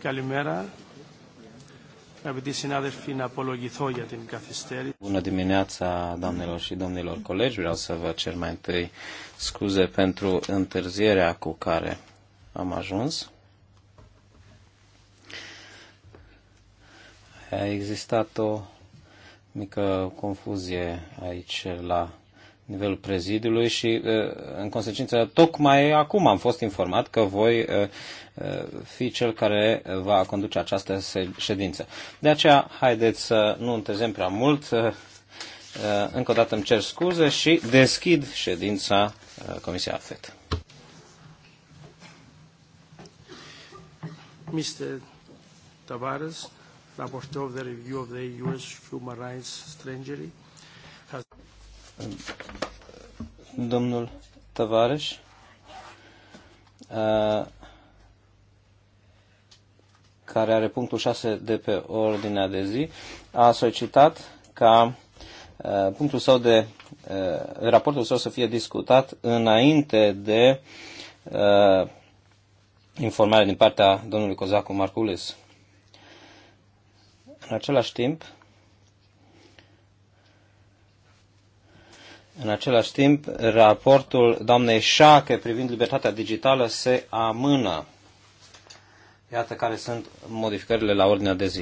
Καλημέρα. Αγαπητοί συνάδελφοι, να απολογηθώ για την καθυστέρηση. Bună dimineața, doamnelor și domnilor colegi. Vreau să vă cer mai întâi scuze pentru întârzierea cu care am ajuns. A existat o mică confuzie aici la nivelul prezidiului și, uh, în consecință, tocmai acum am fost informat că voi uh, uh, fi cel care va conduce această ședință. De aceea, haideți să nu întârziem prea mult. Încă o dată îmi cer scuze și deschid ședința Comisiei AFET. Mr. Tavares, rapporteur of the review of the U.S. human rights Strangery. Domnul Tavares uh, care are punctul 6 de pe ordinea de zi, a solicitat ca uh, punctul său de uh, raportul său să fie discutat înainte de informare din partea domnului Cozacu Marculis. În același timp, În același timp, raportul doamnei Șache privind libertatea digitală se amână. Iată care sunt modificările la ordinea de zi.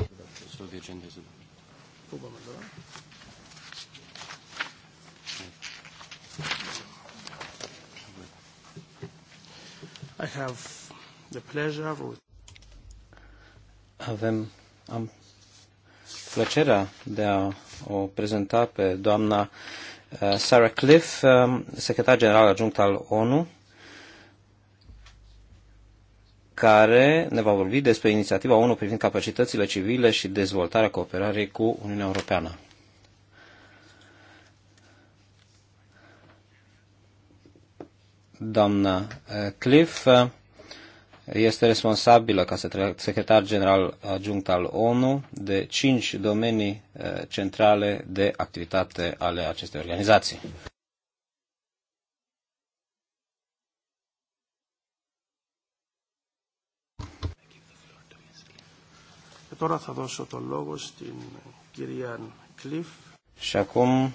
I have the pleasure of... Avem, am plăcerea de a o prezenta pe doamna Uh, Sarah Cliff, um, secretar general adjunct al ONU, care ne va vorbi despre inițiativa ONU privind capacitățile civile și dezvoltarea cooperării cu Uniunea Europeană. Doamna uh, Cliff uh, este responsabilă ca secretar general adjunct al ONU de cinci domenii eh, centrale de activitate ale acestei organizații. Și acum,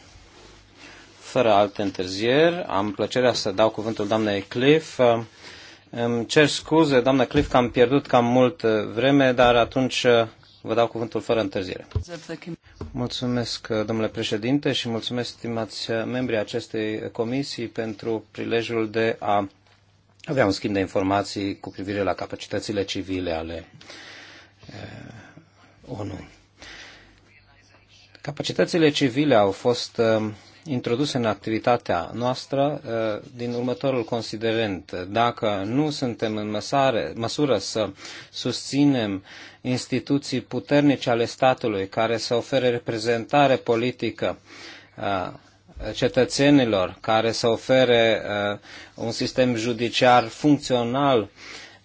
fără alte întârzieri, am plăcerea să dau cuvântul doamnei Cliff, îmi cer scuze, doamna Cliff, că am pierdut cam mult uh, vreme, dar atunci uh, vă dau cuvântul fără întârziere. Mulțumesc, uh, domnule președinte, și mulțumesc, stimați membrii acestei comisii, pentru prilejul de a avea un schimb de informații cu privire la capacitățile civile ale ONU. Capacitățile civile au fost introduse în activitatea noastră uh, din următorul considerent. Dacă nu suntem în măsare, măsură să susținem instituții puternice ale statului care să ofere reprezentare politică uh, cetățenilor, care să ofere uh, un sistem judiciar funcțional,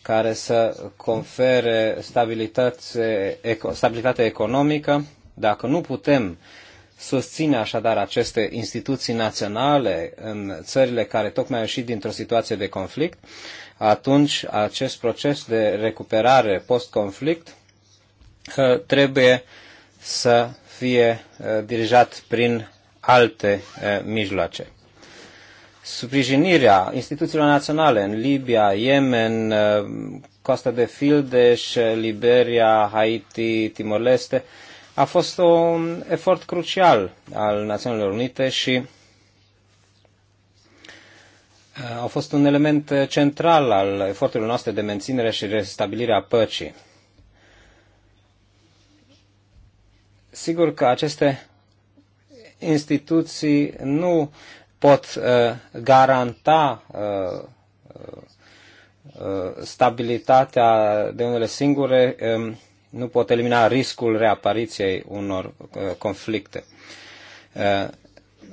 care să confere stabilitate, stabilitate economică, dacă nu putem uh, susține așadar aceste instituții naționale în țările care tocmai au ieșit dintr-o situație de conflict, atunci acest proces de recuperare post-conflict uh, trebuie să fie uh, dirijat prin alte uh, mijloace. Sprijinirea instituțiilor naționale în Libia, Yemen, Costa de Fildeș, Liberia, Haiti, Timor-Leste, a fost un efort crucial al Națiunilor Unite și uh, a fost un element central al eforturilor noastre de menținere și restabilire a păcii. Sigur că aceste instituții nu pot uh, garanta uh, uh, uh stabilitatea de unele singure, uh, nu pot elimina riscul reapariției unor uh, conflicte. Uh,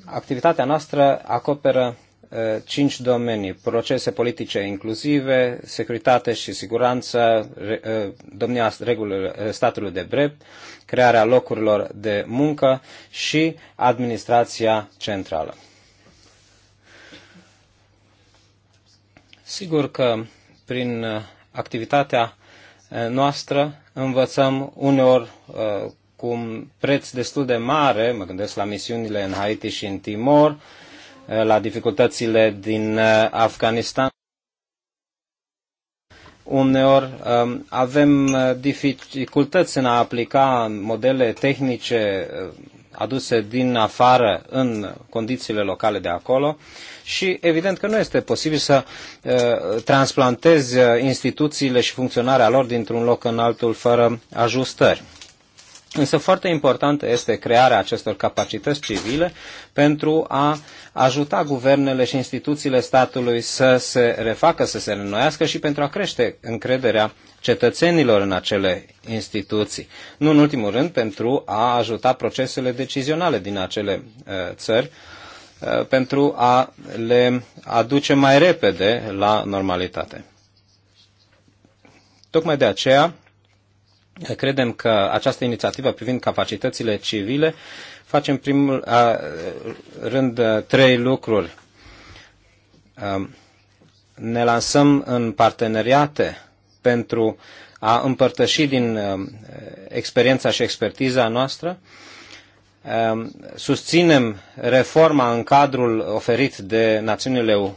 activitatea noastră acoperă uh, cinci domenii, procese politice inclusive, securitate și siguranță, domnia statului de drept, crearea locurilor de muncă și administrația centrală. Sigur că prin activitatea Eh, noastră învățăm uneori eh, cu un preț destul de mare, mă gândesc la misiunile în Haiti și în Timor, eh, la dificultățile din Afganistan. Uneori avem dificultăți în a aplica modele tehnice aduse din afară în condițiile locale de acolo și evident că nu este posibil să uh, transplantezi uh, instituțiile și funcționarea lor dintr-un loc în altul fără ajustări. Însă foarte important este crearea acestor capacități civile pentru a ajuta guvernele și instituțiile statului să se refacă, să se renoiască și pentru a crește încrederea cetățenilor în acele instituții. Nu în ultimul rând pentru a ajuta procesele decizionale din acele uh, țări Uh, pentru a le aduce mai repede la normalitate. Tocmai de aceea, credem că această inițiativă privind capacitățile civile face în primul a, rând uh, trei lucruri. Um, ne lansăm în parteneriate pentru a împărtăși din um, experiența și expertiza noastră, Ehm, susținem reforma în cadrul oferit de Națiunile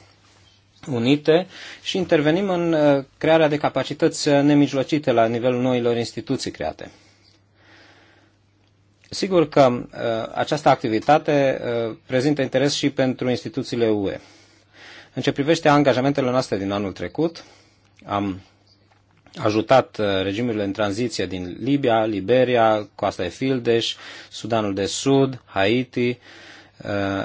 Unite și intervenim în eh, crearea de capacități eh, nemijlocite la nivelul noilor instituții create. Sigur că eh, această activitate prezintă interes și pentru instituțiile UE. În ce privește angajamentele noastre din anul trecut, am ajutat uh, regimurile în tranziție din Libia, Liberia, Coasta de Fildeș, Sudanul de Sud, Haiti uh,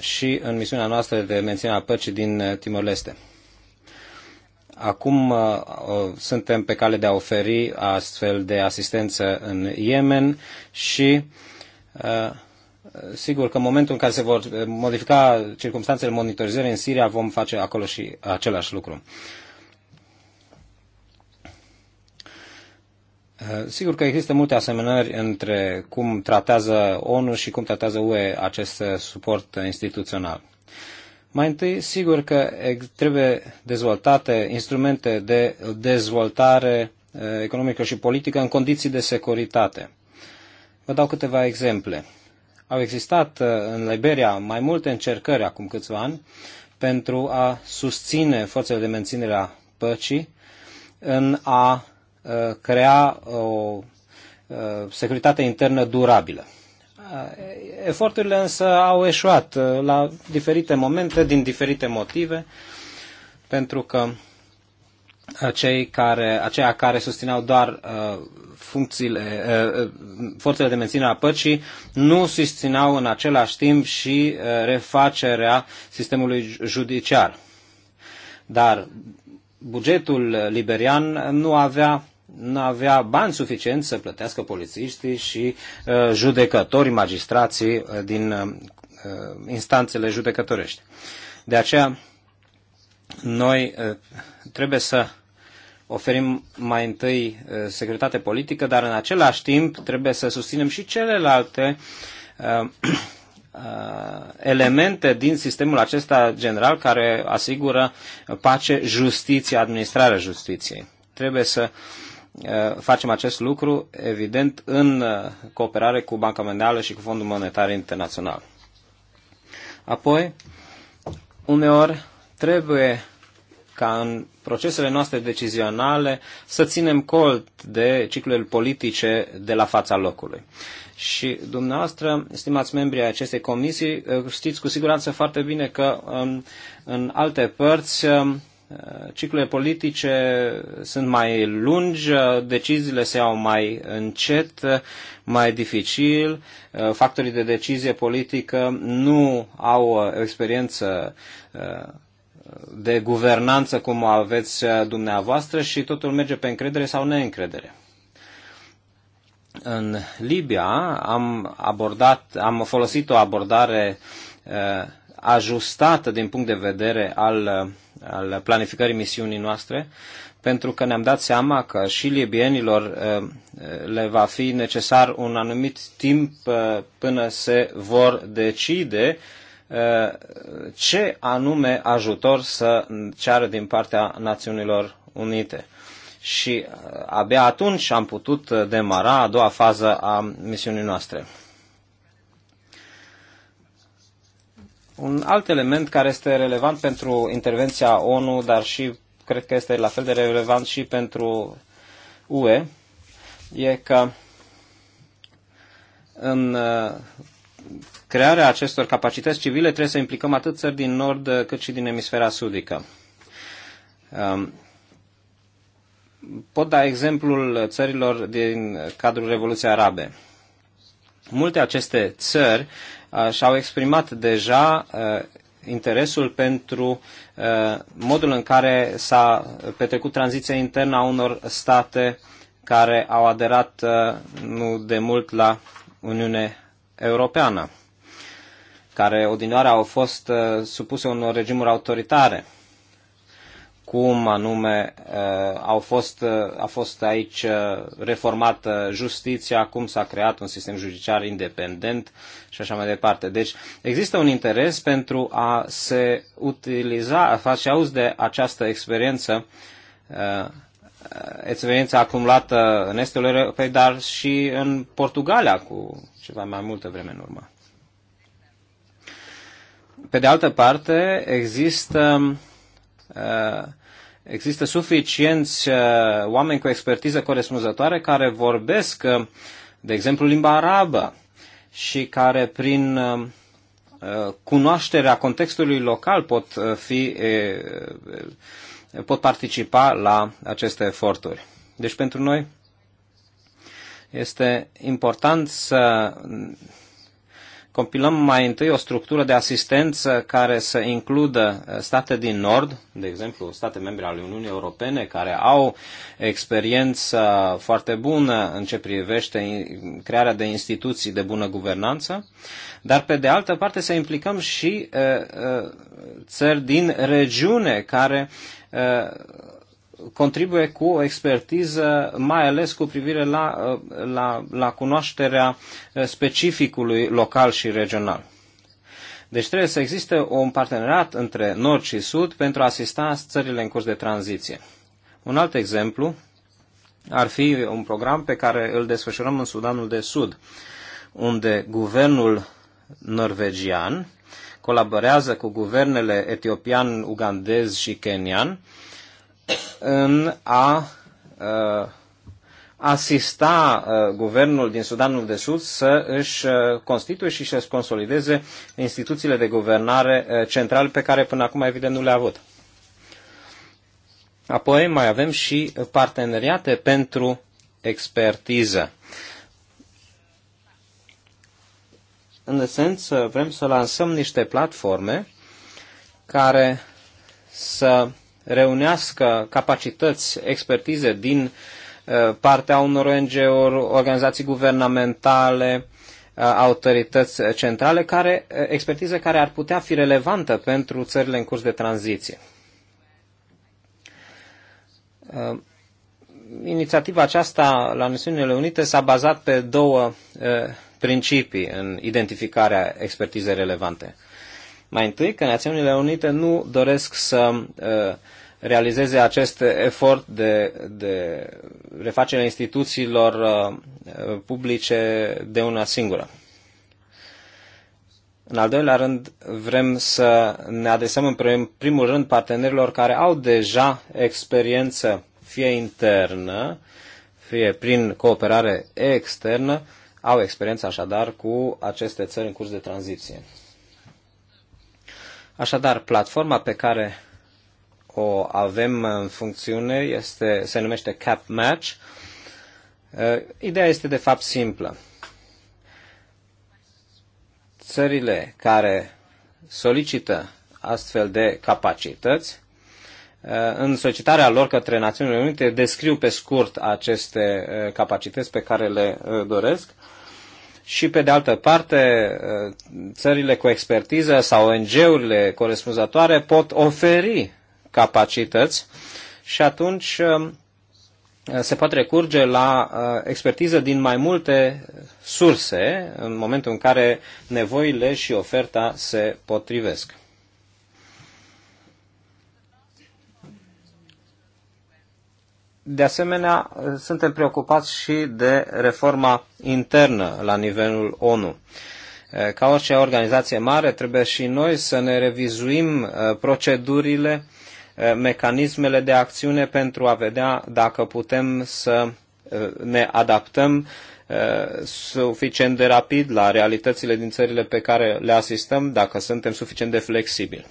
și în misiunea noastră de menținerea păcii din uh, Timor-Leste. Acum suntem pe cale de a oferi astfel de asistență în Yemen și sigur că în momentul în care se vor modifica circumstanțele monitorizării în Siria vom face acolo și același lucru. Eh, sigur că există multe asemănări între cum tratează ONU și cum tratează UE acest eh, suport instituțional. Mai întâi, sigur că trebuie dezvoltate instrumente de dezvoltare eh, economică și politică în condiții de securitate. Vă dau câteva exemple. Au existat în Liberia mai multe încercări acum câțiva ani pentru a susține forțele de menținere a păcii în a Uh, crea uh, o uh, securitate internă durabilă. Eforturile însă au eșuat la diferite momente, din diferite motive, pentru că cei care, aceia care susțineau doar funcțiile, forțele de menținere a păcii nu susțineau în același timp și refacerea sistemului judiciar. Dar bugetul liberian nu avea nu avea bani suficient să plătească polițiștii și uh, judecătorii, magistrații uh, din uh, uh, instanțele judecătorești. De aceea, noi uh, trebuie să oferim mai întâi uh, securitate politică, dar în același timp trebuie să susținem și celelalte uh, uh elemente din sistemul acesta general care asigură pace, justiție, administrarea justiției. Trebuie să uh, Uh, facem acest lucru, evident, în uh, cooperare cu Banca Mondială și cu Fondul Monetar Internațional. Apoi, uneori trebuie ca în procesele noastre decizionale să ținem cont de ciclurile politice de la fața locului. Și dumneavoastră, stimați membrii acestei comisii, uh, știți cu siguranță foarte bine că în, um, în alte părți um, ciclurile politice sunt mai lungi, deciziile se iau mai încet, mai dificil, factorii de decizie politică nu au experiență uh, de guvernanță cum aveți dumneavoastră și totul merge pe încredere sau neîncredere. În Libia am abordat, am folosit o abordare uh, ajustată din punct de vedere al uh, al planificării misiunii noastre, pentru că ne-am dat seama că și libienilor uh, uh, le va fi necesar un anumit timp uh, până se vor decide ce anume ajutor să ceară din partea Națiunilor Unite. Și abia atunci am putut demara a doua fază a misiunii noastre. Un alt element care este relevant pentru intervenția ONU, dar și cred că este la fel de relevant și pentru UE, e că în uh, crearea acestor capacități civile trebuie să implicăm atât țări din nord uh, cât și din emisfera sudică. Um, pot da exemplul țărilor din cadrul Revoluției Arabe. Multe aceste țări Uh, și-au exprimat deja uh, interesul pentru uh, modul în care s-a petrecut tranziția internă a unor state care au aderat nu de mult la Uniunea Europeană, care odinioară au fost supuse unor regimuri autoritare cum anume eh, au fost, eh, a fost aici eh, reformată justiția, cum s-a creat un sistem judiciar independent și așa mai departe. Deci există un interes pentru a se utiliza, a face auz de această experiență experiența acumulată în Estul Europei, dar și în Portugalia cu ceva mai multă vreme în urmă. Pe de altă parte, există Uh, există suficienți uh, oameni cu expertiză corespunzătoare care vorbesc, uh, de exemplu, limba arabă și care prin cunoașterea contextului local pot fi pot participa la aceste eforturi. Deci pentru noi este important să compilăm mai întâi o structură de asistență care să includă uh, state din Nord, de exemplu state membre ale Uniunii Europene, care au experiență foarte bună în ce privește crearea de instituții de bună guvernanță, dar pe de altă parte să implicăm și uh, uh, țări din regiune care contribuie cu o expertiză, mai ales cu privire la, uh, la, la cunoașterea uh, specificului local și regional. Deci trebuie să existe un parteneriat între nord și sud pentru a asista țările în curs de tranziție. Un alt exemplu ar fi un program pe care îl desfășurăm în Sudanul de Sud, unde guvernul norvegian colaborează cu guvernele etiopian, ugandez și kenian în a uh, asista uh, guvernul din Sudanul de Sud să își uh, constituie și să-și consolideze instituțiile de guvernare uh, centrale pe care până acum evident nu le-a avut. Apoi mai avem și parteneriate pentru expertiză. În esență, vrem să lansăm niște platforme care să reunească capacități, expertize din uh, partea unor ONG-uri, organizații guvernamentale, uh, autorități centrale, care, uh, expertize care ar putea fi relevantă pentru țările în curs de tranziție. Inițiativa aceasta la Națiunile Unite s-a bazat pe două principii în identificarea expertizei relevante. Mai întâi că Națiunile Unite nu doresc să uh, realizeze acest efort de, de refacere instituțiilor uh, publice de una singură. În al doilea rând, vrem să ne adresăm în primul rând partenerilor care au deja experiență, fie internă, fie prin cooperare externă, au experiență așadar cu aceste țări în curs de tranziție. Așadar, platforma pe care o avem în funcțiune este, se numește Cap Match. Uh, ideea este de fapt simplă. Țările care solicită astfel de capacități uh, în solicitarea lor către Națiunile Unite descriu pe scurt aceste uh, capacități pe care le doresc și pe de altă parte ă, țările cu expertiză sau ONG-urile corespunzătoare pot oferi capacități și atunci ă, se poate recurge la ă, expertiză din mai multe surse în momentul în care nevoile și oferta se potrivesc. De asemenea, suntem preocupați și de reforma internă la nivelul ONU. Ca orice organizație mare, trebuie și noi să ne revizuim procedurile, mecanismele de acțiune pentru a vedea dacă putem să ne adaptăm suficient de rapid la realitățile din țările pe care le asistăm, dacă suntem suficient de flexibili.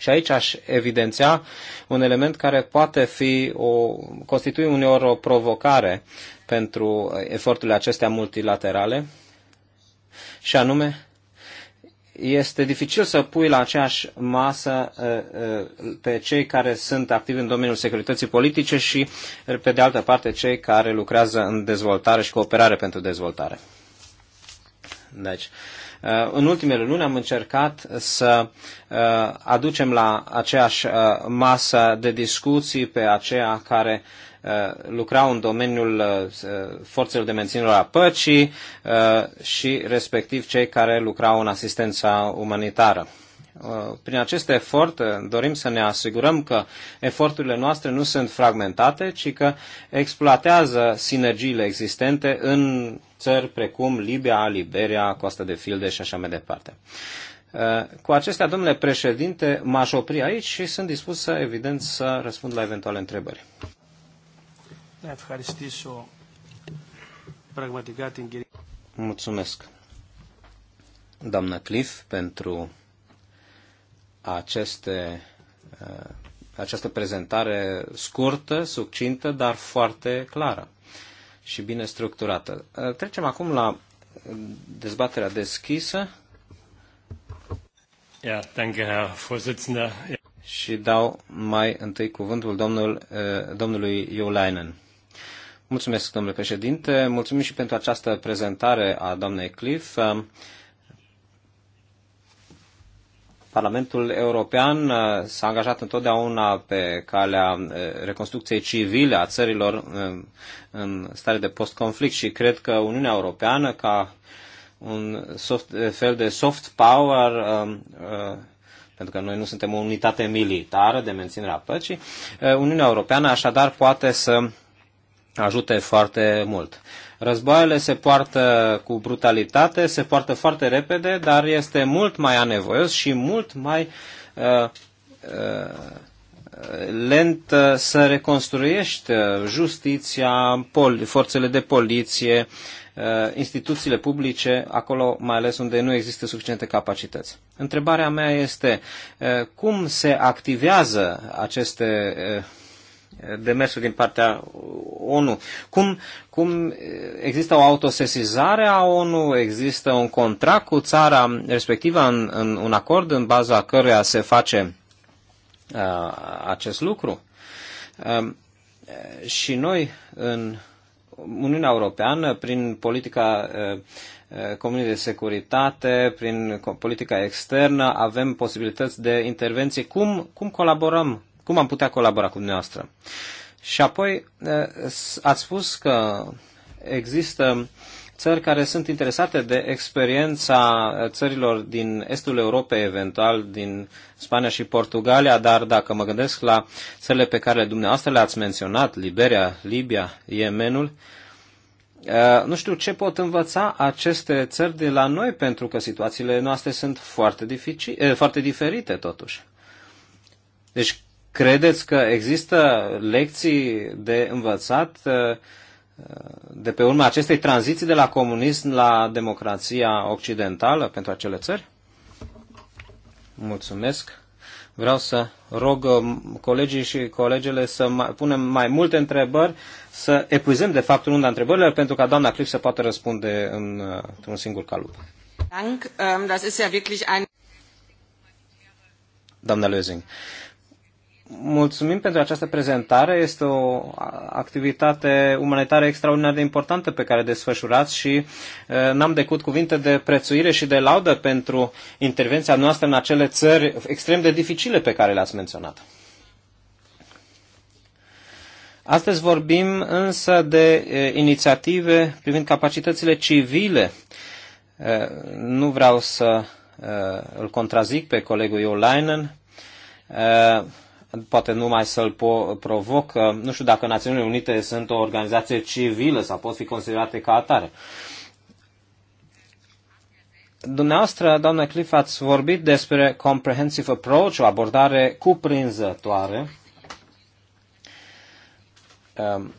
Și aici aș evidenția un element care poate fi o, constitui uneori o provocare pentru eforturile acestea multilaterale, și anume este dificil să pui la aceeași masă uh, uh, pe cei care sunt activi în domeniul securității politice și, uh, pe de altă parte, cei care lucrează în dezvoltare și cooperare pentru dezvoltare. Deci, Uh, în ultimele luni am încercat să uh, aducem la aceeași uh, masă de discuții pe aceea care lucrau în domeniul forțelor de menținere a păcii și respectiv cei care lucrau în asistența umanitară. Prin acest efort dorim să ne asigurăm că eforturile noastre nu sunt fragmentate, ci că exploatează sinergiile existente în țări precum Libia, Liberia, Costa de Filde și așa mai departe. Uh, cu acestea, domnule președinte, m-aș opri aici și sunt dispus să, evident, să răspund la eventuale întrebări. Mulțumesc, doamnă Cliff, pentru aceste, uh, această prezentare scurtă, succintă, dar foarte clară și bine structurată. Uh, trecem acum la dezbaterea deschisă. Ja, danke, Herr Vorsitzender. Și dau mai întâi cuvântul domnul, uh, domnului Iolainen. Mulțumesc, domnule președinte. Mulțumim și pentru această prezentare a doamnei Cliff. Um, Parlamentul European uh, s-a angajat întotdeauna pe calea uh, reconstrucției civile a țărilor uh, în stare de post-conflict și cred că Uniunea Europeană, ca un soft, fel de soft power, pentru că noi nu suntem o unitate militară de menținere a păcii, Uniunea Europeană așadar poate să ajute foarte mult. Războaiele se poartă cu brutalitate, se poartă foarte repede, dar este mult mai anevoios și mult mai uh, uh, lent uh, să reconstruiești uh, justiția, pol- forțele de poliție, uh, instituțiile publice, acolo mai ales unde nu există suficiente capacități. Întrebarea mea este uh, cum se activează aceste uh, demersul din partea ONU. Cum, cum există o autosesizare a ONU, există un contract cu țara respectivă, în, în, un acord în baza căruia se face uh, acest lucru? Uh, și noi în Uniunea Europeană, prin politica uh, uh comunii de securitate, prin politica externă, avem posibilități de intervenție. Cum, cum colaborăm cum am putea colabora cu dumneavoastră? Și apoi eh, ați spus că există țări care sunt interesate de experiența eh, țărilor din estul Europei, eventual din Spania și Portugalia, dar dacă mă gândesc la țările pe care dumneavoastră le-ați menționat, Liberia, Libia, Yemenul, eh, nu știu ce pot învăța aceste țări de la noi, pentru că situațiile noastre sunt foarte, dificil, foarte diferite totuși. Deci, Credeți că există lecții de învățat uh, de pe urma acestei tranziții de la comunism la democrația occidentală pentru acele țări? Mulțumesc. Vreau să rog uh, colegii și colegele să mai punem mai multe întrebări, să epuizăm de fapt runda întrebările pentru ca doamna Clip să poată răspunde în, uh, într-un singur calup. Ähm, doamna Lezing, mulțumim pentru această prezentare. Este o activitate umanitară extraordinar de importantă pe care desfășurați și uh, n-am decut cuvinte de prețuire și de laudă pentru intervenția noastră în acele țări extrem de dificile pe care le-ați menționat. Astăzi vorbim însă de uh, inițiative privind capacitățile civile. Uh, nu vreau să îl contrazic pe colegul Iolainen poate numai să-l provoc. Nu știu dacă Națiunile Unite sunt o organizație civilă sau pot fi considerate ca atare. Dumneavoastră, doamnă Cliff, ați vorbit despre comprehensive approach, o abordare cuprinzătoare. Um,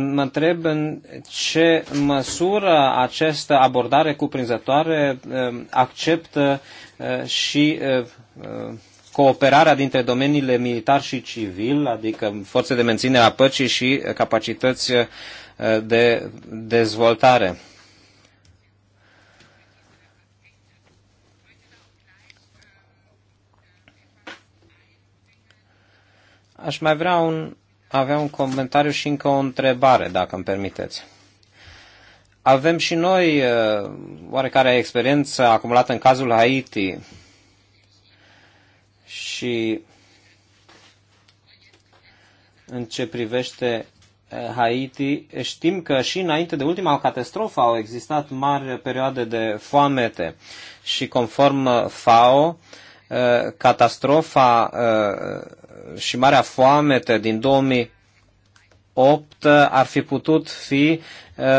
mă întreb în ce măsură această abordare cuprinzătoare um, acceptă uh, și uh, uh, cooperarea dintre domeniile militar și civil, adică forțe de menținere a păcii și capacități uh, de dezvoltare. Aș mai vrea un, avea un comentariu și încă o întrebare, dacă îmi permiteți. Avem și noi uh, oarecare experiență acumulată în cazul Haiti și în ce privește eh, Haiti, știm că și înainte de ultima catastrofă au existat mari perioade de foamete și conform eh, FAO, eh, catastrofa și marea foamete din 2008 ar fi putut fi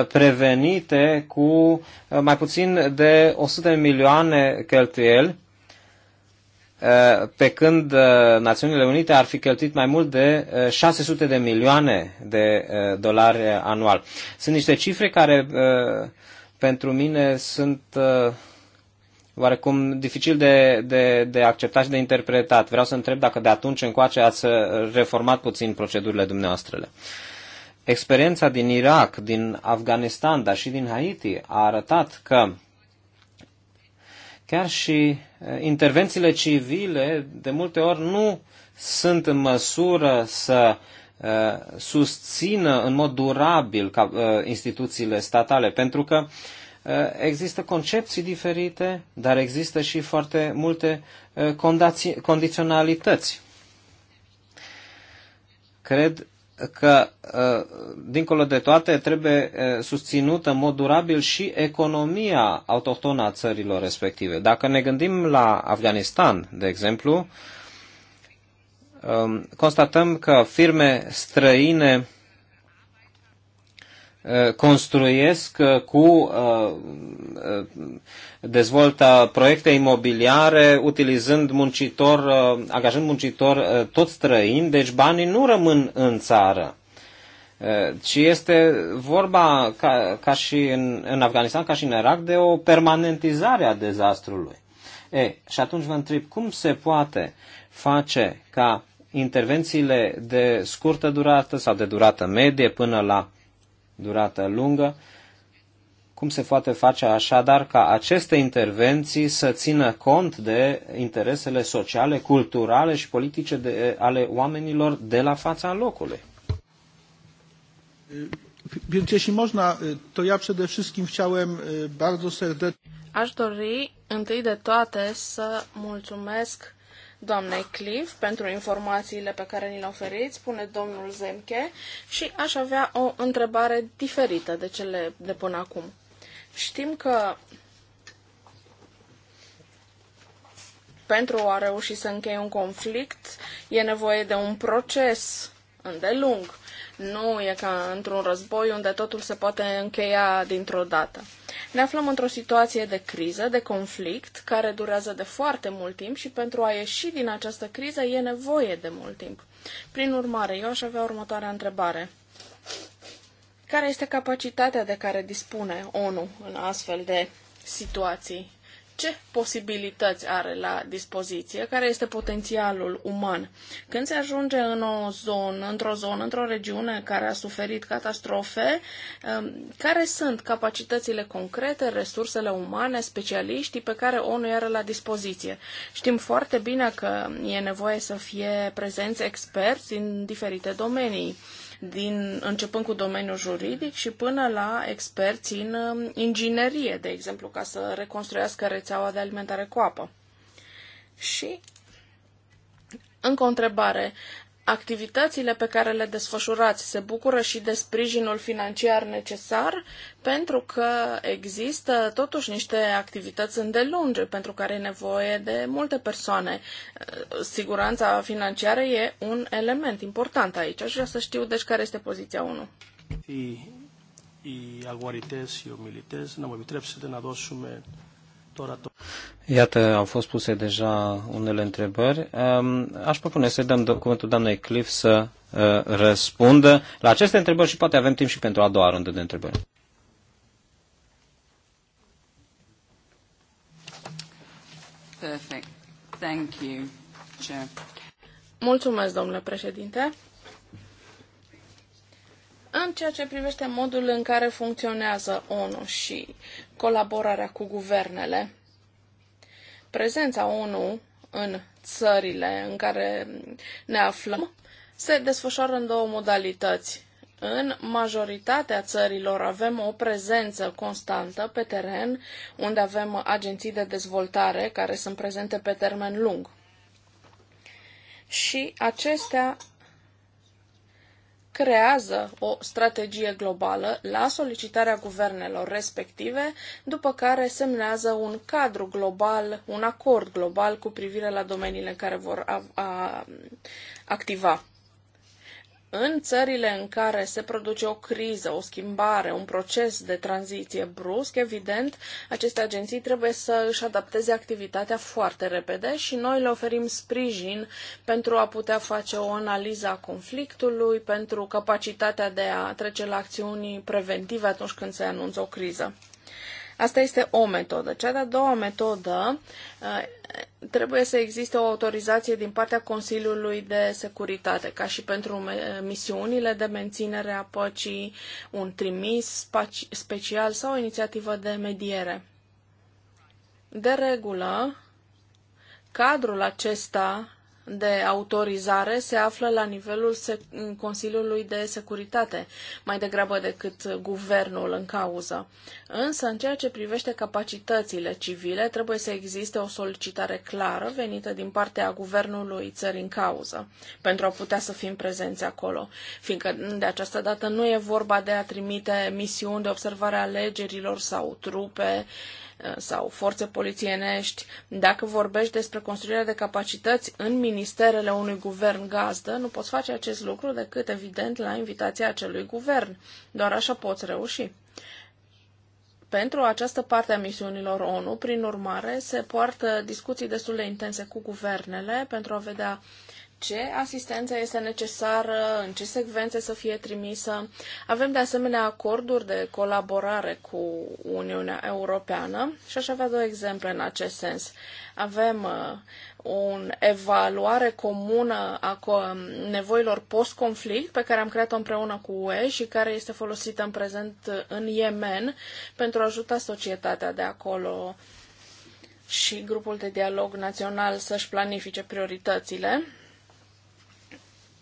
prevenite cu mai puțin de 100 milioane cheltuieli Eh, pe când eh, Națiunile Unite ar fi cheltuit mai mult de 600 eh, de milioane de dolari anual. Sunt niște cifre care pentru mine sunt oarecum dificil de, de, de acceptat și de interpretat. Vreau să întreb dacă de atunci încoace ați reformat puțin procedurile dumneavoastră. Experiența din Irak, din Afganistan, dar și din Haiti a arătat că Chiar și eh, intervențiile civile de multe ori nu sunt în măsură să eh, susțină în mod durabil eh, instituțiile statale, pentru că există concepții diferite, dar există și foarte multe condiționalități. Cred că, ă, dincolo de toate, trebuie ă, susținută în mod durabil și economia autohtonă a țărilor respective. Dacă ne gândim la Afganistan, de exemplu, ă, constatăm că firme străine Eh, construiesc eh, cu eh, dezvoltă proiecte imobiliare utilizând muncitor, angajând muncitor tot străin, deci banii nu rămân în țară. Ci este vorba, ca, ca și în, în Afganistan, ca și în Irak, de o permanentizare a dezastrului. E, și atunci vă întreb, cum se poate face ca intervențiile de scurtă durată sau de durată medie până la durată lungă. Cum se poate face așadar ca aceste intervenții să țină cont de interesele sociale, culturale și politice de, ale oamenilor de la fața locului? Więc jeśli można, to ja przede wszystkim chciałem bardzo serdecznie... Aș dori întâi de toate să mulțumesc doamnei Cliff pentru informațiile pe care ni le oferiți, spune domnul Zemke, și aș avea o întrebare diferită de cele de până acum. Știm că pentru a reuși să încheie un conflict e nevoie de un proces îndelung. Nu e ca într-un război unde totul se poate încheia dintr-o dată. Ne aflăm într-o situație de criză, de conflict, care durează de foarte mult timp și pentru a ieși din această criză e nevoie de mult timp. Prin urmare, eu aș avea următoarea întrebare. Care este capacitatea de care dispune ONU în astfel de situații? ce posibilități are la dispoziție, care este potențialul uman. Când se ajunge în o zonă, într-o zonă, într-o regiune care a suferit catastrofe, um, care sunt capacitățile concrete, resursele umane, specialiștii pe care ONU are la dispoziție. Știm foarte bine că e nevoie să fie prezenți experți în diferite domenii din, începând cu domeniul juridic și până la experți în um, inginerie, de exemplu, ca să reconstruiască rețeaua de alimentare cu apă. Și încă o întrebare activitățile pe care le desfășurați se bucură și de sprijinul financiar necesar, pentru că există totuși niște activități îndelungi pentru care e nevoie de multe persoane. Siguranța financiară e un element important aici. Aș vrea să știu, deci, care este poziția 1. Οι αγορητές, οι ομιλητές, να μου επιτρέψετε να δώσουμε Iată, au fost puse deja unele întrebări. Aș propune să dăm cuvântul doamnei Cliff să uh, răspundă la aceste întrebări și poate avem timp și pentru a doua rândă de întrebări. Perfect. Thank you, Chair. Mulțumesc, domnule președinte. În ceea ce privește modul în care funcționează ONU și colaborarea cu guvernele, prezența ONU în țările în care ne aflăm se desfășoară în două modalități. În majoritatea țărilor avem o prezență constantă pe teren, unde avem agenții de dezvoltare care sunt prezente pe termen lung. Și acestea creează o strategie globală la solicitarea guvernelor respective, după care semnează un cadru global, un acord global cu privire la domeniile în care vor a, a, activa. În țările în care se produce o criză, o schimbare, un proces de tranziție brusc, evident, aceste agenții trebuie să își adapteze activitatea foarte repede și noi le oferim sprijin pentru a putea face o analiză a conflictului, pentru capacitatea de a trece la acțiuni preventive atunci când se anunță o criză. Asta este o metodă. Cea de-a doua metodă uh, trebuie să existe o autorizație din partea Consiliului de Securitate, ca și pentru misiunile de menținere a păcii, un trimis special sau o inițiativă de mediere. De regulă, cadrul acesta de autorizare se află la nivelul Consiliului de Securitate, mai degrabă decât guvernul în cauză. Însă, în ceea ce privește capacitățile civile, trebuie să existe o solicitare clară venită din partea guvernului țării în cauză, pentru a putea să fim prezenți acolo, fiindcă de această dată nu e vorba de a trimite misiuni de observare a alegerilor sau trupe Eh, sau forțe polițienești, dacă vorbești despre construirea de capacități în ministerele unui guvern gazdă, nu poți face acest lucru decât, evident, la invitația acelui guvern. Doar așa poți reuși. Pentru această parte a misiunilor ONU, prin urmare, se poartă discuții destul de intense cu guvernele pentru a vedea uh, ce asistență este necesară, în ce secvențe să fie trimisă. Avem de asemenea acorduri de colaborare cu Uniunea Europeană și aș avea două exemple în acest sens. Avem o uh, evaluare comună a um, nevoilor post-conflict pe care am creat-o împreună cu UE și care este folosită în prezent uh, în Yemen pentru a ajuta societatea de acolo și grupul de dialog național să-și planifice prioritățile.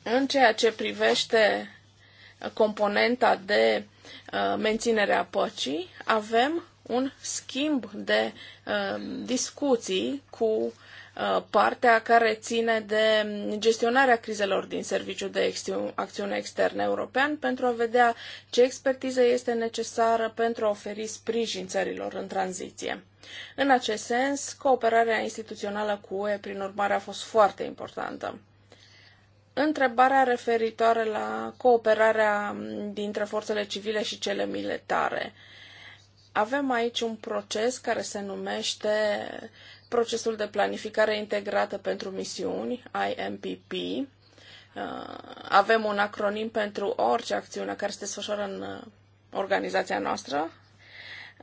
În ceea ce privește componenta de uh, menținere a păcii, avem un schimb de um, discuții cu uh, partea care ține de gestionarea crizelor din Serviciul de Acțiune Externă European pentru a vedea ce expertiză este necesară pentru a oferi sprijin țărilor în tranziție. În acest sens, cooperarea instituțională cu UE, prin urmare, a fost foarte importantă întrebarea referitoare la cooperarea dintre forțele civile și cele militare. Avem aici un proces care se numește procesul de planificare integrată pentru misiuni, IMPP. Uh, avem un acronim pentru orice acțiune care se desfășoară în uh, organizația noastră,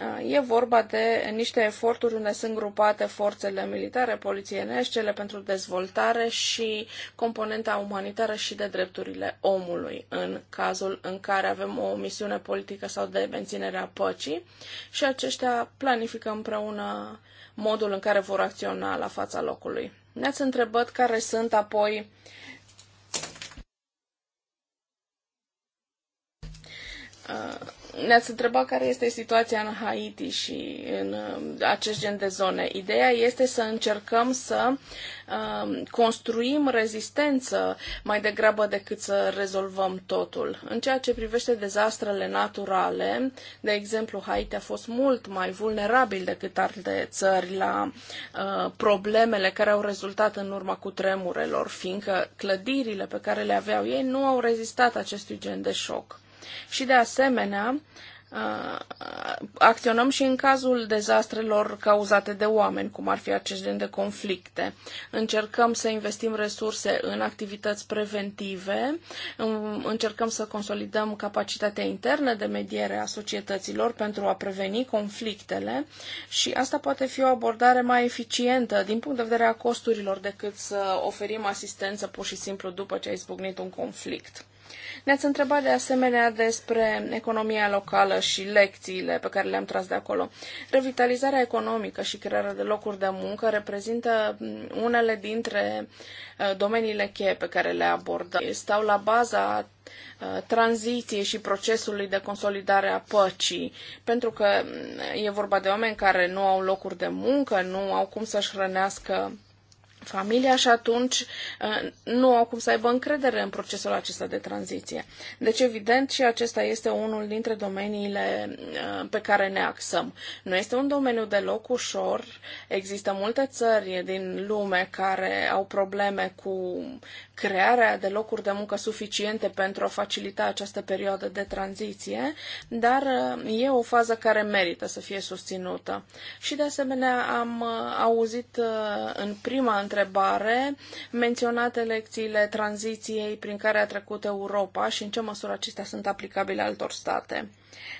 Uh, e vorba de niște eforturi unde sunt grupate forțele militare, polițienești, cele pentru dezvoltare și componenta umanitară și de drepturile omului, în cazul în care avem o misiune politică sau de menținere a păcii și aceștia planifică împreună modul în care vor acționa la fața locului. Ne-ați întrebat care sunt apoi uh, ne-ați întrebat care este situația în Haiti și în um, acest gen de zone. Ideea este să încercăm să um, construim rezistență mai degrabă decât să rezolvăm totul. În ceea ce privește dezastrele naturale, de exemplu, Haiti a fost mult mai vulnerabil decât alte țări la uh, problemele care au rezultat în urma cu tremurelor, fiindcă clădirile pe care le aveau ei nu au rezistat acestui gen de șoc. Și de asemenea, acționăm și în cazul dezastrelor cauzate de oameni, cum ar fi acest gen de conflicte. Încercăm să investim resurse în activități preventive, încercăm să consolidăm capacitatea internă de mediere a societăților pentru a preveni conflictele și asta poate fi o abordare mai eficientă din punct de vedere a costurilor decât să oferim asistență pur și simplu după ce a izbucnit un conflict. Ne-ați întrebat de asemenea despre economia locală și lecțiile pe care le-am tras de acolo. Revitalizarea economică și crearea de locuri de muncă reprezintă unele dintre uh, domeniile cheie pe care le abordăm. Stau la baza uh, tranziției și procesului de consolidare a păcii, pentru că mm, e vorba de oameni care nu au locuri de muncă, nu au cum să-și hrănească familia și atunci uh, nu au cum să aibă încredere în procesul acesta de tranziție. Deci, evident, și acesta este unul dintre domeniile uh, pe care ne axăm. Nu este un domeniu deloc ușor. Există multe țări din lume care au probleme cu crearea de locuri de muncă suficiente pentru a facilita această perioadă de tranziție, dar uh, e o fază care merită să fie susținută. Și, de asemenea, am auzit în prima întrebare întrebare menționate lecțiile tranziției prin care a trecut Europa și în ce măsură acestea sunt aplicabile altor state.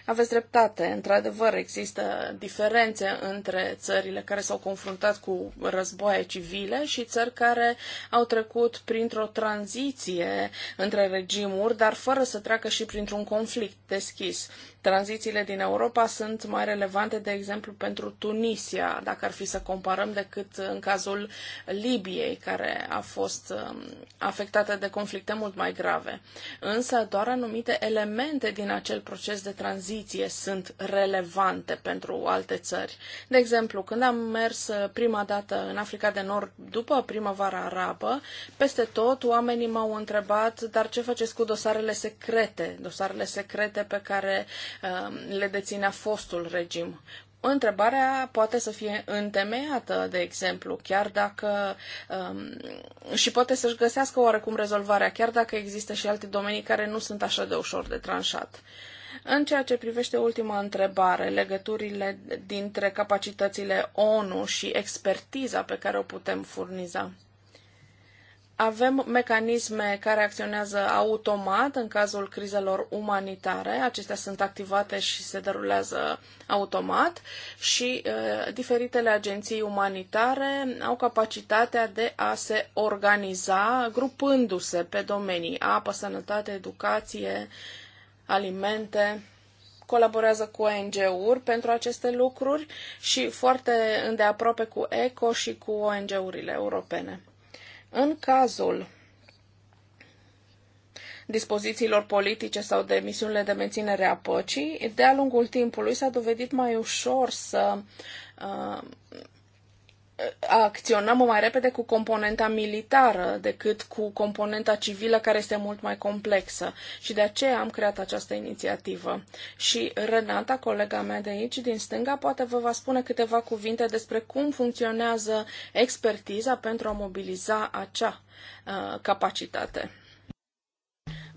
Aveți dreptate, într-adevăr există diferențe între țările care s-au confruntat cu războaie civile și țări care au trecut printr-o tranziție între regimuri, dar fără să treacă și printr-un conflict deschis. Tranzițiile din Europa sunt mai relevante, de exemplu, pentru Tunisia, dacă ar fi să comparăm, decât în cazul Libiei, care a fost um, afectată de conflicte mult mai grave. Însă, doar anumite elemente din acel proces de tranziție tranziție sunt relevante pentru alte țări. De exemplu, când am mers uh, prima dată în Africa de Nord după primăvara arabă, peste tot oamenii m-au întrebat, dar ce faceți cu dosarele secrete, dosarele secrete pe care uh, le deținea fostul regim? întrebarea poate să fie întemeiată, de exemplu, chiar dacă um, și poate să-și găsească oarecum rezolvarea, chiar dacă există și alte domenii care nu sunt așa de ușor de tranșat. Uh, în ceea ce privește ultima întrebare, legăturile dintre capacitățile ONU și expertiza pe care o putem furniza. Avem mecanisme care acționează automat în cazul crizelor umanitare. Acestea sunt activate și se derulează automat și uh, diferitele agenții umanitare au capacitatea de a se organiza grupându-se pe domenii apă, sănătate, educație, uh, alimente, colaborează cu ONG-uri pentru aceste lucruri și foarte îndeaproape cu ECO și cu ONG-urile europene. În cazul dispozițiilor politice sau de misiunile de menținere a păcii, de-a lungul timpului s-a dovedit mai ușor să uh, acționăm mai repede cu componenta militară decât cu componenta civilă care este mult mai complexă și de aceea am creat această inițiativă. Și Renata, colega mea de aici, din stânga, poate vă va spune câteva cuvinte despre cum funcționează expertiza pentru a mobiliza acea uh, capacitate.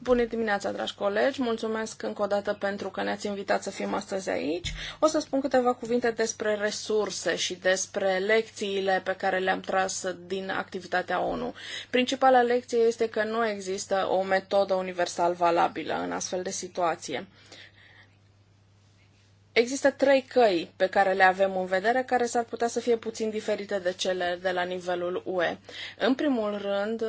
Bună dimineața, dragi colegi! Mulțumesc încă o dată pentru că ne-ați invitat să fim astăzi aici. O să spun câteva cuvinte despre resurse și despre lecțiile pe care le-am tras din activitatea ONU. Principala lecție este că nu există o metodă universal valabilă în astfel de situație. Există trei căi pe care le avem în vedere care s-ar putea să fie puțin diferite de cele de la nivelul UE. În primul rând,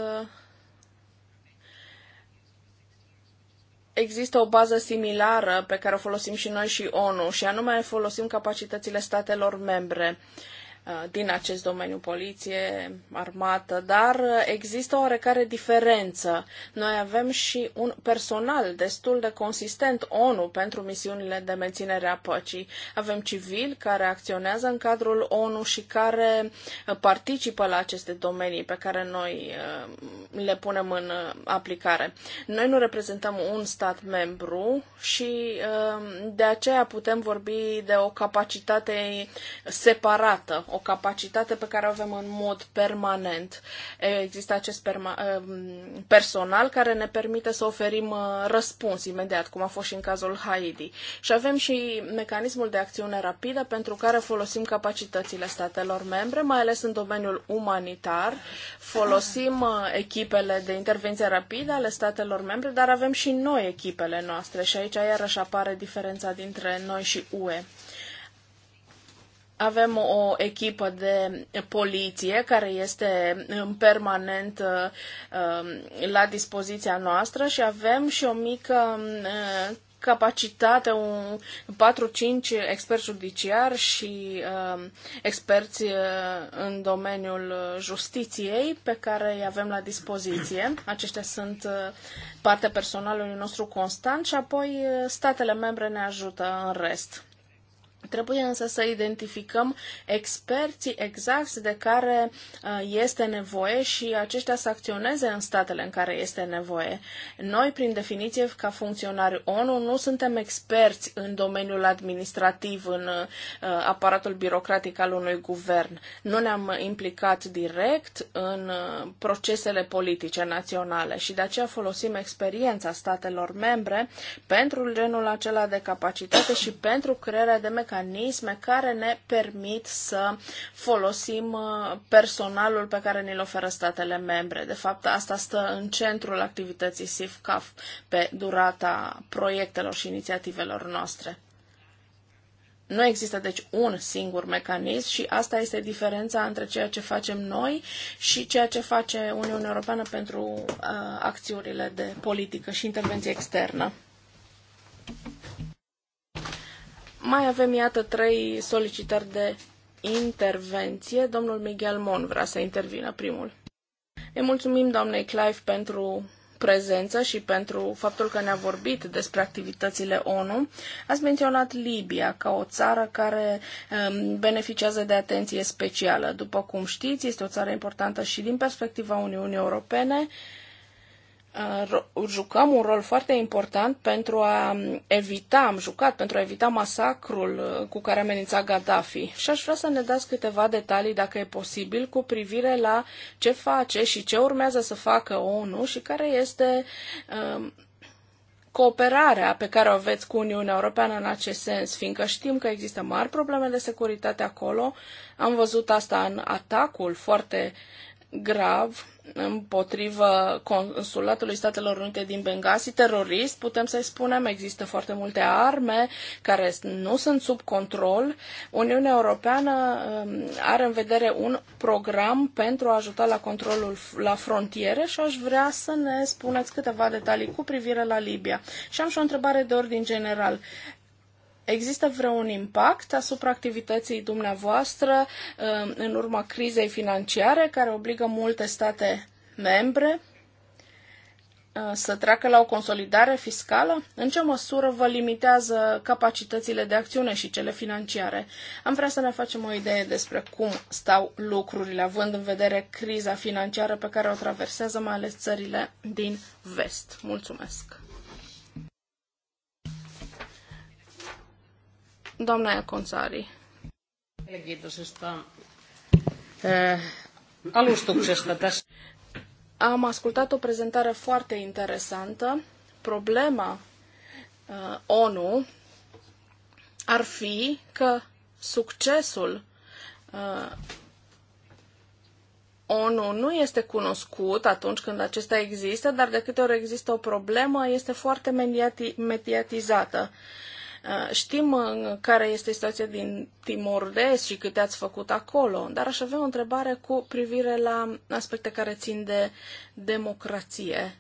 există o bază similară pe care o folosim și noi și ONU, și anume folosim capacitățile statelor membre. Uh, Uh, din acest domeniu, poliție, armată, dar uh, există o oarecare diferență. Noi avem și un personal destul de consistent ONU pentru misiunile de menținere a păcii. Avem civili care acționează în cadrul ONU și care uh, participă la aceste domenii pe care noi le punem în aplicare. Noi nu reprezentăm un stat membru și de aceea putem vorbi de o capacitate separată, o capacitate pe care o avem în mod permanent. Există acest perma- um, personal care ne permite să oferim uh, răspuns imediat, cum a fost și în cazul Haiti. Și avem și mecanismul de acțiune rapidă pentru care folosim capacitățile statelor membre, mai ales în domeniul umanitar. Folosim uh, echipele de intervenție rapidă ale statelor membre, dar avem și noi echipele noastre și aici iarăși apare diferența dintre noi și UE avem o echipă de poliție care este în permanent uh, um, la dispoziția noastră și avem și o mică um, uh, capacitate, un 4-5 experți judiciari și uh, experți uh, în domeniul justiției pe care îi avem la dispoziție. Aceștia sunt uh, partea personalului nostru constant și apoi uh, statele membre ne ajută în rest. Trebuie însă să identificăm experții exact de care uh, este nevoie și aceștia să acționeze în statele în care este nevoie. Noi, prin definiție, ca funcționari ONU, nu suntem experți în domeniul administrativ, în uh, aparatul birocratic al unui guvern. Nu ne-am implicat direct în uh, procesele politice naționale și de aceea folosim experiența statelor membre pentru genul acela de capacitate și pentru crearea de mecanisme mecanisme care ne permit să folosim uh, personalul pe care ne-l oferă statele membre. De fapt, asta stă în centrul activității SIFCAF pe durata proiectelor și inițiativelor noastre. Nu există deci un singur mecanism și asta este diferența între ceea ce facem noi și ceea ce face Uniunea Europeană pentru uh, acțiunile de politică și intervenție externă. Mai avem, iată, trei solicitări de intervenție. Domnul Miguel Mon vrea să intervină primul. Îi mulțumim doamnei Clive pentru prezență și pentru faptul că ne-a vorbit despre activitățile ONU. Ați menționat Libia ca o țară care um, beneficiază de atenție specială. După cum știți, este o țară importantă și din perspectiva Uniunii Europene. Uh, Uh, jucăm un rol foarte important pentru a um, evita, am jucat pentru a evita masacrul uh, cu care amenința Gaddafi. Și aș vrea să ne dați câteva detalii, dacă e posibil, cu privire la ce face și ce urmează să facă ONU și care este um, cooperarea pe care o aveți cu Uniunea Europeană în acest sens, fiindcă știm că există mari probleme de securitate acolo. Am văzut asta în atacul foarte grav împotriva consulatului Statelor Unite din Benghazi, terorist, putem să-i spunem, există foarte multe arme care nu sunt sub control. Uniunea Europeană um, are în vedere un program pentru a ajuta la controlul la frontiere și aș vrea să ne spuneți câteva detalii cu privire la Libia. Și am și o întrebare de ordin general. Există vreun impact asupra activității dumneavoastră uh, în urma crizei financiare care obligă multe state membre uh, să treacă la o consolidare fiscală? În ce măsură vă limitează capacitățile de acțiune și cele financiare? Am vrea să ne facem o idee despre cum stau lucrurile, având în vedere criza financiară pe care o traversează mai ales țările din vest. Mulțumesc! Doamna Iaconsari. Am ascultat o prezentare foarte interesantă. Problema uh, ONU ar fi că succesul uh, ONU nu este cunoscut atunci când acesta există, dar de câte ori există o problemă, este foarte mediatizată. Uh, Eh, știm eh, care este situația din Timor de Est și câte ați făcut acolo, dar aș avea o întrebare cu privire la aspecte care țin de democrație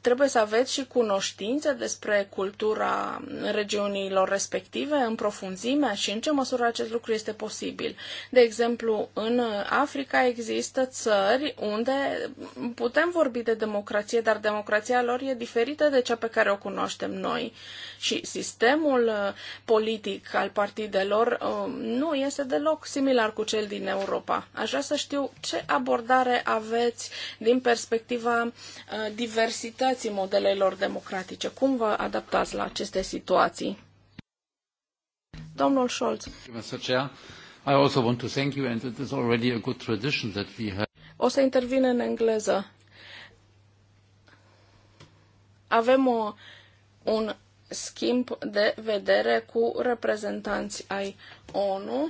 trebuie să aveți și cunoștințe despre cultura regiunilor respective în profunzime și în ce măsură acest lucru este posibil. De exemplu, în Africa există țări unde putem vorbi de democrație, dar democrația lor e diferită de cea pe care o cunoaștem noi și sistemul uh, politic al partidelor uh, nu este deloc similar cu cel din Europa. Aș vrea să știu ce abordare aveți din perspectiva uh, diversității limitații modelelor democratice. Cum vă adaptați la aceste situații? Domnul Scholz. O să intervin în engleză. Avem o, un schimb de vedere cu reprezentanți ai ONU.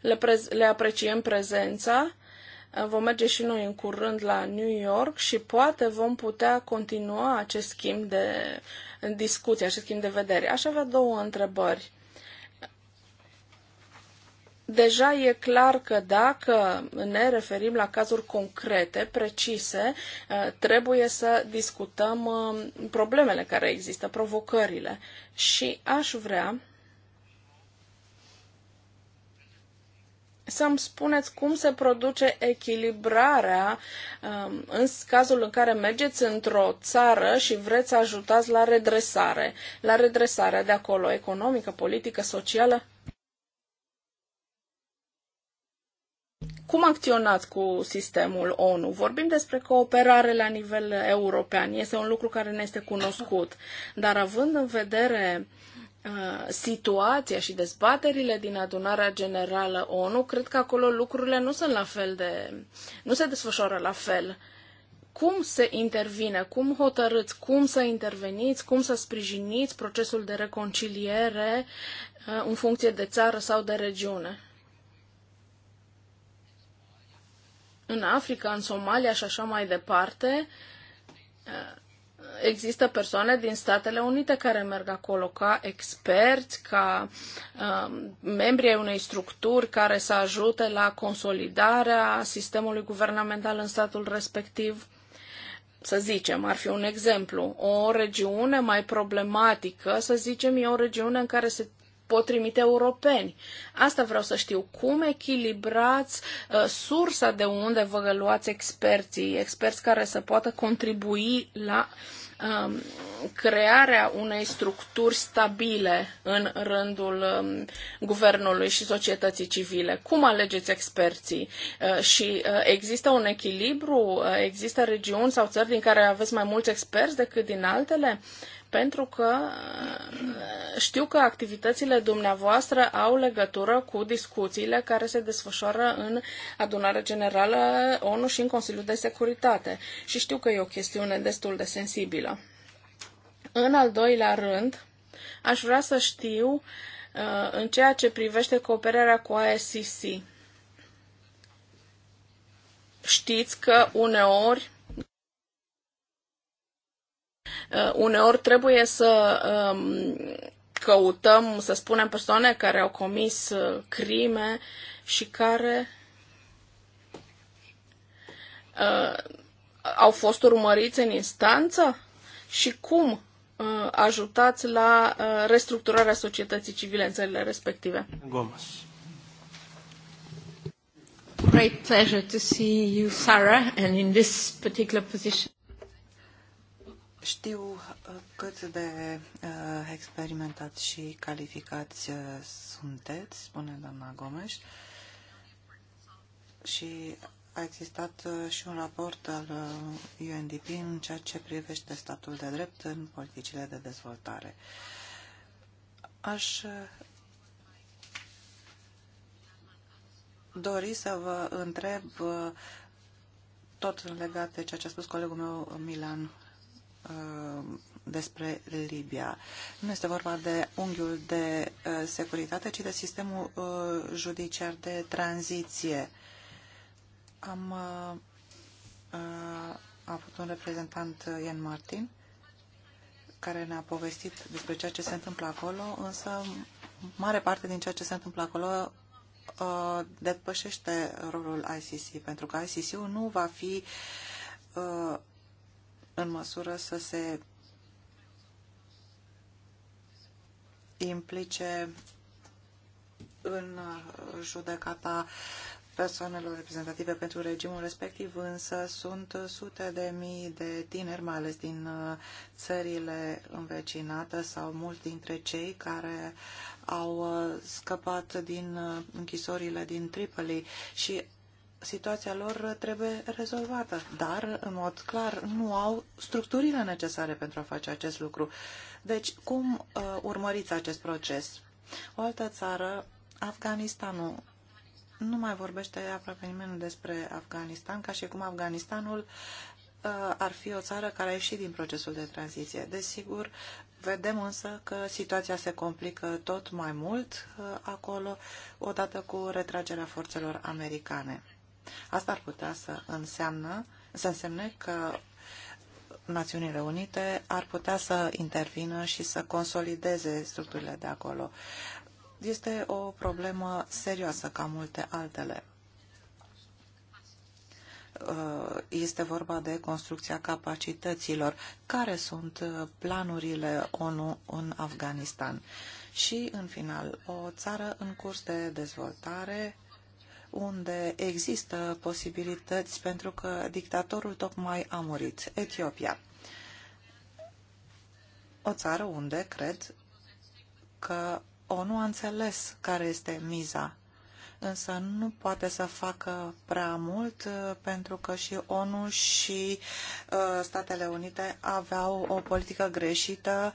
Le, pre, le apreciem prezența Vom merge și noi în curând la New York și poate vom putea continua acest schimb de discuții, acest schimb de vedere. Aș avea două întrebări. Deja e clar că dacă ne referim la cazuri concrete, precise, eh, trebuie să discutăm eh, problemele care există, provocările. Și aș vrea să-mi spuneți cum se produce echilibrarea um, în cazul în care mergeți într-o țară și vreți să ajutați la redresare, la redresarea de acolo, economică, politică, socială? Cum acționați cu sistemul ONU? Vorbim despre cooperare la nivel european. Este un lucru care ne este cunoscut. Dar având în vedere uh, Uh, situația și dezbaterile din adunarea generală ONU, cred că acolo lucrurile nu sunt la fel de. nu se desfășoară la fel. Cum se intervine, cum hotărâți, cum să interveniți, cum să sprijiniți procesul de reconciliere uh, în funcție de țară sau de regiune? În Africa, în Somalia și așa mai departe, uh, există persoane din Statele Unite care merg acolo ca experți, ca uh, membri ai unei structuri care să ajute la consolidarea sistemului guvernamental în statul respectiv să zicem, ar fi un exemplu, o regiune mai problematică, să zicem, e o regiune în care se pot trimite europeni. Asta vreau să știu. Cum echilibrați uh, sursa de unde vă luați experții, experți care să poată contribui la uh, um, crearea unei structuri stabile în rândul um, guvernului și societății civile? Cum alegeți experții? Uh, și uh, există un echilibru? Uh, există regiuni sau țări din care aveți mai mulți experți decât din altele? Uh, pentru că uh, știu că activitățile dumneavoastră au legătură cu discuțiile care se desfășoară în adunarea generală ONU și în Consiliul de Securitate și știu că e o chestiune destul de sensibilă. În al doilea rând, aș vrea să știu uh, în ceea ce privește cooperarea cu ASCC. Știți că uneori Uh, uneori trebuie să um, căutăm, să spunem, persoane care au comis uh, crime și care uh, au fost urmăriți în instanță și cum ajutați la restructurarea societății civile în țările respective. Gomes. Great pleasure to see you, Sarah, and in this particular position. Știu uh, cât de uh, experimentat și calificați uh, sunteți, spune doamna Gomes, și a existat uh, și un raport al UNDP în ceea ce privește statul de drept în politicile de dezvoltare. Aș dori să vă întreb tot legat de ceea ce a spus colegul meu Milan Uh, despre Libia. Nu este vorba de unghiul de uh, securitate, ci de sistemul uh, judiciar de tranziție. Am avut un reprezentant, Ian Martin, care ne-a povestit despre ceea ce se întâmplă acolo, însă mare parte din ceea ce se întâmplă acolo uh, depășește rolul ICC, pentru că ICC-ul nu va fi uh, în măsură să se implice în judecata persoanelor reprezentative pentru regimul respectiv, însă sunt sute de mii de tineri, mai ales din uh, țările învecinate sau mulți dintre cei care au uh, scăpat din uh, închisorile din Tripoli și situația lor trebuie rezolvată, dar, în mod clar, nu au structurile necesare pentru a face acest lucru. Deci, cum uh, urmăriți acest proces? O altă țară, Afganistanul, nu mai vorbește aproape nimeni despre Afganistan, ca și cum Afganistanul uh, ar fi o țară care a ieșit din procesul de tranziție. Desigur, Vedem însă că situația se complică tot mai mult uh, acolo, odată cu retragerea forțelor americane. Asta ar putea să, înseamnă, să însemne că Națiunile Unite ar putea să intervină și să consolideze structurile de acolo. Este o problemă serioasă ca multe altele. Uh, este vorba de construcția capacităților. Care sunt planurile ONU în Afganistan? Și, în final, o țară în curs de dezvoltare unde există posibilități pentru că dictatorul tocmai a murit, Etiopia. O țară unde cred că ONU a înțeles care este miza, însă nu poate să facă prea mult uh, pentru că și ONU și uh, Statele Unite aveau o politică greșită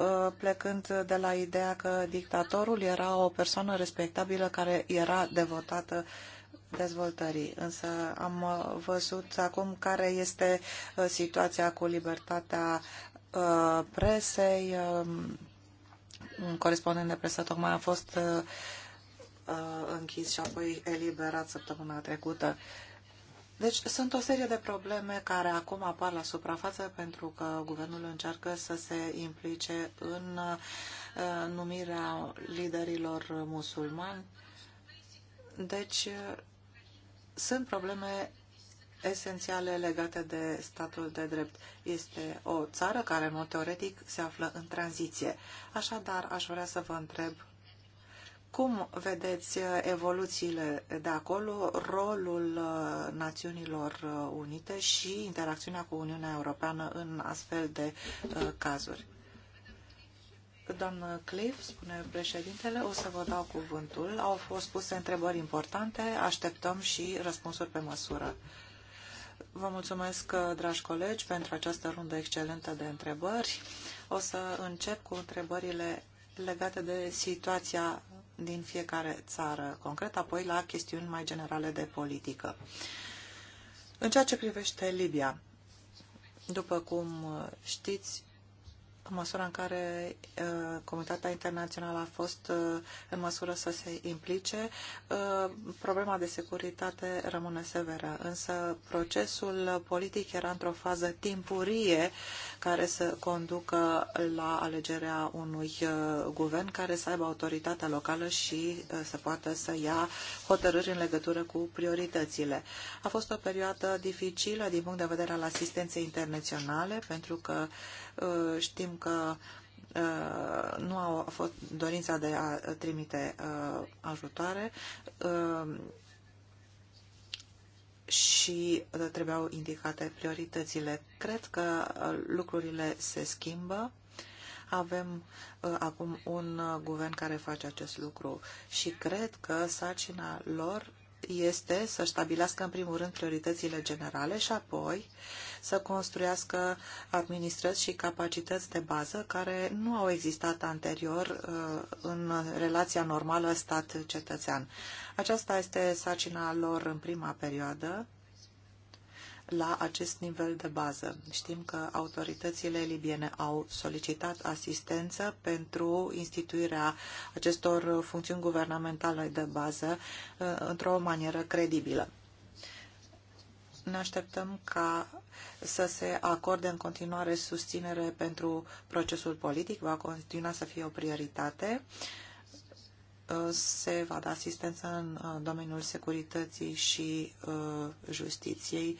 Uh, plecând de la ideea că dictatorul era o persoană respectabilă care era devotată dezvoltării. Însă am uh, văzut acum care este uh, situația cu libertatea presei. Um, un corespondent de presă tocmai a fost închis și apoi eliberat săptămâna trecută. Deci sunt o serie de probleme care acum apar la suprafață pentru că guvernul încearcă să se implice în uh, numirea liderilor musulmani. Deci uh, sunt probleme esențiale legate de statul de drept. Este o țară care, în mod teoretic, se află în tranziție. Așadar, aș vrea să vă întreb cum vedeți uh, evoluțiile de acolo, rolul uh, Națiunilor uh, Unite și interacțiunea cu Uniunea Europeană în astfel de cazuri? Doamnă Cliff, spune președintele, o să vă dau cuvântul. Au fost puse întrebări importante, așteptăm și răspunsuri pe măsură. Vă mulțumesc, dragi colegi, pentru această rundă excelentă de întrebări. O să încep cu întrebările legate de situația din fiecare țară concret, apoi la chestiuni mai generale de politică. În ceea ce privește Libia, după cum știți, în măsura în care uh, comunitatea internațională a fost uh, în măsură să se implice, uh, problema de securitate rămâne severă. Însă procesul politic era într-o fază timpurie care să conducă la alegerea unui uh, guvern care să aibă autoritatea locală și uh, să poată să ia hotărâri în legătură cu prioritățile. A fost o perioadă dificilă din punct de vedere al asistenței internaționale pentru că uh, Uh, știm că uh, nu a fost dorința de a trimite uh, ajutoare și trebuiau indicate prioritățile. Cred că lucrurile se schimbă. Avem acum un guvern care face acest lucru și cred că sarcina lor este să stabilească în primul rând prioritățile generale și apoi să construiască administrări și capacități de bază care nu au existat anterior uh, în relația normală stat-cetățean. Aceasta este sarcina lor în prima perioadă la acest nivel de bază. Știm că autoritățile libiene au solicitat asistență pentru instituirea acestor funcțiuni guvernamentale de bază uh, într-o manieră credibilă. Ne așteptăm ca să se acorde în continuare susținere pentru procesul politic, va continua să fie o prioritate uh, se va da asistență în uh, domeniul securității și justiției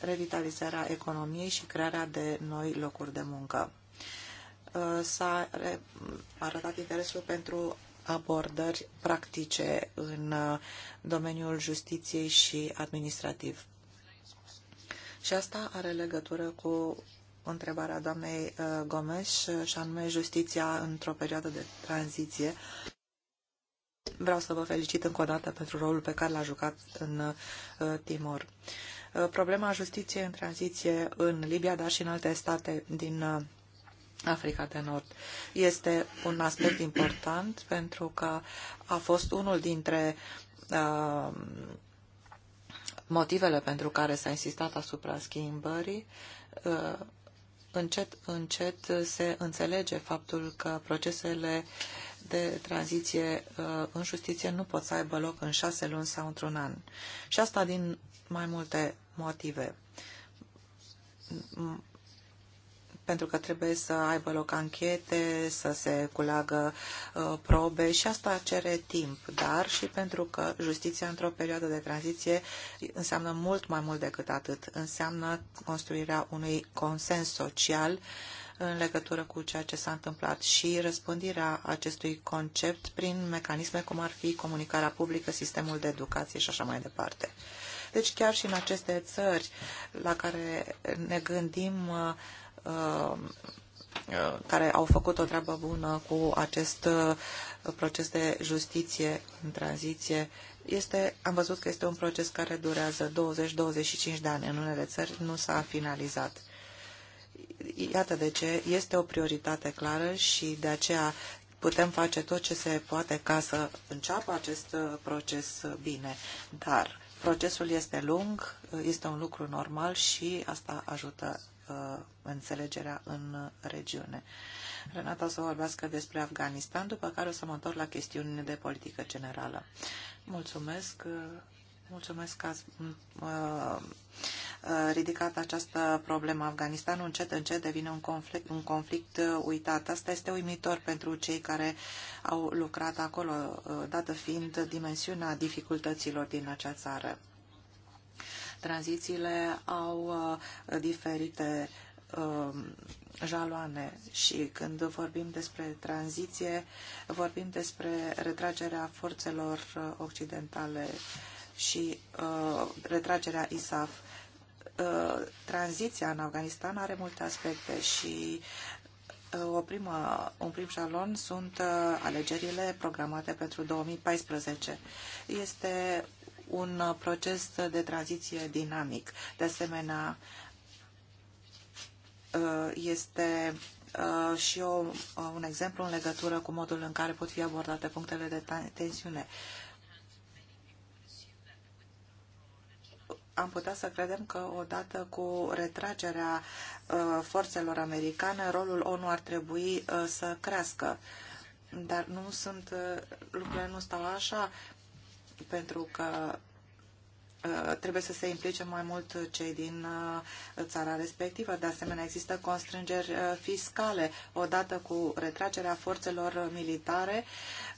revitalizarea economiei și crearea de noi locuri de muncă. Uh, s-a arătat interesul pentru abordări practice în uh, domeniul justiției și administrativ. Și asta are legătură cu întrebarea doamnei uh, Gomes și anume justiția într-o perioadă de tranziție. Vreau să vă felicit încă o dată pentru rolul pe care l-a jucat în Timor. Uh, problema justiției în tranziție în Libia, dar și în alte state din uh, Africa de Nord. Este un aspect important pentru că a fost unul dintre uh, motivele pentru care s-a insistat asupra schimbării. Uh, încet, încet se înțelege faptul că procesele de tranziție uh, în justiție nu pot să aibă loc în șase luni sau într-un an. Și asta din mai multe motive. Pentru că trebuie să aibă loc anchete, să se culeagă uh, probe și asta cere timp, dar și pentru că justiția într-o perioadă de tranziție înseamnă mult mai mult decât atât. Înseamnă construirea unui consens social în legătură cu ceea ce s-a întâmplat și răspândirea acestui concept prin mecanisme cum ar fi comunicarea publică, sistemul de educație și așa mai departe. Deci chiar și în aceste țări la care ne gândim uh, uh, care au făcut o treabă bună cu acest uh, proces de justiție în tranziție. Este, am văzut că este un proces care durează 20-25 de ani. În unele țări nu s-a finalizat. Iată de ce este o prioritate clară și de aceea putem face tot ce se poate ca să înceapă acest proces bine. Dar Procesul este lung, este un lucru normal și asta ajută uh, înțelegerea în regiune. Renata o să vorbească despre Afganistan, după care o să mă întorc la chestiunile de politică generală. Mulțumesc, uh, Mulțumesc că ați ridicat această problemă. Afganistanul încet, încet devine un conflict, un conflict uh, uitat. Asta este uimitor pentru cei care au lucrat acolo, uh, dată fiind dimensiunea dificultăților din acea țară. Tranzițiile au uh, diferite um, jaloane și când vorbim despre tranziție, vorbim despre retragerea forțelor occidentale uh, și uh, retragerea ISAF. Uh, tranziția în Afganistan are multe aspecte și uh, o primă, un prim șalon sunt uh, alegerile programate pentru 2014. Este un uh, proces de tranziție dinamic. De asemenea, este și eu un exemplu în legătură cu modul în care pot fi abordate punctele de tensiune. am putea să credem că odată cu retragerea uh, forțelor americane, rolul ONU ar trebui uh, să crească. Dar nu sunt, uh, lucrurile nu stau așa, pentru că trebuie să se implice mai mult cei din țara respectivă. De asemenea, există constrângeri fiscale. Odată cu retragerea forțelor militare,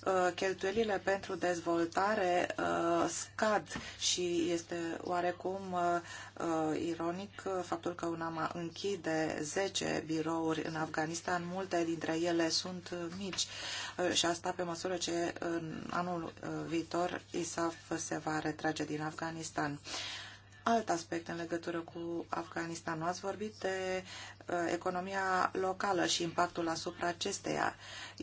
Uh, cheltuielile pentru dezvoltare uh, scad și este oarecum uh, ironic faptul că UNAMA închide 10 birouri în Afganistan, multe dintre ele sunt mici și asta pe măsură ce în anul viitor ISAF se va retrage din Afganistan alt aspect în legătură cu Afganistanul. Ați vorbit de uh, economia locală și impactul asupra acesteia.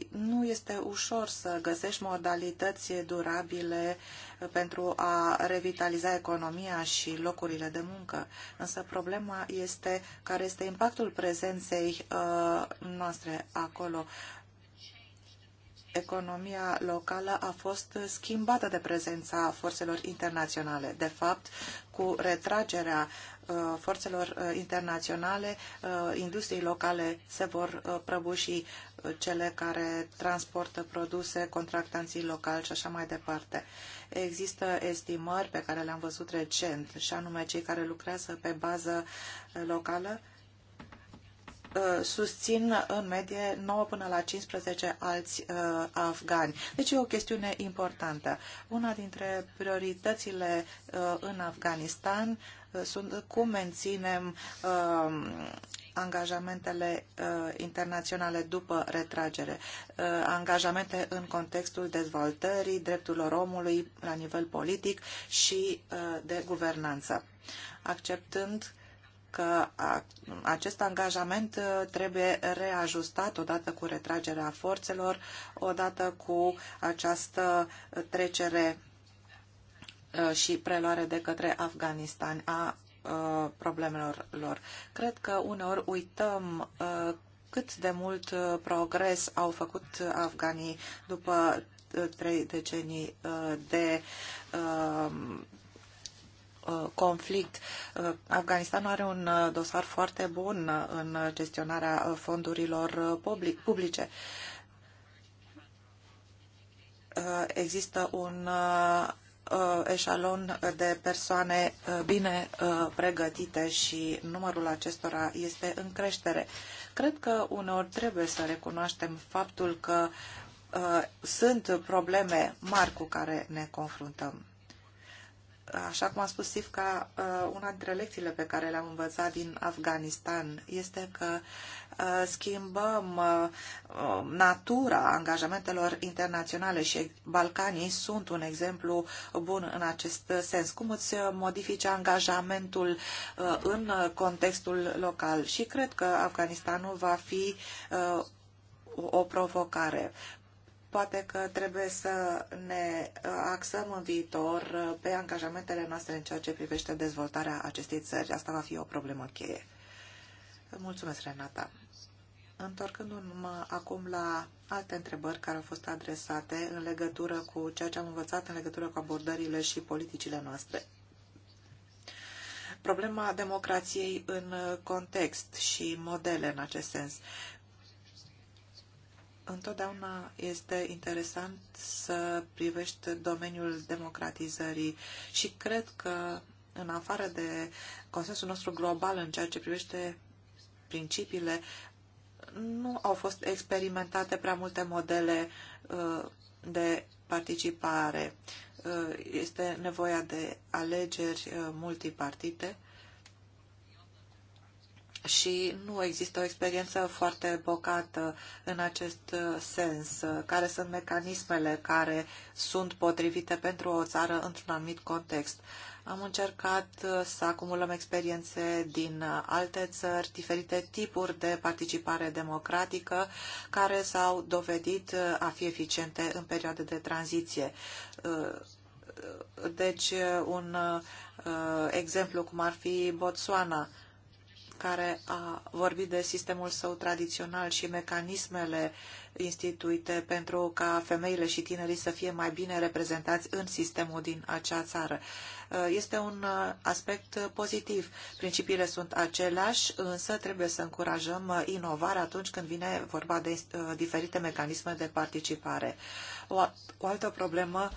Nu este ușor să găsești modalități durabile uh, pentru a revitaliza economia și locurile de muncă. Însă problema este care este impactul prezenței uh, noastre acolo economia locală a fost schimbată de prezența forțelor internaționale. De fapt, cu retragerea uh, forțelor uh, internaționale, uh, industriei locale se vor prăbuși cele care transportă produse, contractanții locali și așa mai departe. Există estimări pe care le-am văzut recent, și anume cei care lucrează pe bază locală Uh, susțin în medie 9 până la 15 alți uh, afgani. Deci e o chestiune importantă. Una dintre prioritățile uh, în Afganistan sunt cum menținem angajamentele uh, internaționale după retragere, uh, angajamente în contextul dezvoltării drepturilor omului la nivel politic și uh, de guvernanță, acceptând că acest angajament uh, trebuie reajustat odată cu retragerea forțelor, odată cu această trecere uh, și preluare de către Afganistan a uh, problemelor lor. Cred că uneori uităm cât de mult progres au făcut afganii după trei decenii de Uh, conflict. Uh, Afganistanul are un uh, dosar foarte bun în gestionarea fondurilor publice. Există un eșalon de persoane bine pregătite și numărul acestora este în creștere. Cred că uneori trebuie să recunoaștem faptul că sunt probleme mari cu care ne confruntăm așa cum a spus Sivca, uh, una dintre lecțiile pe care le-am învățat din Afganistan este că uh, schimbăm uh, natura angajamentelor internaționale și Balcanii sunt un exemplu bun în acest sens. Cum îți modifice angajamentul în contextul local? Și cred că Afganistanul va fi o provocare. Poate că trebuie să ne uh, axăm în viitor uh, pe angajamentele noastre în ceea ce privește dezvoltarea acestei țări. Asta va fi o problemă cheie. Mulțumesc, Renata. Întorcându-mă acum la alte întrebări care au fost adresate în legătură cu ceea ce am învățat în legătură cu abordările și politicile noastre. Problema democrației în context și modele în acest sens. Întotdeauna este interesant să privești domeniul democratizării și cred că în afară de consensul nostru global în ceea ce privește principiile, nu au fost experimentate prea multe modele uh, de participare. Uh, este nevoia de alegeri uh, multipartite și nu există o experiență foarte bogată în acest sens. Care sunt mecanismele care sunt potrivite pentru o țară într-un anumit context? Am încercat să acumulăm experiențe din alte țări, diferite tipuri de participare democratică care s-au dovedit a fi eficiente în perioade de tranziție. Deci, un uh, exemplu cum ar fi Botswana, care a vorbit de sistemul său tradițional și mecanismele instituite pentru ca femeile și tinerii să fie mai bine reprezentați în sistemul din acea țară. Uh, este un uh, aspect pozitiv. Principiile sunt aceleași, însă trebuie să încurajăm uh, inovarea atunci când vine vorba de diferite mecanisme de participare. O, altă problemă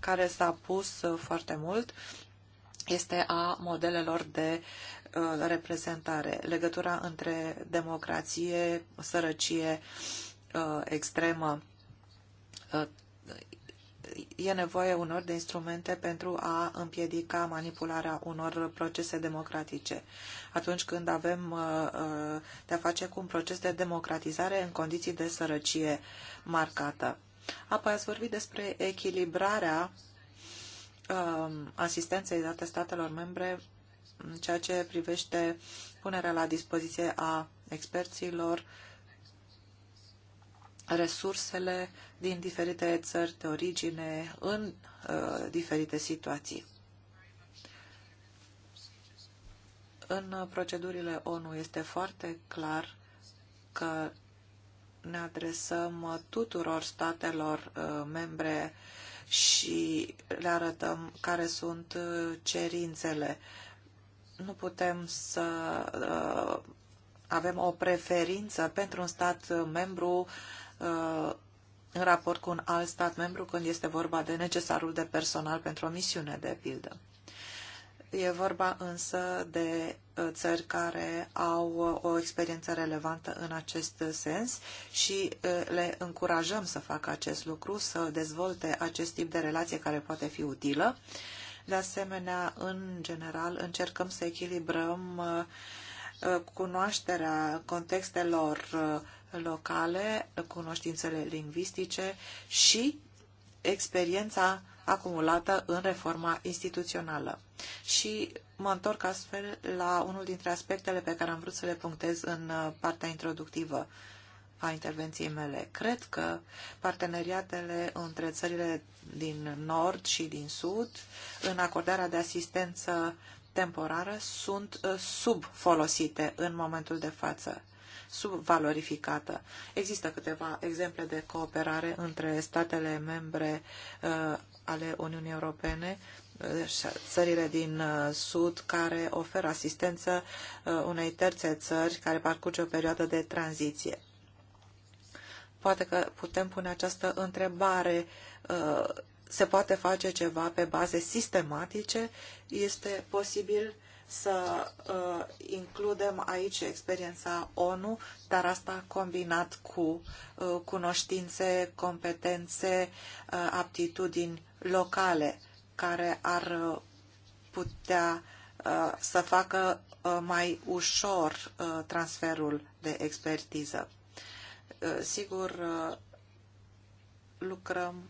care s-a pus foarte mult este a modelelor de Uh, reprezentare, legătura între democrație, sărăcie uh, extremă. Uh, e nevoie unor de instrumente pentru a împiedica manipularea unor procese democratice. Atunci când avem de-a face cu un proces de democratizare în condiții de sărăcie marcată. Apoi ați vorbit despre echilibrarea asistenței date statelor membre în ceea ce privește punerea la dispoziție a experților, resursele din diferite țări de origine în uh, diferite situații. În procedurile ONU este foarte clar că ne adresăm tuturor statelor uh, membre și le arătăm care sunt uh, cerințele nu putem să uh, avem o preferință pentru un stat membru uh, în raport cu un alt stat membru când este vorba de necesarul de personal pentru o misiune, de pildă. E vorba însă de uh, țări care au o experiență relevantă în acest sens și le încurajăm să facă acest lucru, să dezvolte acest tip de relație care poate fi utilă. De asemenea, în general, încercăm să echilibrăm uh, uh, cunoașterea contextelor uh, locale, cunoștințele lingvistice și experiența acumulată în reforma instituțională. Și mă întorc astfel la unul dintre aspectele pe care am vrut să le punctez în partea introductivă a intervenției mele. Cred că parteneriatele între țările din nord și din sud în acordarea de asistență temporară sunt ă, subfolosite în momentul de față, subvalorificată. Există câteva exemple de cooperare între statele membre ă, ale Uniunii Europene, ă, țările din Sud care oferă asistență unei terțe țări care parcurge o perioadă de tranziție. Poate că putem pune această întrebare uh, se poate face ceva pe baze sistematice, este posibil să uh, includem aici experiența ONU, dar asta combinat cu uh, cunoștințe, competențe, uh, aptitudini locale care ar uh, putea uh, să facă uh, mai ușor uh, transferul de expertiză. Uh, sigur, uh, lucrăm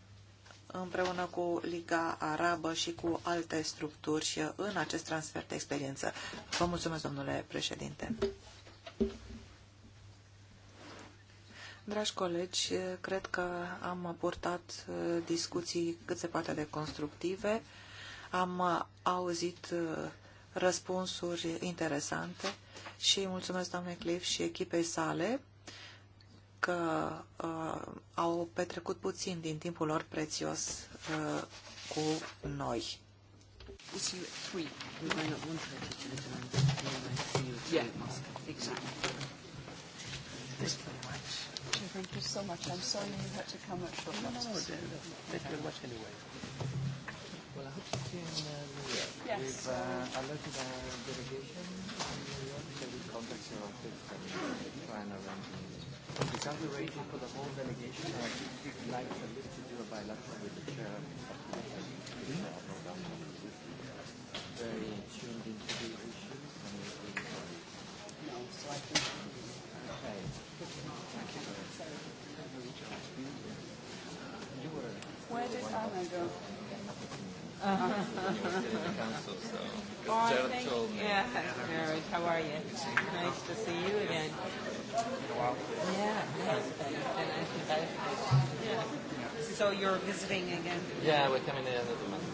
împreună cu Liga Arabă și cu alte structuri și uh, în acest transfer de experiență. Vă mulțumesc, domnule președinte. Dragi colegi, cred că am purtat discuții cât se poate de constructive. Am auzit răspunsuri interesante și mulțumesc doamnei Cliff și echipei sale că uh, au petrecut puțin din timpul lor prețios uh, cu noi. Thank you so much. I'm sorry you had to come at short notice. No, no, no. Thank you very much anyway. Well, I hope you uh, Yes. We've uh, alerted our delegation try and arrange Is that the rating for the whole delegation? I would like at least to do a bilateral with the chair very tuned into the issues and everything. No, so I think. Okay. Thank you. Where did Anna go? uh council. So, oh, Yeah, Jared, how are you? Nice to see you again. Yeah, So you're visiting again? Yeah, we're coming in the end of the month.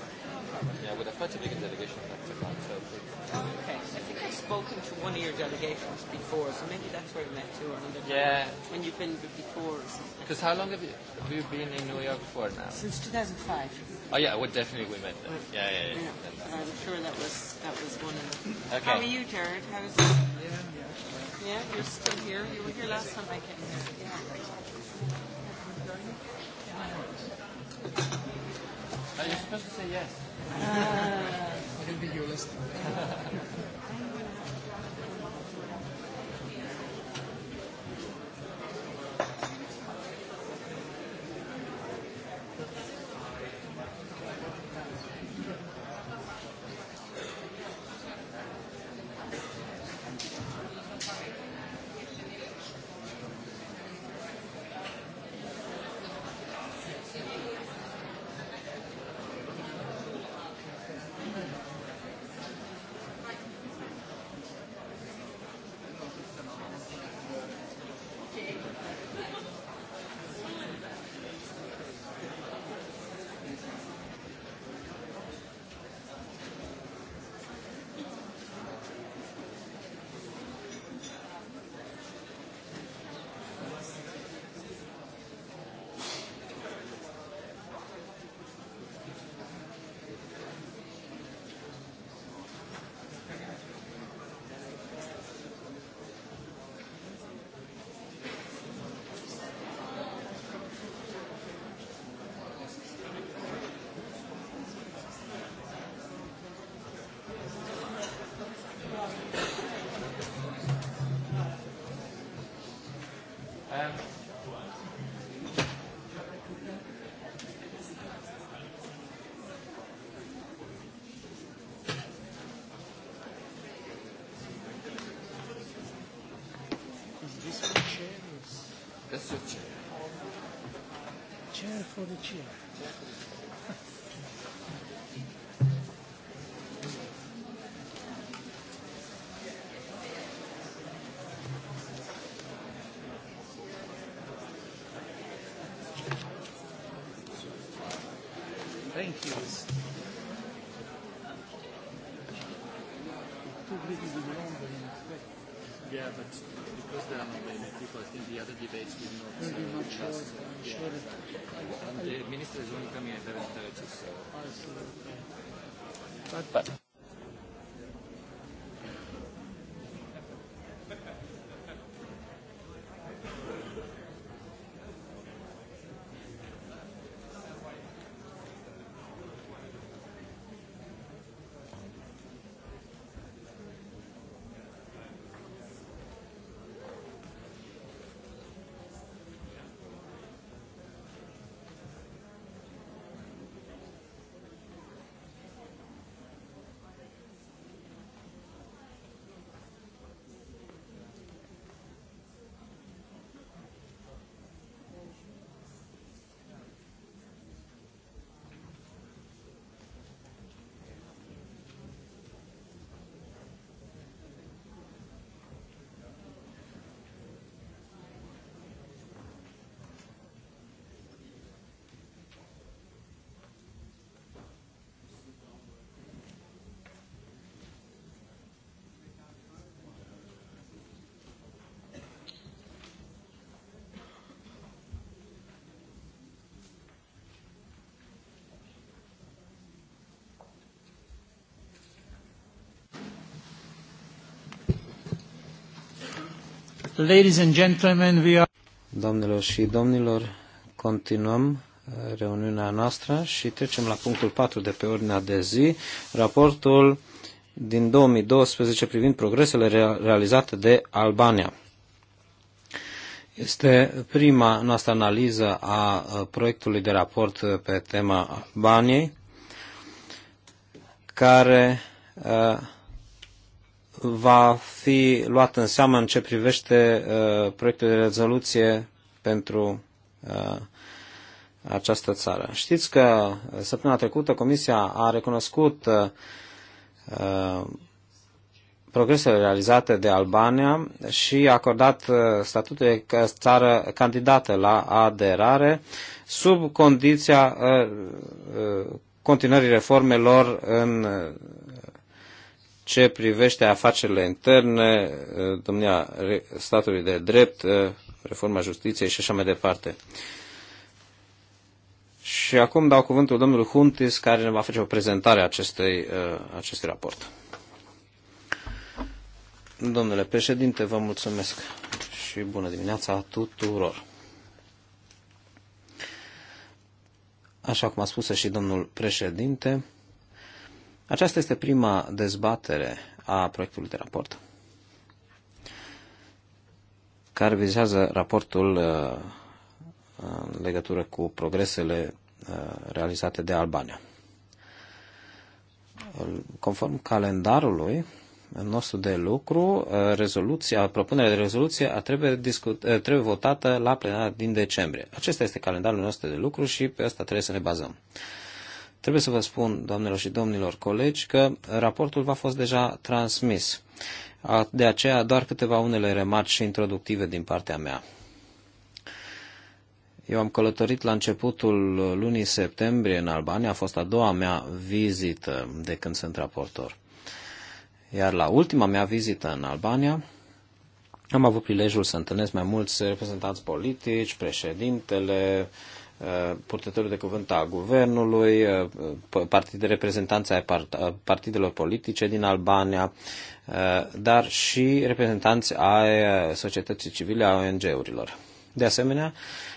Yeah, with a fairly big delegation back to France. So okay spoken to one of your delegations before, so maybe that's where you met too. or another Yeah. when you've been before or something. Because how long have you, have you been in New York for now? Since 2005. Oh yeah, well definitely we met then. Yeah, yeah, yeah. yeah. I'm sure that was, that was one of them. Okay. How are you, Jared? How is it? Yeah, yeah. Yeah, you're still here? You were here last time I came here. Yeah. Are you supposed to say yes? Uh, I don't for the chair. Thank you. Yeah, but because there are not many people, I think the other debates will not. Very much. Uh, yeah ministre, je vous remercie. Ladies and gentlemen, we are... Domnilor și domnilor, continuăm uh, reuniunea noastră și trecem la punctul 4 de pe ordinea de zi, raportul din 2012 privind progresele realizate de Albania. Este prima noastră analiză a uh, proiectului de raport uh, pe tema Albaniei, care va fi luat în seamă în ce privește uh, proiectul de rezoluție pentru uh, această țară. Știți că uh, săptămâna trecută Comisia a recunoscut uh, uh, progresele realizate de Albania și a acordat uh, statutul de țară candidată la aderare sub condiția continuării reformelor în ce privește afacerile interne, eh, domnia statului de drept, eh, reforma justiției și așa mai departe. Și acum dau cuvântul domnului Huntis, care ne va face o prezentare a acestei, eh, acestui raport. Domnule președinte, vă mulțumesc și bună dimineața tuturor. Așa cum a spus și domnul președinte, aceasta este prima dezbatere a proiectului de raport care vizează raportul uh, în legătură cu progresele uh, realizate de Albania. Conform calendarului nostru de lucru, uh, rezoluția, propunerea de rezoluție trebuie, discut, trebuie votată la plenar din decembrie. Acesta este calendarul nostru de lucru și pe asta trebuie să ne bazăm. Trebuie să vă spun, doamnelor și domnilor colegi, că raportul v-a fost deja transmis. De aceea, doar câteva unele remarci introductive din partea mea. Eu am călătorit la începutul lunii septembrie în Albania, a fost a doua mea vizită de când sunt raportor. Iar la ultima mea vizită în Albania, am avut prilejul să întâlnesc mai mulți reprezentanți politici, președintele, uh, purtătorul de cuvânt a guvernului, uh, partide reprezentanța ai uh, partidelor politice din Albania, uh, dar și reprezentanți ai societății civile, a ONG-urilor. De asemenea,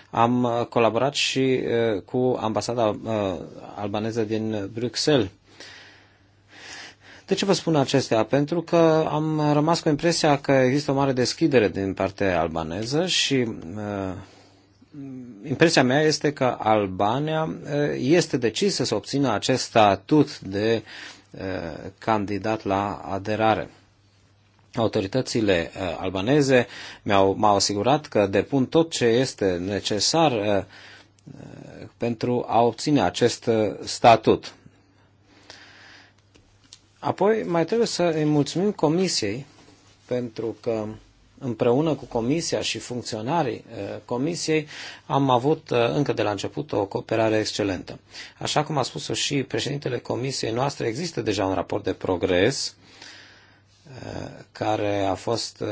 am colaborat și cu ambasada albaneză din Bruxelles. De ce vă spun acestea? Pentru că am rămas cu impresia că există o mare deschidere din partea albaneză și impresia mea este că Albania este decisă să obțină acest statut de candidat la aderare. Autoritățile albaneze mi-au, m-au asigurat că depun tot ce este necesar pentru a obține acest statut. Apoi mai trebuie să îi mulțumim Comisiei pentru că împreună cu Comisia și funcționarii uh, Comisiei, am avut uh, încă de la început o cooperare excelentă. Așa cum a spus-o și președintele Comisiei noastre, există deja un raport de progres uh, care a fost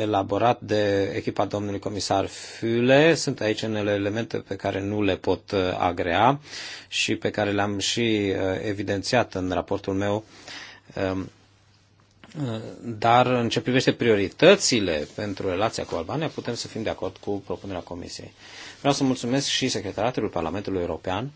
elaborat de echipa domnului comisar Füle. Sunt aici unele elemente pe care nu le pot agrea și pe care le-am și evidențiat în raportul meu um, dar în ce privește prioritățile pentru relația cu Albania, putem să fim de acord cu propunerea Comisiei. Vreau să mulțumesc și Secretariatul Parlamentului European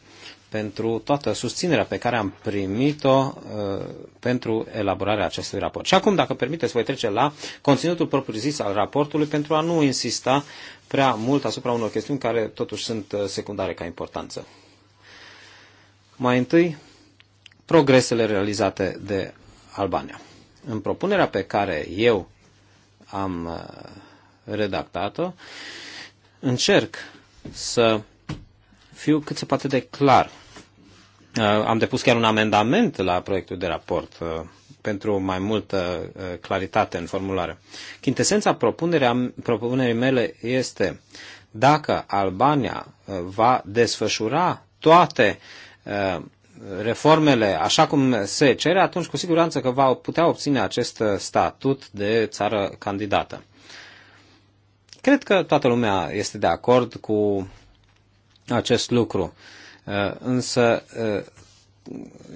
pentru toată susținerea pe care am primit-o uh, pentru elaborarea acestui raport. Și acum, dacă permiteți, voi trece la conținutul propriu-zis al raportului pentru a nu insista prea mult asupra unor chestiuni care totuși sunt uh, secundare ca importanță. Mai întâi, progresele realizate de Albania în propunerea pe care eu am uh, redactat-o, încerc să fiu cât se poate de clar. Uh, am depus chiar un amendament la proiectul de raport uh, pentru mai multă claritate în formulare. Chintesența propunerii mele este dacă Albania va desfășura toate reformele așa cum se cere, atunci cu siguranță că va putea obține acest statut de țară candidată. Cred că toată lumea este de acord cu acest lucru, însă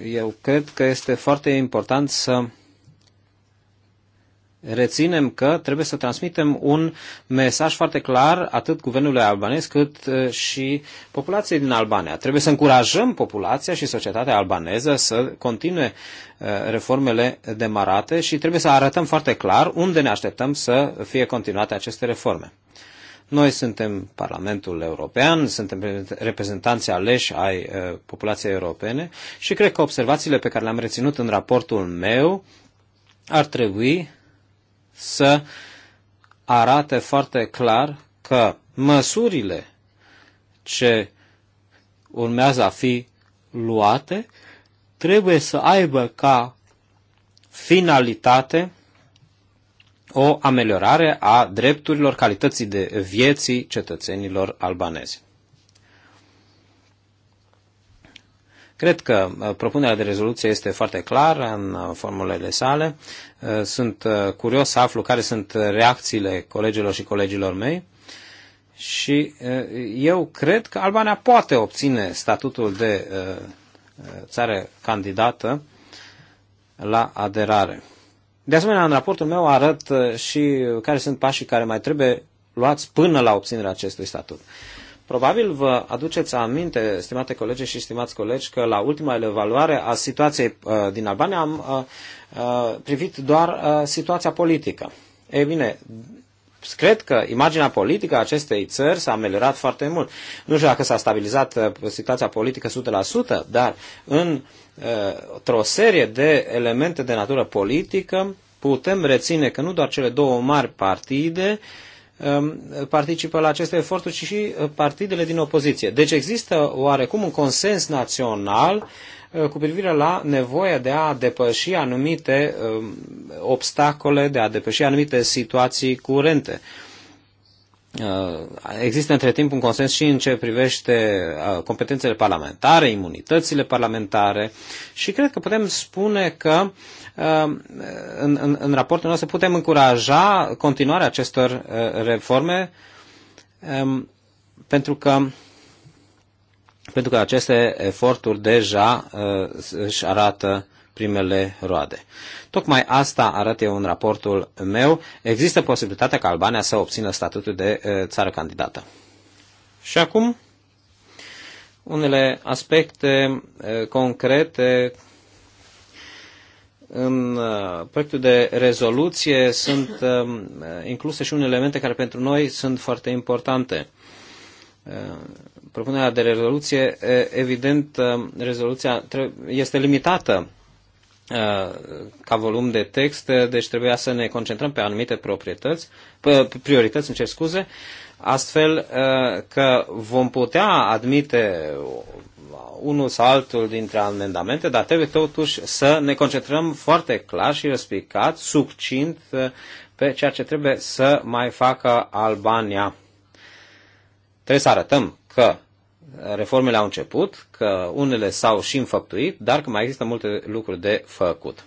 eu cred că este foarte important să reținem că trebuie să transmitem un mesaj foarte clar atât guvernului albanez cât uh, și populației din Albania. Trebuie să încurajăm populația și societatea albaneză să continue uh, reformele demarate și trebuie să arătăm foarte clar unde ne așteptăm să fie continuate aceste reforme. Noi suntem Parlamentul European, suntem reprezentanții aleși ai uh, populației europene și cred că observațiile pe care le-am reținut în raportul meu ar trebui să arate foarte clar că măsurile ce urmează a fi luate trebuie să aibă ca finalitate o ameliorare a drepturilor calității de vieții cetățenilor albanezi. Cred că uh, propunerea de rezoluție este foarte clară în uh, formulele sale. Uh, sunt curios să aflu care sunt reacțiile colegilor și colegilor mei. Și eu cred că Albania poate obține statutul de țară candidată la aderare. De asemenea, în raportul meu arăt și care sunt pașii care mai trebuie luați până la obținerea acestui statut. Probabil vă aduceți aminte, stimate colegi și stimați colegi, că la ultima evaluare a situației uh, din Albania am uh, uh, privit doar situația politică. Ei bine, cred că imaginea politică a acestei țări s-a ameliorat foarte mult. Nu știu dacă s-a stabilizat situația politică 100%, dar în, într-o serie de elemente de natură politică putem reține că nu doar cele două mari partide uh, Um, participă la aceste eforturi, ci și uh, partidele din opoziție. Deci există oarecum un consens național uh, cu privire la nevoia de a depăși anumite um, obstacole, de a depăși anumite situații curente. Uh, există între timp un consens și în ce privește uh, competențele parlamentare, imunitățile parlamentare și cred că putem spune că uh, în, în, în raportul nostru putem încuraja continuarea acestor reforme um, pentru că pentru că aceste eforturi deja își arată primele roade. Tocmai asta arăt eu în raportul meu. Există posibilitatea ca Albania să obțină statutul de țară candidată. Și acum, unele aspecte concrete în proiectul de rezoluție sunt incluse și unele elemente care pentru noi sunt foarte importante. Propunerea de rezoluție, evident, rezoluția este limitată Uh, ca volum de text, uh, deci trebuia să ne concentrăm pe anumite proprietăți, priorități, îmi cer scuze, astfel uh, că vom putea admite unul sau altul dintre amendamente, dar trebuie totuși să ne concentrăm foarte clar și răspicat, succint, pe ceea ce trebuie să mai facă Albania. Trebuie să arătăm că reformele au început, că unele s-au și înfăptuit, dar că mai există multe lucruri de făcut.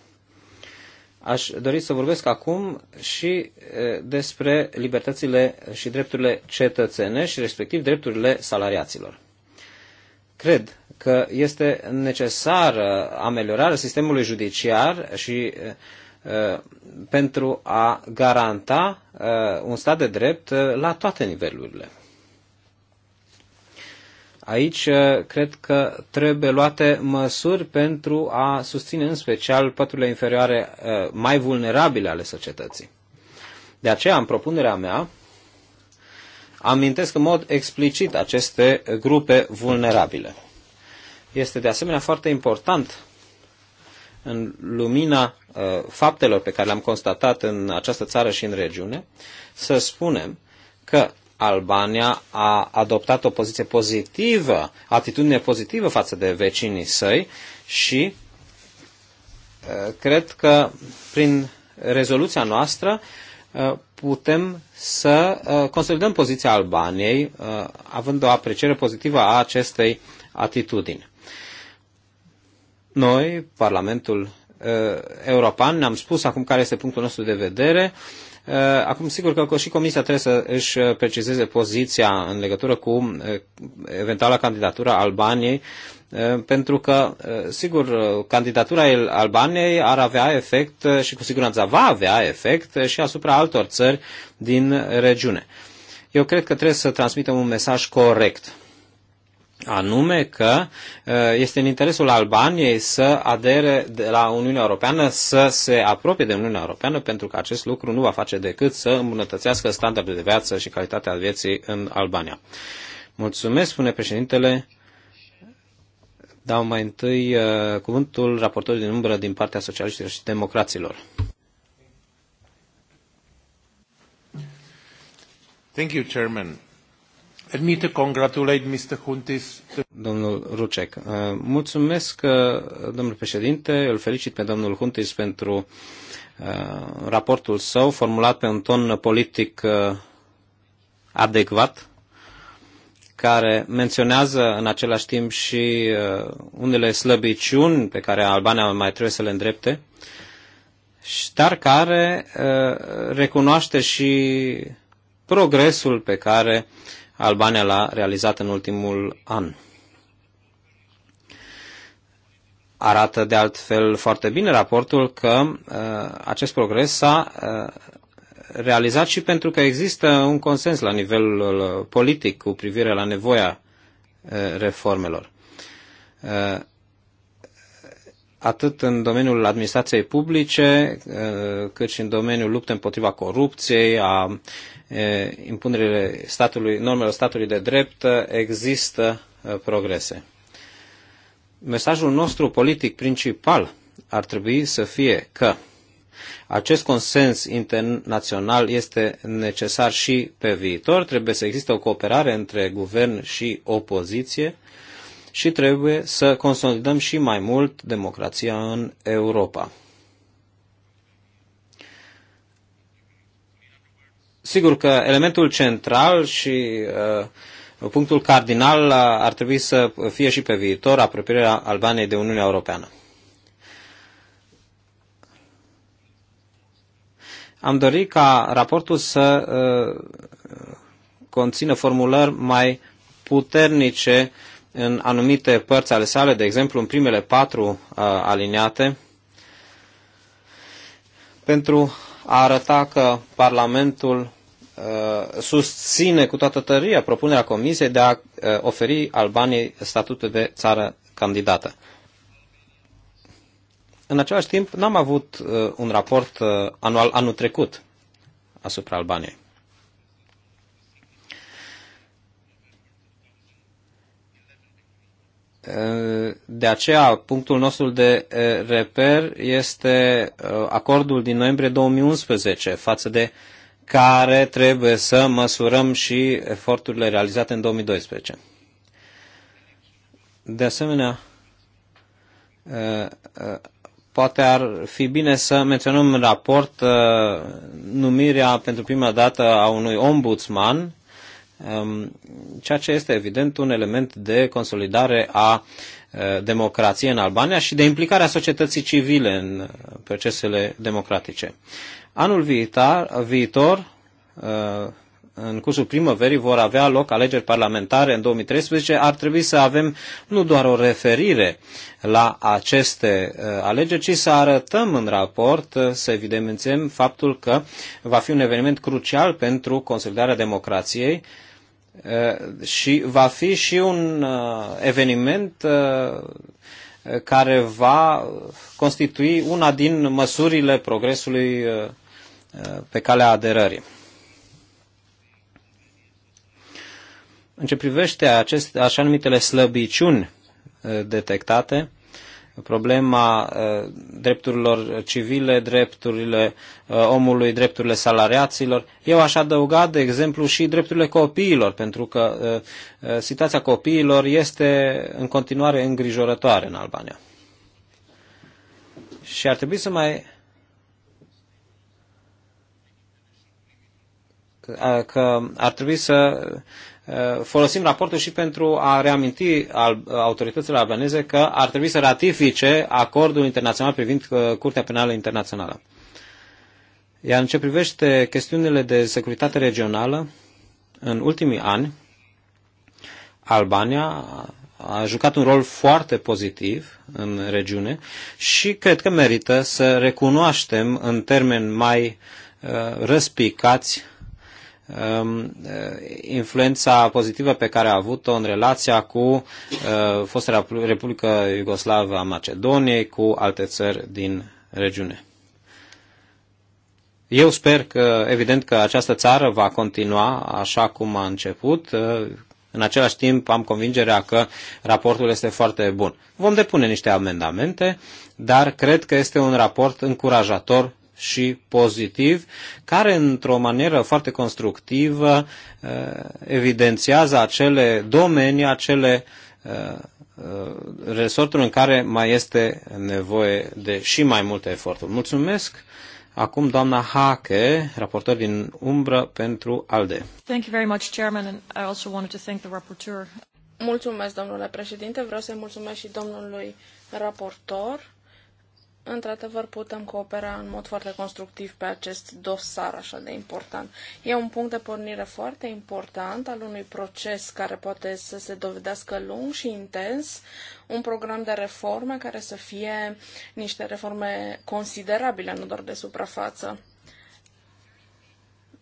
Aș dori să vorbesc acum și despre libertățile și drepturile și respectiv drepturile salariaților. Cred că este necesară ameliorarea sistemului judiciar și pentru a garanta un stat de drept la toate nivelurile. Aici uh, cred că trebuie luate măsuri pentru a susține în special păturile inferioare uh, mai vulnerabile ale societății. De aceea, în propunerea mea, amintesc în mod explicit aceste grupe vulnerabile. Este de asemenea foarte important în lumina uh, faptelor pe care le-am constatat în această țară și în regiune, să spunem că Albania a adoptat o poziție pozitivă, atitudine pozitivă față de vecinii săi și uh, cred că prin rezoluția noastră uh, putem să uh, consolidăm poziția Albaniei, având o apreciere pozitivă a acestei atitudini. Noi, Parlamentul European, ne-am spus acum care este punctul nostru de vedere, uh, Uh, acum, sigur că și Comisia trebuie să își uh, precizeze poziția în legătură cu uh, eventuala candidatura Albaniei, pentru că, sigur, candidatura Albaniei ar avea efect și cu siguranță va avea efect și asupra altor țări din regiune. Eu cred că trebuie să transmitem un mesaj corect anume că este în interesul Albaniei să adere de la Uniunea Europeană, să se apropie de Uniunea Europeană, pentru că acest lucru nu va face decât să îmbunătățească standardul de viață și calitatea vieții în Albania. Mulțumesc, spune președintele. Dau mai întâi cuvântul raportorului din umbră din partea socialiștilor și democraților. Thank you, Chairman. Let congratulate Mr. Huntis. Domnul Rucek, uh, mulțumesc, uh, domnul președinte, îl felicit pe domnul Huntis pentru uh, raportul său formulat pe un ton politic adecvat, care menționează în același timp și unele slăbiciuni pe care Albania mai trebuie să le îndrepte, dar care recunoaște și progresul pe care uh, Albania l-a realizat în ultimul an. Arată de altfel foarte bine raportul că uh, acest progres s-a uh, realizat și pentru că există un consens la uh, politic cu privire la nevoia uh, reformelor. Uh, atât în domeniul administrației publice, uh, cât și în domeniul luptei împotriva corupției, a impunerile statului, normelor statului de drept, există progrese. Mesajul nostru politic principal ar trebui să fie că acest consens internațional este necesar și pe viitor, trebuie să existe o cooperare între guvern și opoziție și trebuie să consolidăm și mai mult democrația în Europa. Sigur că elementul central și uh, punctul cardinal ar trebui să fie și pe viitor apropierea Albaniei de Uniunea Europeană. Am dorit ca raportul să uh, conțină formulări mai puternice în anumite părți ale sale, de exemplu în primele patru uh, aliniate, pentru a arăta că Parlamentul uh, susține cu toată tăria propunerea Comisiei de a uh, oferi Albaniei statutul de țară candidată. În același timp, n-am avut uh, un raport anual anul trecut asupra Albaniei. De aceea, punctul nostru de reper este acordul din noiembrie 2011, față de care trebuie să măsurăm și eforturile realizate în 2012. De asemenea, poate ar fi bine să menționăm în raport numirea pentru prima dată a unui ombudsman Ehm, ceea ce este evident un element de consolidare a eh, democrației în Albania și de implicarea societății civile în eh, procesele democratice. Anul viitor, viitor eh, în cursul primăverii vor avea loc alegeri parlamentare în 2013, ar trebui să avem nu doar o referire la aceste alegeri, ci să arătăm în raport, să evidențiem faptul că va fi un eveniment crucial pentru consolidarea democrației, Uh, și va fi și un uh, eveniment uh, care va constitui una din măsurile progresului pe calea aderării. În ce privește aceste așa numitele slăbiciuni detectate, problema drepturilor civile, drepturile omului, drepturile salariaților. Eu aș adăuga, de exemplu, și drepturile copiilor, pentru că situația copiilor este în continuare îngrijorătoare în Albania. Și ar trebui să mai că ar trebui să Eh, folosim raportul și pentru a reaminti autoritățile albaneze că ar trebui să ratifice acordul internațional privind eh, Curtea Penală Internațională. Iar în ce privește chestiunile de securitate regională, în ultimii ani, Albania a jucat un rol foarte pozitiv în regiune și cred că merită să recunoaștem în termeni mai eh, răspicați Um, uh, influența pozitivă pe care a avut-o în relația cu uh, fostă Republică Iugoslavă a Macedoniei, cu alte țări din regiune. Eu sper că, evident, că această țară va continua așa cum a început. Uh, în același timp, am convingerea că raportul este foarte bun. Vom depune niște amendamente, dar cred că este un raport încurajator și pozitiv, care într-o manieră foarte constructivă uh, evidențiază acele domenii, acele uh, uh, resorturi în care mai este nevoie de și mai multe eforturi. Mulțumesc! Acum doamna Hake, raportor din umbră pentru ALDE. Thank you very much, Chairman, and I also wanted to thank the rapporteur. Mulțumesc, domnule președinte. Vreau să-i mulțumesc și domnului raportor într-adevăr, putem coopera în mod foarte constructiv pe acest dosar așa de important. E un punct de pornire foarte important al unui proces care poate să se dovedească lung și intens, un program de reforme care să fie niște reforme considerabile, nu doar de suprafață.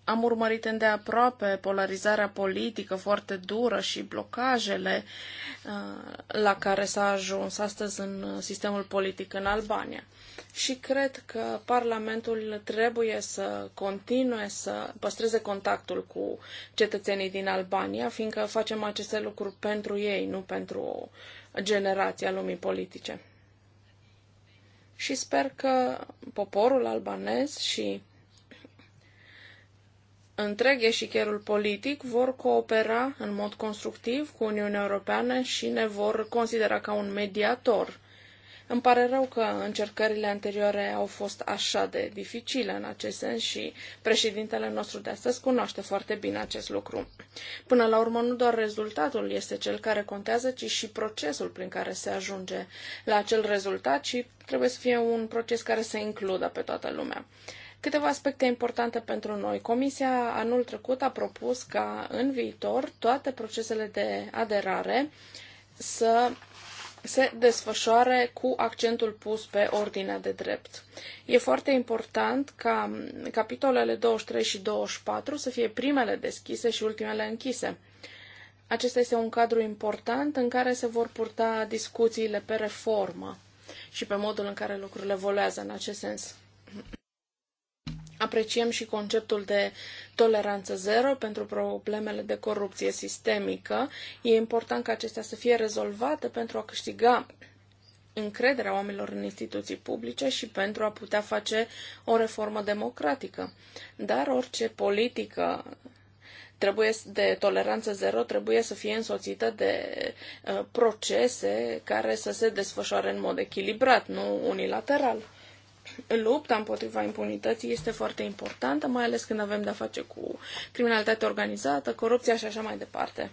Am urmărit îndeaproape polarizarea politică foarte dură și blocajele uh, la care s-a ajuns astăzi în sistemul politic în Albania. Și cred că Parlamentul trebuie să continue să păstreze contactul cu cetățenii din Albania, fiindcă facem aceste lucruri pentru ei, nu pentru o generație a lumii politice. Și sper că poporul albanez și întreg eșicherul politic vor coopera în mod constructiv cu Uniunea Europeană și ne vor considera ca un mediator. Îmi pare rău că încercările anterioare au fost așa de dificile în acest sens și președintele nostru de astăzi cunoaște foarte bine acest lucru. Până la urmă, nu doar rezultatul este cel care contează, ci și procesul prin care se ajunge la acel rezultat și trebuie să fie un proces care să includă pe toată lumea. Câteva aspecte importante pentru noi. Comisia anul trecut a propus ca în viitor toate procesele de aderare să se desfășoare cu accentul pus pe ordinea de drept. E foarte important ca capitolele 23 și 24 să fie primele deschise și ultimele închise. Acesta este un cadru important în care se vor purta discuțiile pe reformă și pe modul în care lucrurile volează în acest sens. Apreciem și conceptul de toleranță zero pentru problemele de corupție sistemică. E important ca acestea să fie rezolvate pentru a câștiga încrederea oamenilor în instituții publice și pentru a putea face o reformă democratică. Dar orice politică trebuie de toleranță zero trebuie să fie însoțită de uh, procese care să se desfășoare în mod echilibrat, nu unilateral lupta împotriva impunității este foarte importantă, mai ales când avem de-a face cu criminalitatea organizată, corupția și așa mai departe.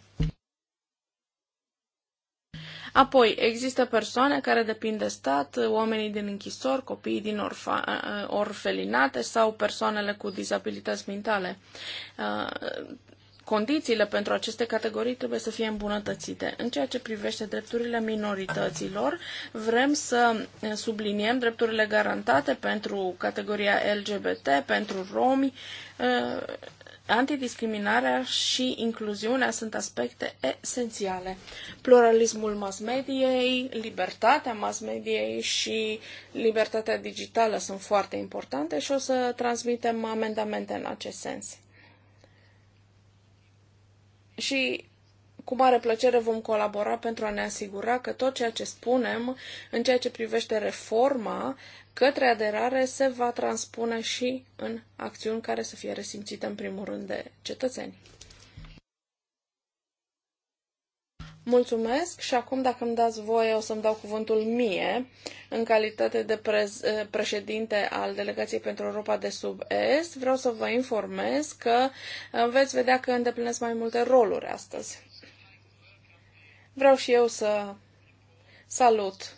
Apoi, există persoane care depind de stat, oamenii din închisori, copiii din orfa, orfelinate sau persoanele cu dizabilități mentale. Condițiile pentru aceste categorii trebuie să fie îmbunătățite. În ceea ce privește drepturile minorităților, vrem să eh, subliniem drepturile garantate pentru categoria LGBT, pentru romi. Eh, antidiscriminarea și incluziunea sunt aspecte esențiale. Pluralismul mass mediei, libertatea mass mediei și libertatea digitală sunt foarte importante și o să transmitem amendamente în acest sens și cu mare plăcere vom colabora pentru a ne asigura că tot ceea ce spunem în ceea ce privește reforma către aderare se va transpune și în acțiuni care să fie resimțite în primul rând de cetățeni. Mulțumesc și acum, dacă îmi dați voie, o să-mi dau cuvântul mie, în calitate de prez- eh, președinte al Delegației pentru Europa de sub est Vreau să vă informez că eh, veți vedea că îndeplinesc mai multe roluri astăzi. Vreau și eu să salut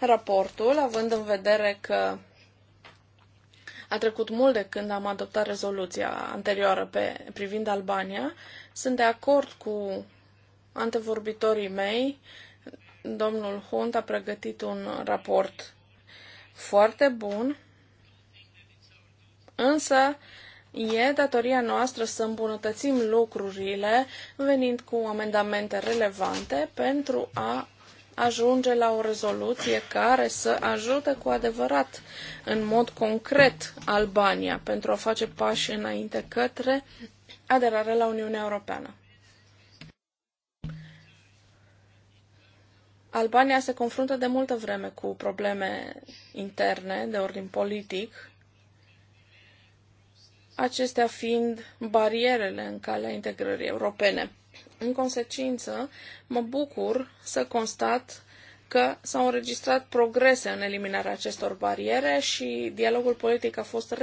raportul, având în vedere că a trecut mult de când am adoptat rezoluția anterioară pe, privind Albania. Sunt de acord cu Antevorbitorii mei, domnul Hunt a pregătit un raport foarte bun, însă e datoria noastră să îmbunătățim lucrurile venind cu amendamente relevante pentru a ajunge la o rezoluție care să ajute cu adevărat, în mod concret, Albania pentru a face pași înainte către aderarea la Uniunea Europeană. Albania se confruntă de multă vreme cu probleme interne de ordin politic, acestea fiind barierele în calea integrării europene. În consecință, mă bucur să constat că s-au înregistrat progrese în eliminarea acestor bariere și dialogul politic a fost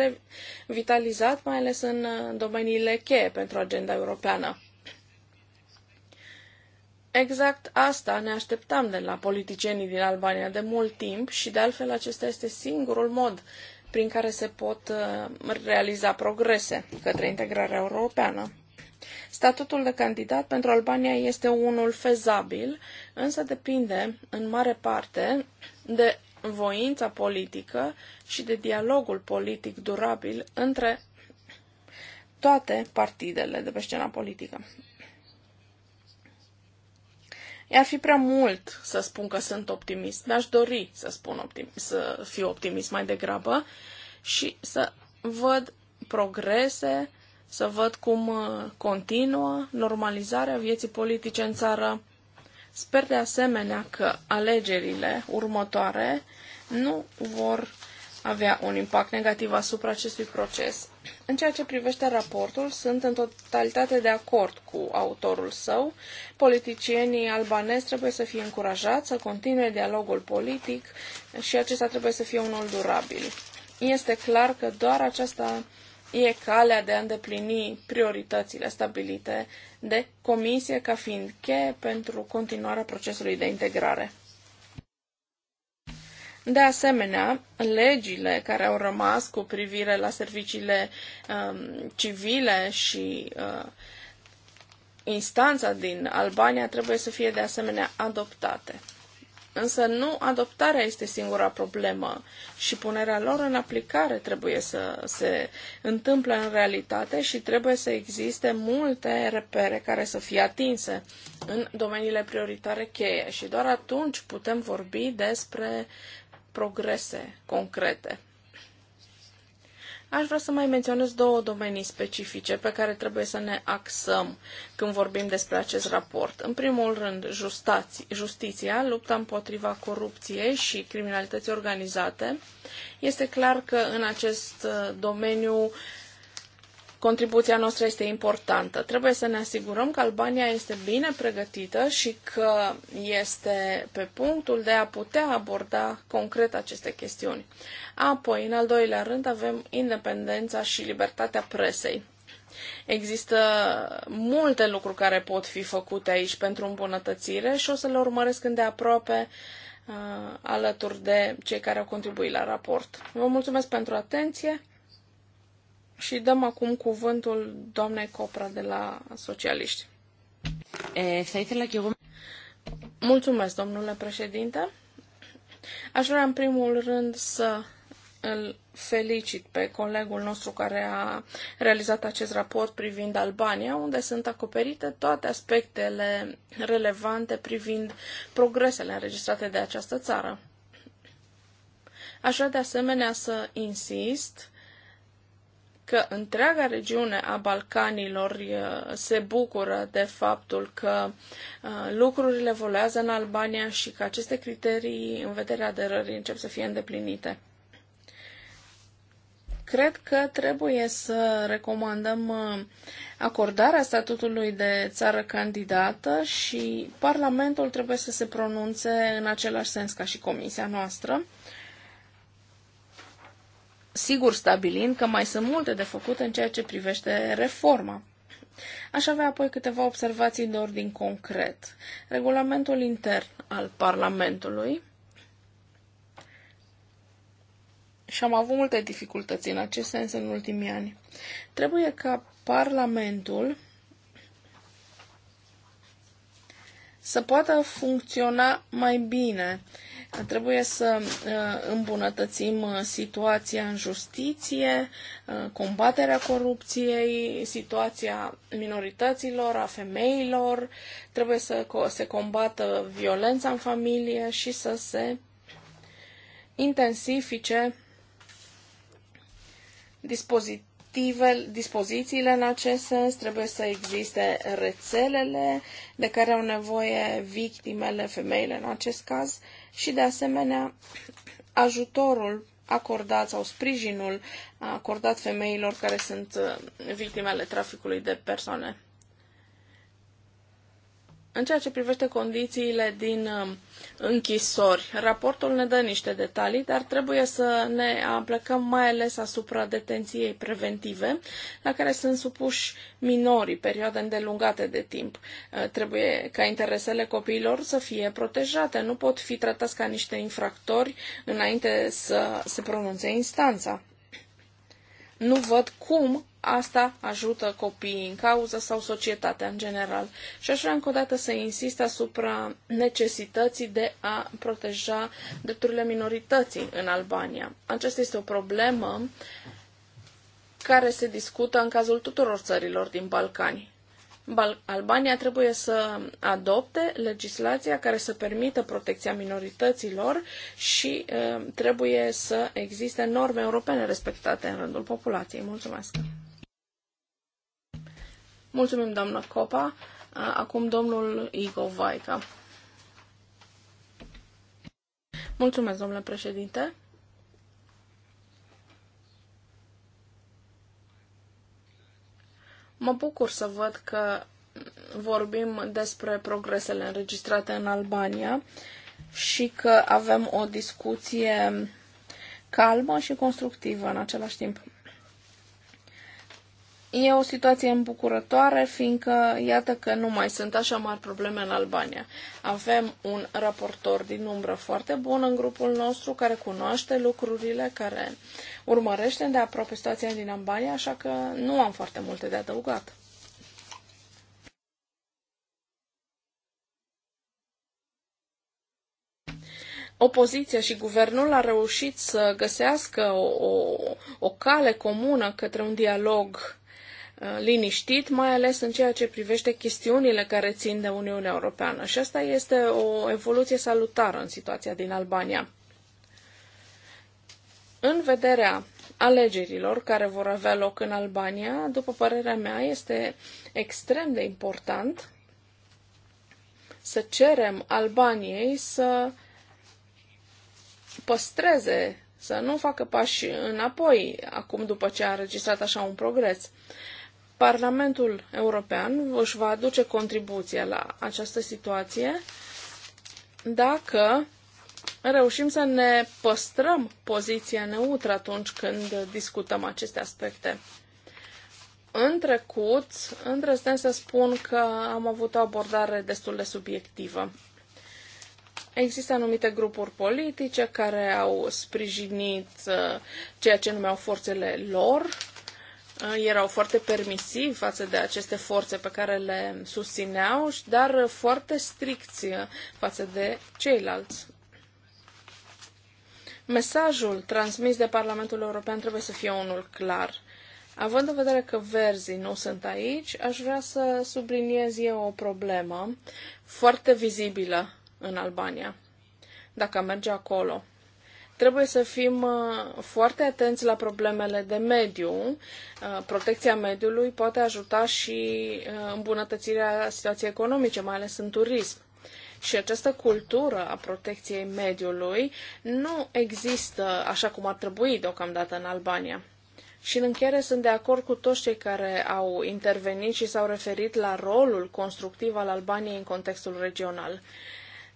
revitalizat, mai ales în domeniile cheie pentru agenda europeană. Exact asta ne așteptam de la politicienii din Albania de mult timp și de altfel acesta este singurul mod prin care se pot uh, realiza progrese către integrarea europeană. Statutul de candidat pentru Albania este unul fezabil, însă depinde în mare parte de voința politică și de dialogul politic durabil între toate partidele de pe scena politică. Ar fi prea mult să spun că sunt optimist, dar aș dori să, spun optim, să fiu optimist mai degrabă și să văd progrese, să văd cum uh, continuă normalizarea vieții politice în țară. Sper de asemenea că alegerile următoare nu vor avea un impact negativ asupra acestui proces. În ceea ce privește raportul, sunt în totalitate de acord cu autorul său. Politicienii albanezi trebuie să fie încurajați să continue dialogul politic și acesta trebuie să fie unul durabil. Este clar că doar aceasta e calea de a îndeplini prioritățile stabilite de comisie ca fiind cheie pentru continuarea procesului de integrare. De asemenea, legile care au rămas cu privire la serviciile um, civile și uh, instanța din Albania trebuie să fie de asemenea adoptate. Însă nu adoptarea este singura problemă și punerea lor în aplicare trebuie să se întâmple în realitate și trebuie să existe multe repere care să fie atinse în domeniile prioritare cheie și doar atunci putem vorbi despre progrese concrete. Aș vrea să mai menționez două domenii specifice pe care trebuie să ne axăm când vorbim despre acest raport. În primul rând, justați, justiția, lupta împotriva corupției și criminalității organizate. Este clar că în acest domeniu contribuția noastră este importantă. Trebuie să ne asigurăm că Albania este bine pregătită și că este pe punctul de a putea aborda concret aceste chestiuni. Apoi, în al doilea rând, avem independența și libertatea presei. Există multe lucruri care pot fi făcute aici pentru îmbunătățire și o să le urmăresc îndeaproape uh, alături de cei care au contribuit la raport. Vă mulțumesc pentru atenție! Și dăm acum cuvântul doamnei Copra de la Socialiști. Eh, Mulțumesc, domnule președinte. Aș vrea în primul rând să îl felicit pe colegul nostru care a realizat acest raport privind Albania, unde sunt acoperite toate aspectele relevante privind progresele înregistrate de această țară. Aș vrea de asemenea să insist că întreaga regiune a Balcanilor se bucură de faptul că lucrurile volează în Albania și că aceste criterii în vederea aderării încep să fie îndeplinite. Cred că trebuie să recomandăm acordarea statutului de țară candidată și Parlamentul trebuie să se pronunțe în același sens ca și Comisia noastră sigur stabilind că mai sunt multe de făcut în ceea ce privește reforma. Aș avea apoi câteva observații de ordin concret. Regulamentul intern al Parlamentului și am avut multe dificultăți în acest sens în ultimii ani. Trebuie ca Parlamentul să poată funcționa mai bine Trebuie să uh, îmbunătățim uh, situația în justiție, uh, combaterea corupției, situația minorităților, a femeilor, trebuie să se combată violența în familie și să se intensifice dispozitivele dispozițiile în acest sens, trebuie să existe rețelele de care au nevoie victimele, femeile în acest caz, și, de asemenea, ajutorul acordat sau sprijinul acordat femeilor care sunt uh, victimele traficului de persoane. În ceea ce privește condițiile din um, închisori, raportul ne dă niște detalii, dar trebuie să ne aplicăm mai ales asupra detenției preventive, la care sunt supuși minorii perioade îndelungate de timp. Uh, trebuie ca interesele copiilor să fie protejate, nu pot fi tratați ca niște infractori înainte să se pronunțe instanța nu văd cum asta ajută copiii în cauză sau societatea în general. Și aș vrea încă o dată să insist asupra necesității de a proteja drepturile minorității în Albania. Aceasta este o problemă care se discută în cazul tuturor țărilor din Balcani. Albania trebuie să adopte legislația care să permită protecția minorităților și uh, trebuie să existe norme europene respectate în rândul populației. Mulțumesc! Mulțumim, doamnă Copa. Acum domnul Igo Vaica. Mulțumesc, domnule președinte. Mă bucur să văd că vorbim despre progresele înregistrate în Albania și că avem o discuție calmă și constructivă în același timp. E o situație îmbucurătoare, fiindcă iată că nu mai sunt așa mari probleme în Albania. Avem un raportor din umbră foarte bun în grupul nostru, care cunoaște lucrurile, care urmărește de aproape situația din Albania, așa că nu am foarte multe de adăugat. opoziția și guvernul a reușit să găsească o, o, o cale comună către un dialog Uh, liniștit, mai ales în ceea ce privește chestiunile care țin de Uniunea Europeană. Și asta este o evoluție salutară în situația din Albania. În vederea alegerilor care vor avea loc în Albania, după părerea mea, este extrem de important să cerem Albaniei să păstreze, să nu facă pași înapoi acum după ce a înregistrat așa un progres. Parlamentul European își va aduce contribuția la această situație dacă reușim să ne păstrăm poziția neutră atunci când discutăm aceste aspecte. În trecut, îndrăznesc să spun că am avut o abordare destul de subiectivă. Există anumite grupuri politice care au sprijinit uh, ceea ce numeau forțele lor, erau foarte permisivi față de aceste forțe pe care le susțineau, dar foarte stricți față de ceilalți. Mesajul transmis de Parlamentul European trebuie să fie unul clar. Având în vedere că verzii nu sunt aici, aș vrea să subliniez eu o problemă foarte vizibilă în Albania, dacă merge acolo. Trebuie să fim uh, foarte atenți la problemele de mediu. Uh, protecția mediului poate ajuta și uh, îmbunătățirea situației economice, mai ales în turism. Și această cultură a protecției mediului nu există așa cum ar trebui deocamdată în Albania. Și în încheiere sunt de acord cu toți cei care au intervenit și s-au referit la rolul constructiv al Albaniei în contextul regional.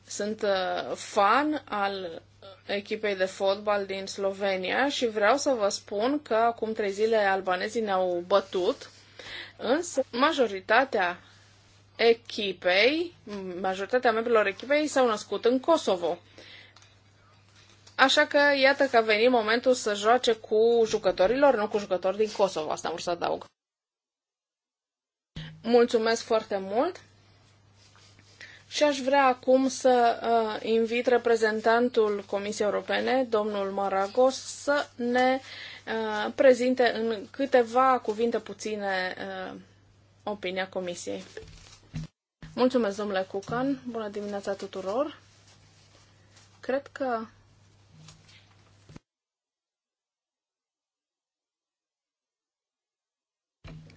Sunt fan al echipei de fotbal din Slovenia și vreau să vă spun că acum trei zile albanezii ne-au bătut, însă majoritatea echipei, majoritatea membrilor echipei s-au născut în Kosovo. Așa că iată că a venit momentul să joace cu jucătorilor, nu cu jucători din Kosovo, asta am vrut să adaug. Mulțumesc foarte mult! Și aș vrea acum să uh, invit reprezentantul Comisiei Europene, domnul Maragos, să ne uh, prezinte în câteva cuvinte puține uh, opinia Comisiei. Mulțumesc, domnule Cucan. Bună dimineața tuturor. Cred că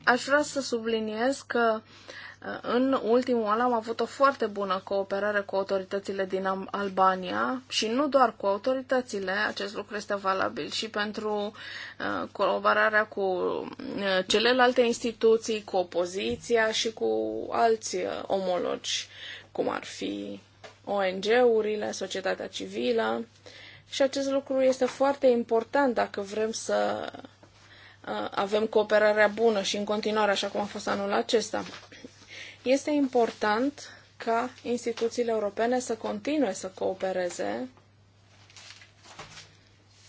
aș vrea să subliniez că uh, în ultimul an am avut o foarte bună cooperare cu autoritățile din Albania și nu doar cu autoritățile, acest lucru este valabil și pentru uh, colaborarea cu uh, celelalte instituții, cu opoziția și cu alți uh, omologi, cum ar fi ONG-urile, societatea civilă. Și acest lucru este foarte important dacă vrem să avem cooperarea bună și în continuare, așa cum a fost anul acesta. Este important ca instituțiile europene să continue să coopereze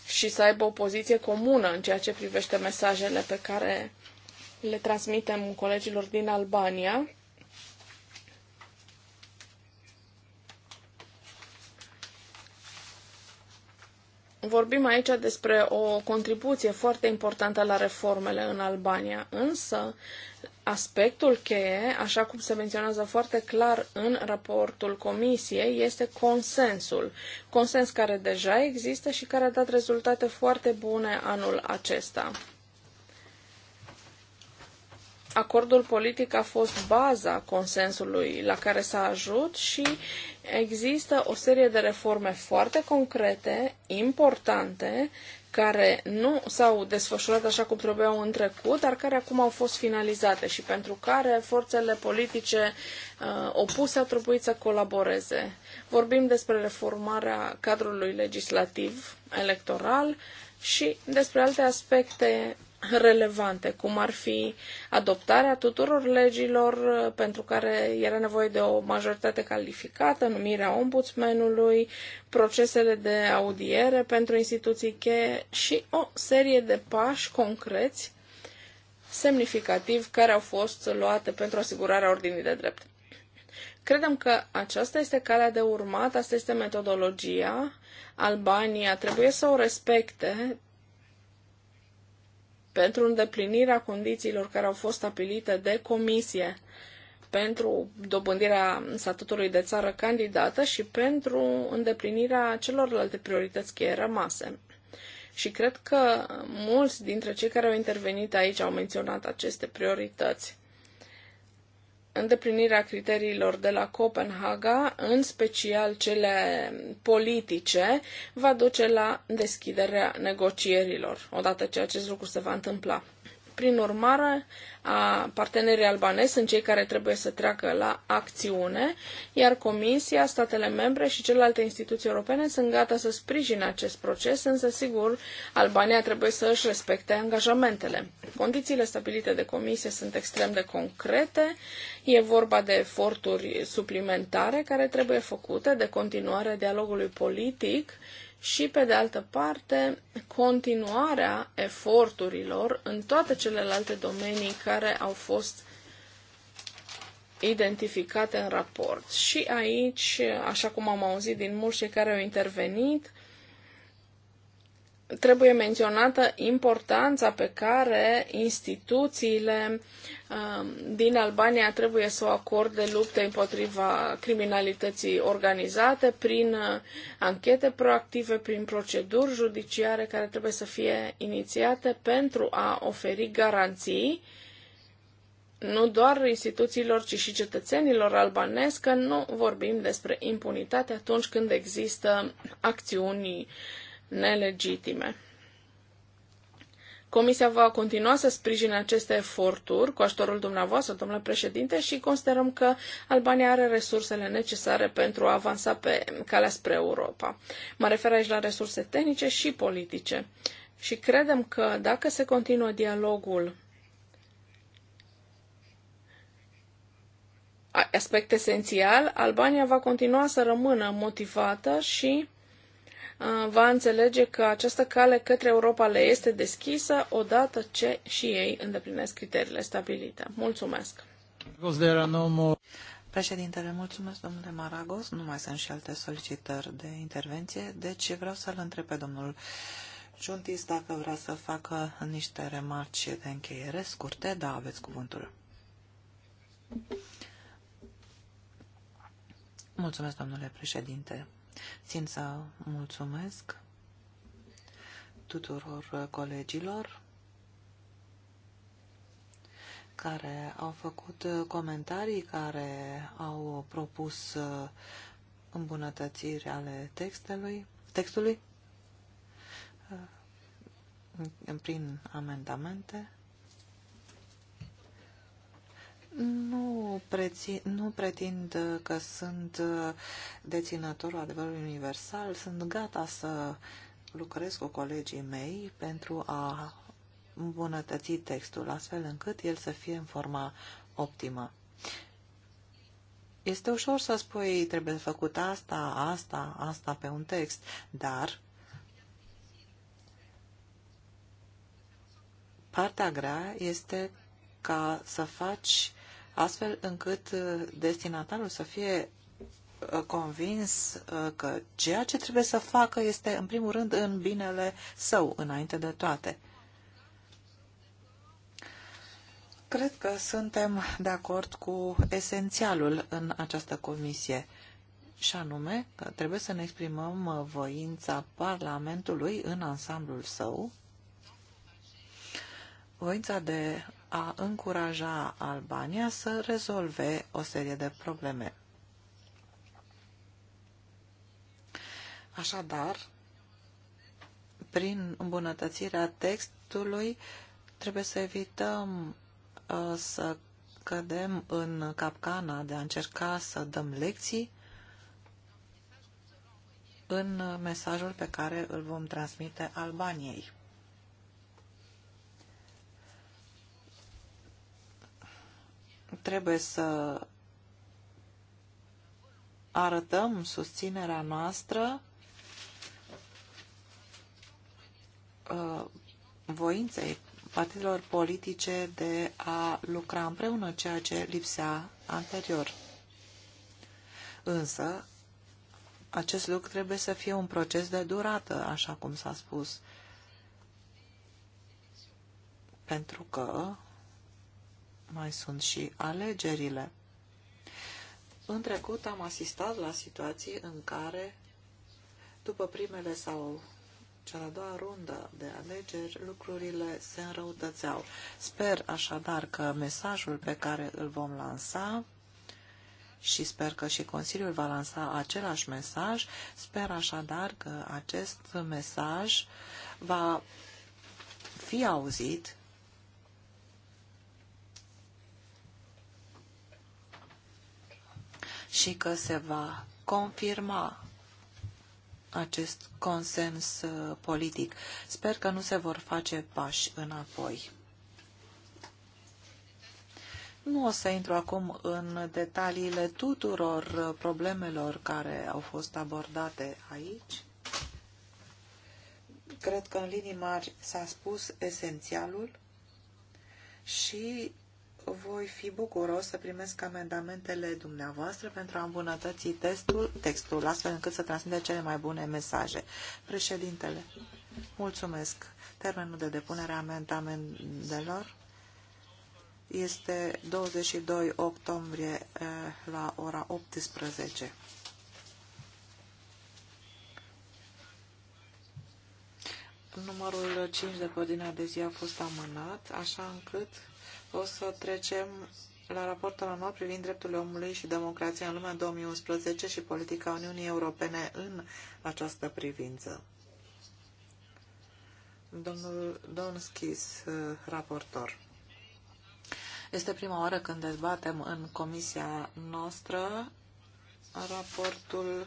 și să aibă o poziție comună în ceea ce privește mesajele pe care le transmitem colegilor din Albania Vorbim aici despre o contribuție foarte importantă la reformele în Albania, însă aspectul cheie, așa cum se menționează foarte clar în raportul comisiei, este consensul. Consens care deja există și care a dat rezultate foarte bune anul acesta acordul politic a fost baza consensului la care s-a ajut și există o serie de reforme foarte concrete, importante, care nu s-au desfășurat așa cum trebuiau în trecut, dar care acum au fost finalizate și pentru care forțele politice uh, opuse au trebuit să colaboreze. Vorbim despre reformarea cadrului legislativ electoral și despre alte aspecte relevante, cum ar fi adoptarea tuturor legilor uh, pentru care era nevoie de o majoritate calificată, numirea ombudsmenului, procesele de audiere pentru instituții cheie și o serie de pași concreți semnificativ care au fost luate pentru asigurarea ordinii de drept. Credem că aceasta este calea de urmat, asta este metodologia. Albania trebuie să o respecte pentru îndeplinirea condițiilor care au fost apelite de comisie pentru dobândirea statutului de țară candidată și pentru îndeplinirea celorlalte priorități cheie rămase. Și cred că mulți dintre cei care au intervenit aici au menționat aceste priorități îndeplinirea criteriilor de la Copenhaga, în special cele politice, va duce la deschiderea negocierilor, odată ce acest lucru se va întâmpla. Prin urmare, a partenerii albanezi sunt cei care trebuie să treacă la acțiune, iar Comisia, statele membre și celelalte instituții europene sunt gata să sprijine acest proces, însă, sigur, Albania trebuie să își respecte angajamentele. Condițiile stabilite de Comisie sunt extrem de concrete, e vorba de eforturi suplimentare care trebuie făcute de continuarea dialogului politic, și, pe de altă parte, continuarea eforturilor în toate celelalte domenii care au fost identificate în raport. Și aici, așa cum am auzit din mulți cei care au intervenit, trebuie menționată importanța pe care instituțiile um, din Albania trebuie să o acorde lupte împotriva criminalității organizate prin uh, anchete proactive, prin proceduri judiciare care trebuie să fie inițiate pentru a oferi garanții nu doar instituțiilor, ci și cetățenilor albanezi că nu vorbim despre impunitate atunci când există acțiuni uh, nelegitime. Comisia va continua să sprijine aceste eforturi cu ajutorul dumneavoastră, domnule președinte, și considerăm că Albania are resursele necesare pentru a avansa pe calea spre Europa. Mă refer aici la resurse tehnice și politice. Și credem că dacă se continuă dialogul aspect esențial, Albania va continua să rămână motivată și va înțelege că această cale către Europa le este deschisă odată ce și ei îndeplinesc criteriile stabilite. Mulțumesc! Președintele, mulțumesc, domnule Maragos. Nu mai sunt și alte solicitări de intervenție, deci vreau să-l întreb pe domnul Juntis dacă vrea să facă niște remarci de încheiere scurte. Da, aveți cuvântul. Mulțumesc, domnule președinte. Țin să mulțumesc tuturor colegilor care au făcut comentarii, care au propus îmbunătățiri ale textului, textului uh, prin amendamente. Nu, prețin, nu pretind că sunt deținătorul adevărului universal. Sunt gata să lucrez cu colegii mei pentru a îmbunătăți textul, astfel încât el să fie în forma optimă. Este ușor să spui, trebuie făcut asta, asta, asta pe un text, dar partea grea este ca să faci astfel încât uh, destinatarul să fie uh, convins uh, că ceea ce trebuie să facă este, în primul rând, în binele său, înainte de toate. Cred că suntem de acord cu esențialul în această comisie, și anume că trebuie să ne exprimăm voința Parlamentului în ansamblul său, voința de a încuraja Albania să rezolve o serie de probleme. Așadar, prin îmbunătățirea textului, trebuie să evităm uh, să cădem în capcana de a încerca să dăm lecții în mesajul pe care îl vom transmite Albaniei. Trebuie să arătăm susținerea noastră uh, voinței partidelor politice de a lucra împreună, ceea ce lipsea anterior. Însă, acest lucru trebuie să fie un proces de durată, așa cum s-a spus. Pentru că mai sunt și alegerile. În trecut am asistat la situații în care, după primele sau cea a doua rundă de alegeri, lucrurile se înrăutățeau. Sper așadar că mesajul pe care îl vom lansa și sper că și Consiliul va lansa același mesaj. Sper așadar că acest mesaj va fi auzit și că se va confirma acest consens uh, politic. Sper că nu se vor face pași înapoi. Nu o să intru acum în detaliile tuturor uh, problemelor care au fost abordate aici. Cred că în linii mari s-a spus esențialul și voi fi bucuros să primesc amendamentele dumneavoastră pentru a îmbunătăți testul, textul, astfel încât să transmite cele mai bune mesaje. Președintele, mulțumesc. Termenul de depunere a amendamentelor este 22 octombrie eh, la ora 18. Numărul 5 de pe ordinea de zi a fost amânat, așa încât o să trecem la raportul anual privind drepturile omului și democrația în lumea 2011 și politica Uniunii Europene în această privință. Domnul Donskis, eh, raportor. Este prima oară când dezbatem în comisia noastră raportul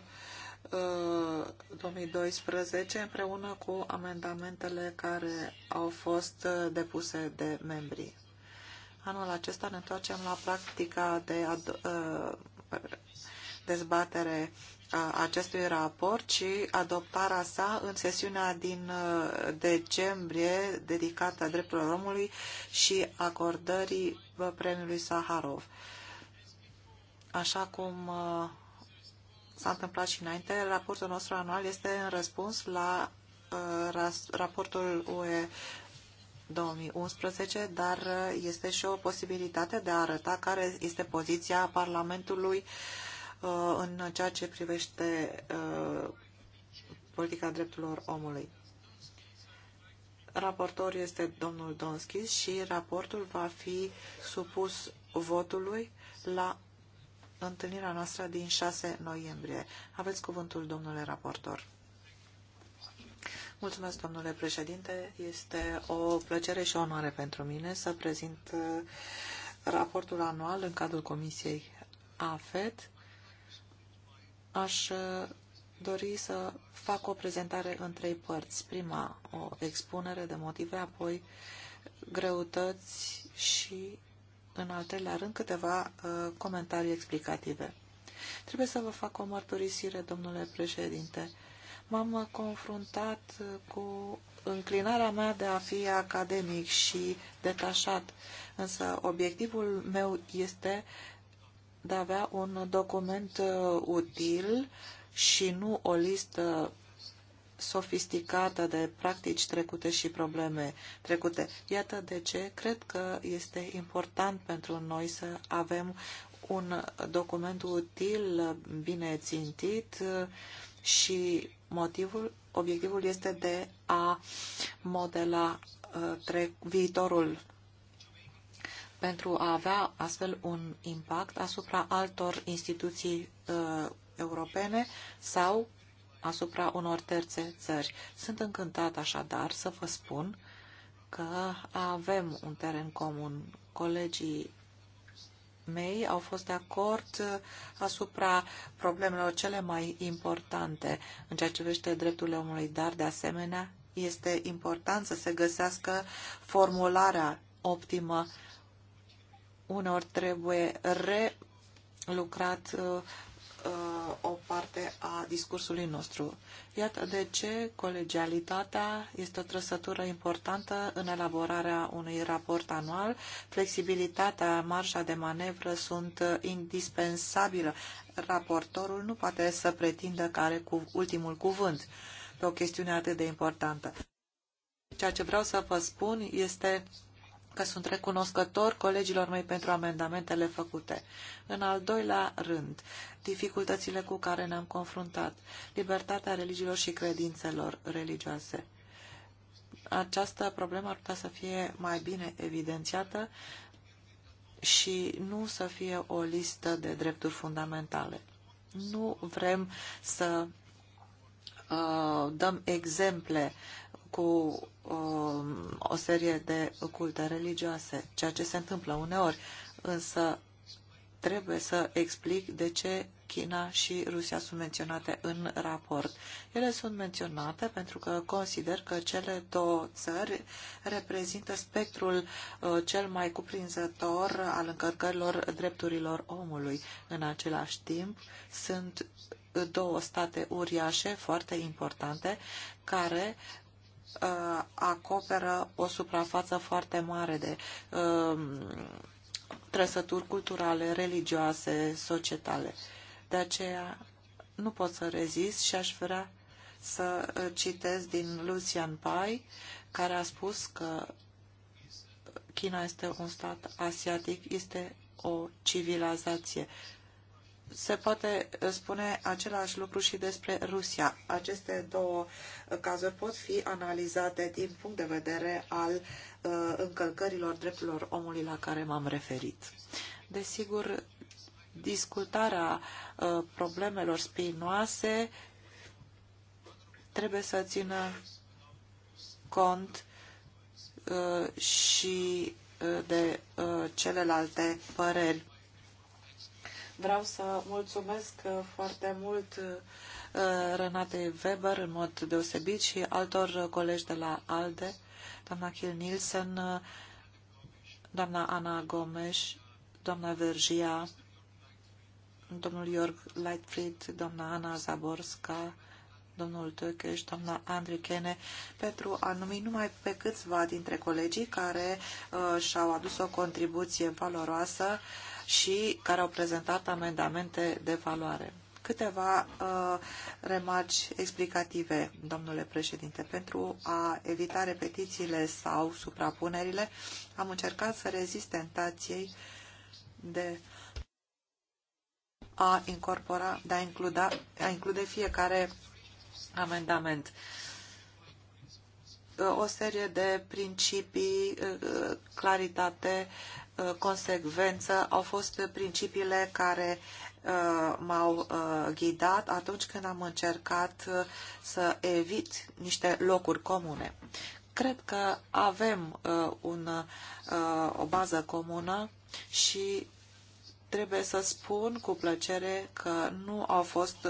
2012 eh, împreună cu amendamentele care au fost eh, depuse de membrii. Anul acesta ne întoarcem la practica de uh, dezbatere a acestui raport și adoptarea sa în sesiunea din uh, decembrie dedicată a drepturilor omului și acordării uh, premiului Saharov. Așa cum s-a întâmplat și înainte, raportul nostru anual este în răspuns la raportul UE 2011, dar uh, este și o posibilitate de a arăta care este poziția Parlamentului uh, în ceea ce privește uh, politica drepturilor omului. Raportor este domnul Donskis și raportul va fi supus votului la întâlnirea noastră din 6 noiembrie. Aveți cuvântul, domnule raportor. Mulțumesc, domnule președinte. Este o plăcere și o onoare pentru mine să prezint uh, raportul anual în cadrul Comisiei AFET. Aș uh, dori să fac o prezentare în trei părți. Prima, o expunere de motive, apoi greutăți și, în al treilea rând, câteva uh, comentarii explicative. Trebuie să vă fac o mărturisire, domnule președinte m-am confruntat cu înclinarea mea de a fi academic și detașat, însă obiectivul meu este de a avea un document uh, util și nu o listă sofisticată de practici trecute și probleme trecute. Iată de ce cred că este important pentru noi să avem un document util, bine țintit, uh, și motivul, obiectivul este de a modela uh, viitorul pentru a avea astfel un impact asupra altor instituții uh, europene sau asupra unor terțe țări. Sunt încântat așadar să vă spun că avem un teren comun. Colegii mei au fost de acord uh, asupra problemelor cele mai importante în ceea ce privește drepturile omului, dar de asemenea este important să se găsească formularea optimă. Unor trebuie relucrat uh, uh, o parte a discursului nostru. Iată de ce colegialitatea este o trăsătură importantă în elaborarea unui raport anual. Flexibilitatea, marșa de manevră sunt indispensabilă. Raportorul nu poate să pretindă că are cu ultimul cuvânt pe o chestiune atât de importantă. Ceea ce vreau să vă spun este că sunt recunoscător colegilor mei pentru amendamentele făcute. În al doilea rând, dificultățile cu care ne-am confruntat, libertatea religiilor și credințelor religioase. Această problemă ar putea să fie mai bine evidențiată și nu să fie o listă de drepturi fundamentale. Nu vrem să uh, dăm exemple uh, cu um, o serie de culte religioase, ceea ce se întâmplă uneori, însă trebuie să explic de ce China și Rusia sunt menționate în raport. Ele sunt menționate pentru că consider că cele două țări reprezintă spectrul uh, cel mai cuprinzător al încărcărilor drepturilor omului. În același timp, sunt două state uriașe, foarte importante, care Uh, acoperă o suprafață foarte mare de uh, trăsături culturale, religioase, societale. De aceea nu pot să rezist și aș vrea să uh, citez din Lucian Pai, care a spus că China este un stat asiatic, este o civilizație se poate eh, spune același lucru și despre Rusia. Aceste două eh, cazuri pot fi analizate din punct de vedere al uh, încălcărilor drepturilor omului la care m-am referit. Desigur, discutarea uh, problemelor spinoase trebuie să țină cont uh, și de celelalte păreri Vreau să mulțumesc uh, foarte mult uh, Renate Weber în mod deosebit și altor uh, colegi de la ALDE, doamna Kiel Nielsen, doamna Ana Gomes, doamna Vergia, domnul Jörg Leitfried, doamna Ana Zaborska, domnul Tökeș, doamna Andrei Kene, pentru a numi numai pe câțiva dintre colegii care uh, și-au adus o contribuție valoroasă uh, și care au prezentat amendamente de valoare. Câteva uh, remarci explicative, domnule președinte. Pentru a evita repetițiile sau suprapunerile, am încercat să rezist tentației de a incorpora, de a, includa, a include fiecare amendament. O serie de principii, uh, claritate, Uh, consecvență au fost principiile care uh, m-au uh, ghidat atunci când am încercat să evit niște locuri comune. Cred că avem un, o bază comună și trebuie să spun cu plăcere că nu au fost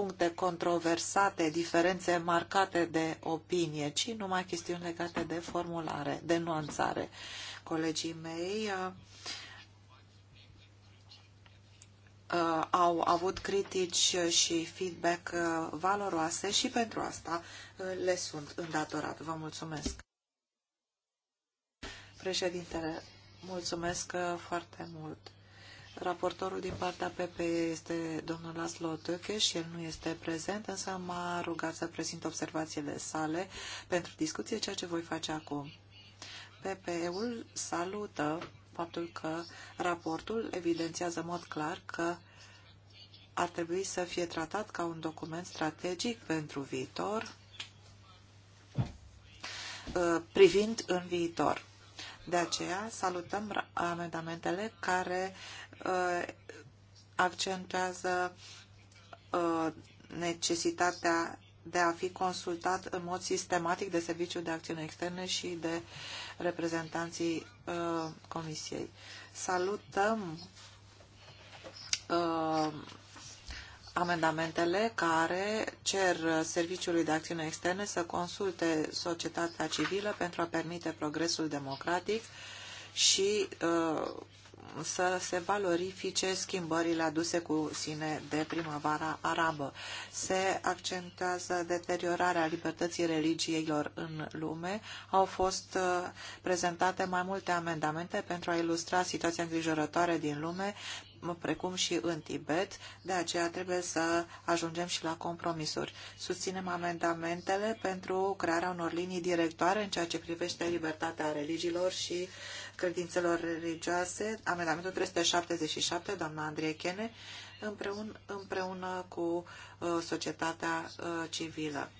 puncte controversate, diferențe marcate de opinie, ci numai chestiuni legate de formulare, de nuanțare. Colegii mei uh, uh au avut critici și feedback uh, valoroase și pentru asta uh, le sunt îndatorat. Vă mulțumesc. Președintele, mulțumesc foarte mult. Raportorul din partea PP este domnul Laslo Töche și el nu este prezent, însă m-a rugat să prezint observațiile sale pentru discuție, ceea ce voi face acum. PPE-ul salută faptul că raportul evidențiază în mod clar că ar trebui să fie tratat ca un document strategic pentru viitor, uh, privind în viitor. De aceea salutăm amendamentele care uh, accentuează uh, necesitatea de a fi consultat în mod sistematic de Serviciul de Acțiune Externe și de reprezentanții uh, Comisiei. Salutăm uh, amendamentele care cer Serviciului de Acțiune Externe să consulte societatea civilă pentru a permite progresul democratic și uh, să se valorifice schimbările aduse cu sine de primăvara arabă. Se accentuează deteriorarea libertății religiilor în lume. Au fost uh, prezentate mai multe amendamente pentru a ilustra situația îngrijorătoare din lume, precum și în Tibet, de aceea trebuie să ajungem și la compromisuri. Susținem amendamentele pentru crearea unor linii directoare în ceea ce privește libertatea religiilor și credințelor religioase, amendamentul 377, doamna Andrie Chene, împreună, împreună cu uh, societatea uh, civilă.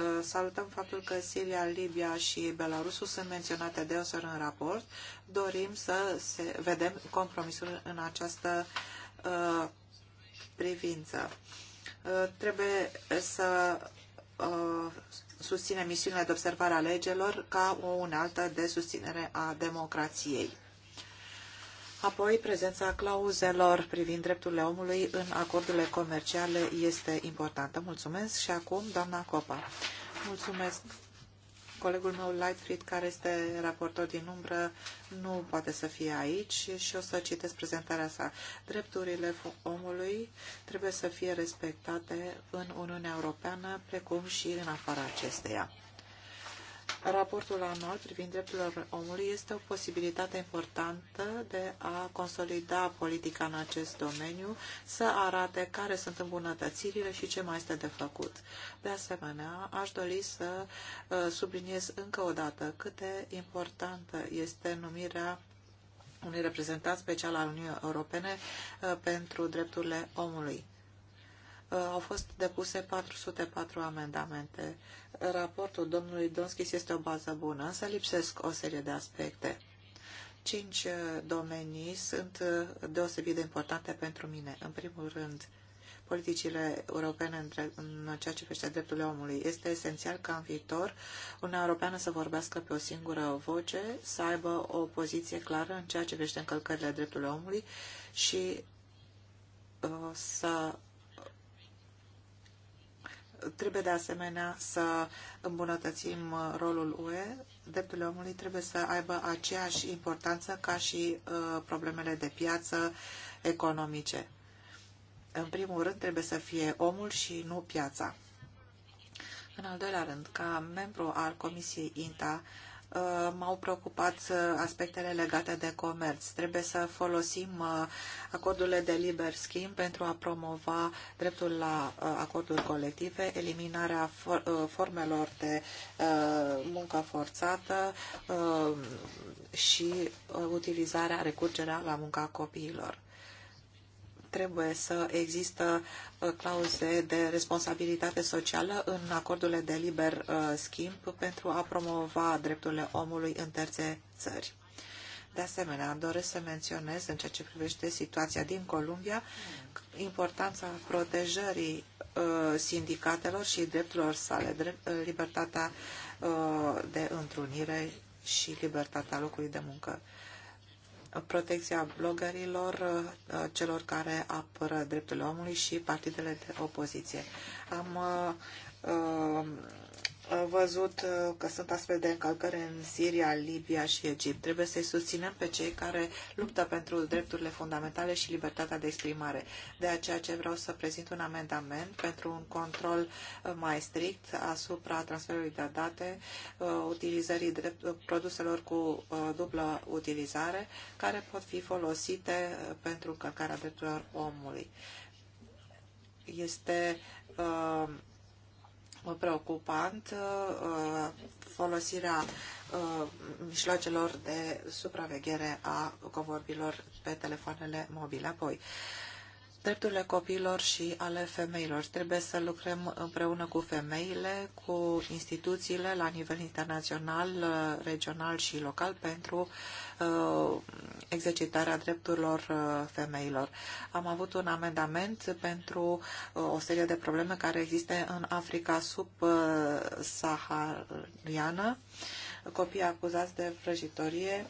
Uh, salutăm faptul că Siria, Libia și Belarusul sunt menționate deosebit în raport. Dorim să se vedem compromisul în această uh, privință. Uh, trebuie să susținem misiunile de observare a legilor ca o unealtă de susținere a democrației. Apoi, prezența clauzelor privind drepturile omului în acordurile comerciale este importantă. Mulțumesc și acum, doamna Copa. Mulțumesc. Colegul meu, Lightfried, care este raportor din umbră, nu poate să fie aici și o să citesc prezentarea sa. Drepturile omului trebuie să fie respectate în Uniunea Europeană, precum și în afara acesteia. Raportul anual privind drepturile omului este o posibilitate importantă de a consolida politica în acest domeniu, să arate care sunt îmbunătățirile și ce mai este de făcut. De asemenea, aș dori să uh, subliniez încă o dată cât de importantă este numirea unui reprezentant special al Uniunii Europene uh, pentru drepturile omului Uh, au fost depuse 404 amendamente. Raportul domnului Donskis este o bază bună, însă lipsesc o serie de aspecte. Cinci uh, domenii sunt uh, deosebit de importante pentru mine. În primul rând, politicile europene în ceea ce privește drepturile omului. Este esențial ca în viitor Uniunea Europeană să vorbească pe o singură voce, să aibă o poziție clară în ceea ce privește încălcările drepturile omului și să Trebuie de asemenea să îmbunătățim rolul UE. Drepturile omului trebuie să aibă aceeași importanță ca și uh, problemele de piață economice. În primul rând trebuie să fie omul și nu piața. În al doilea rând, ca membru al Comisiei INTA, Uh, m-au preocupat uh, aspectele legate de comerț. Trebuie să folosim uh, acordurile de liber schimb pentru a promova dreptul la acorduri colective, eliminarea formelor de muncă forțată și utilizarea, recurgerea la munca copiilor trebuie să există uh, clauze de responsabilitate socială în acordurile de liber uh, schimb pentru a promova drepturile omului în terțe țări. De asemenea, doresc să menționez, în ceea ce privește situația din Columbia, importanța protejării uh, sindicatelor și drepturilor sale, drept, libertatea de întrunire și libertatea locului de muncă protecția bloggerilor, uh, celor care apără drepturile omului și partidele de opoziție. Am uh, uh, văzut uh, că sunt astfel de încălcări în Siria, Libia și Egipt. Trebuie să-i susținem pe cei care luptă pentru drepturile fundamentale și libertatea de exprimare. De aceea ce vreau să prezint un amendament pentru un control uh, mai strict asupra transferului de date, uh, utilizării drept, produselor cu dublă utilizare, care pot fi folosite pentru încălcarea drepturilor omului. Este uh, preocupant uh, folosirea uh, mijloacelor de supraveghere a convorbilor pe telefoanele mobile. Apoi, drepturile copiilor și ale femeilor. Trebuie să lucrăm împreună cu femeile, cu instituțiile la nivel internațional, uh, regional și local pentru Uh, exercitarea drepturilor uh, femeilor. Am avut un amendament pentru uh, o serie de probleme care există în Africa subsahariană, copii acuzați de vrăjitorie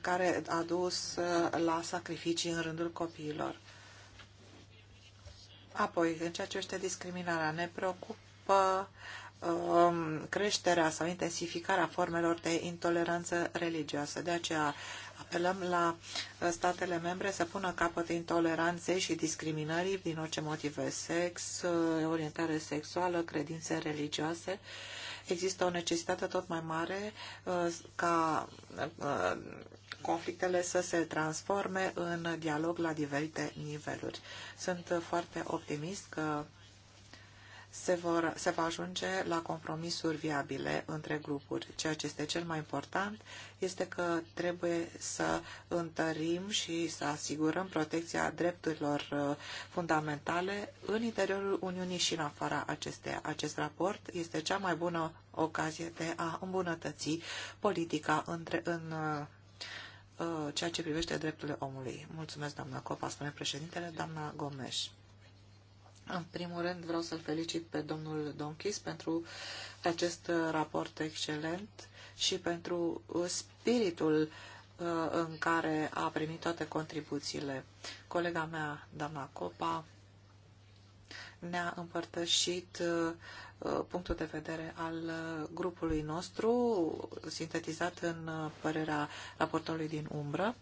care a dus la sacrificii în rândul copiilor. Apoi, în ceea ce este discriminarea, ne preocupă Um, creșterea sau intensificarea formelor de intoleranță religioasă. De aceea apelăm la uh, statele membre să pună capăt intoleranței și discriminării din orice motive, sex, uh, orientare sexuală, credințe religioase. Există o necesitate tot mai mare uh, ca conflictele să se transforme în dialog la diferite niveluri. Sunt foarte optimist că se, vor, se va ajunge la compromisuri viabile între grupuri. Ceea ce este cel mai important este că trebuie să întărim și să asigurăm protecția drepturilor uh, fundamentale în interiorul Uniunii și în afara acesteia. Acest raport este cea mai bună ocazie de a îmbunătăți politica între, în uh, uh, ceea ce privește drepturile omului. Mulțumesc, doamna Copa, spune președintele, doamna Gomes. În primul rând vreau să-l felicit pe domnul Donchis pentru acest raport excelent și pentru uh, spiritul uh, în care a primit toate contribuțiile. Colega mea, doamna Copa, ne-a împărtășit uh, punctul de vedere al grupului nostru, sintetizat în părerea raportului din umbră.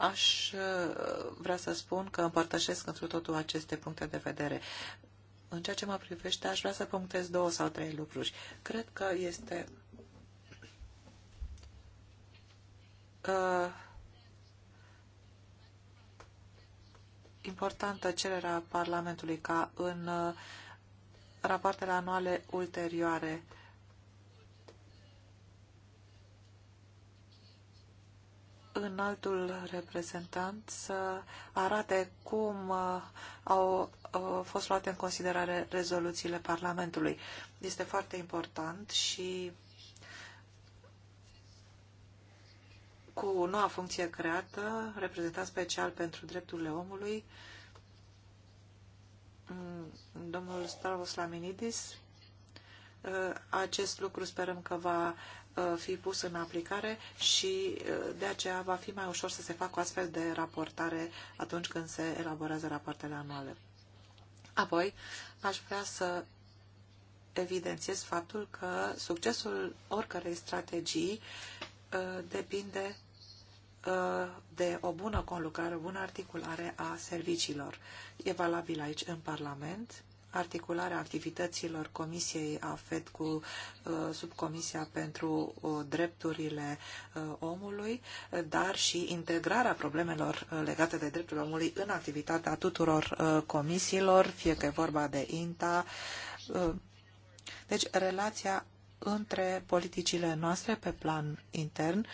Aș uh, vrea să spun că împărtășesc într totul aceste puncte de vedere. În ceea ce mă privește, aș vrea să punctez două sau trei lucruri. Cred că este... Uh, importantă cererea Parlamentului ca în uh, rapoartele anuale ulterioare uh, înaltul reprezentant să arate cum uh, au uh, fost luate în considerare rezoluțiile Parlamentului. Este foarte important și cu noua funcție creată, reprezentant special pentru drepturile omului, mm, domnul Stavros Laminidis, uh, acest lucru sperăm că va Uh, fi pus în aplicare și uh, de aceea va fi mai ușor să se facă o astfel de raportare atunci când se elaborează rapoartele anuale. Apoi, aș vrea să evidențiez faptul că succesul oricărei strategii uh, depinde de o bună conlucrare, o bună articulare a serviciilor. E valabil aici în Parlament, articularea activităților Comisiei AFET cu uh, Subcomisia pentru uh, Drepturile uh, Omului, dar și integrarea problemelor legate de dreptul omului în activitatea tuturor comisiilor, fie că e vorba de INTA. Deci, relația între politicile noastre pe plan intern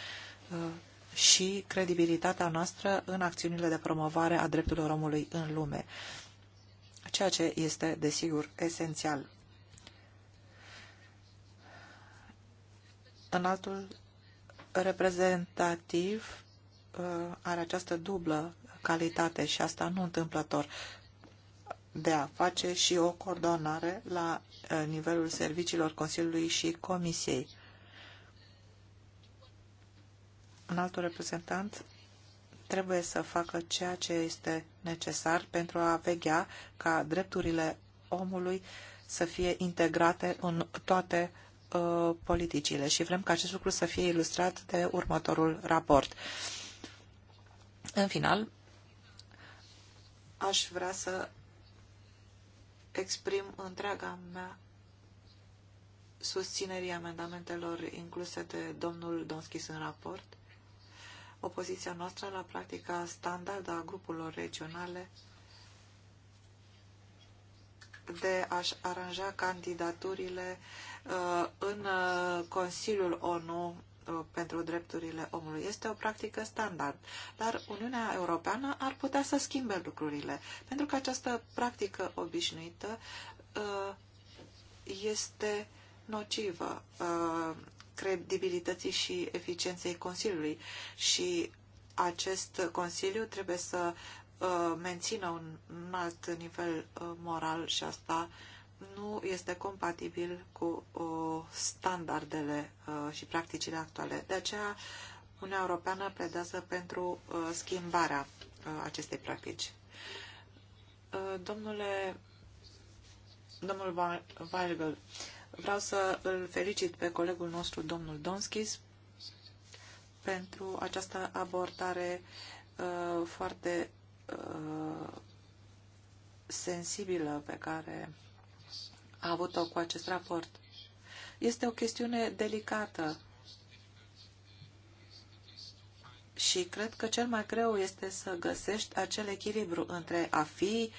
și credibilitatea noastră în acțiunile de promovare a drepturilor omului în lume ceea ce este, desigur, esențial. altul reprezentativ uh, are această dublă calitate și asta nu întâmplător de a face și o coordonare la uh, nivelul serviciilor Consiliului și Comisiei. Un altul reprezentant trebuie să facă ceea ce este necesar pentru a veghea ca drepturile omului să fie integrate în toate uh, politicile și vrem ca acest lucru să fie ilustrat de următorul raport. În final, aș vrea să exprim întreaga mea susținerii amendamentelor incluse de domnul Donskis în raport opoziția noastră la practica standardă a grupurilor regionale de a-și aranja candidaturile uh, în uh, Consiliul ONU uh, pentru drepturile omului. Este o practică standard, dar Uniunea Europeană ar putea să schimbe lucrurile, pentru că această practică obișnuită este nocivă credibilității și eficienței Consiliului și acest Consiliu trebuie să uh, mențină un alt nivel uh, moral și asta nu este compatibil cu uh, standardele și practicile actuale. De aceea, Uniunea Europeană pledează pentru schimbarea acestei practici. Domnule, domnul Weigel, Vreau să îl felicit pe colegul nostru, domnul Donskis, pentru această abordare uh, foarte uh, sensibilă pe care a avut-o cu acest raport. Este o chestiune delicată și cred că cel mai greu este să găsești acel echilibru între a fi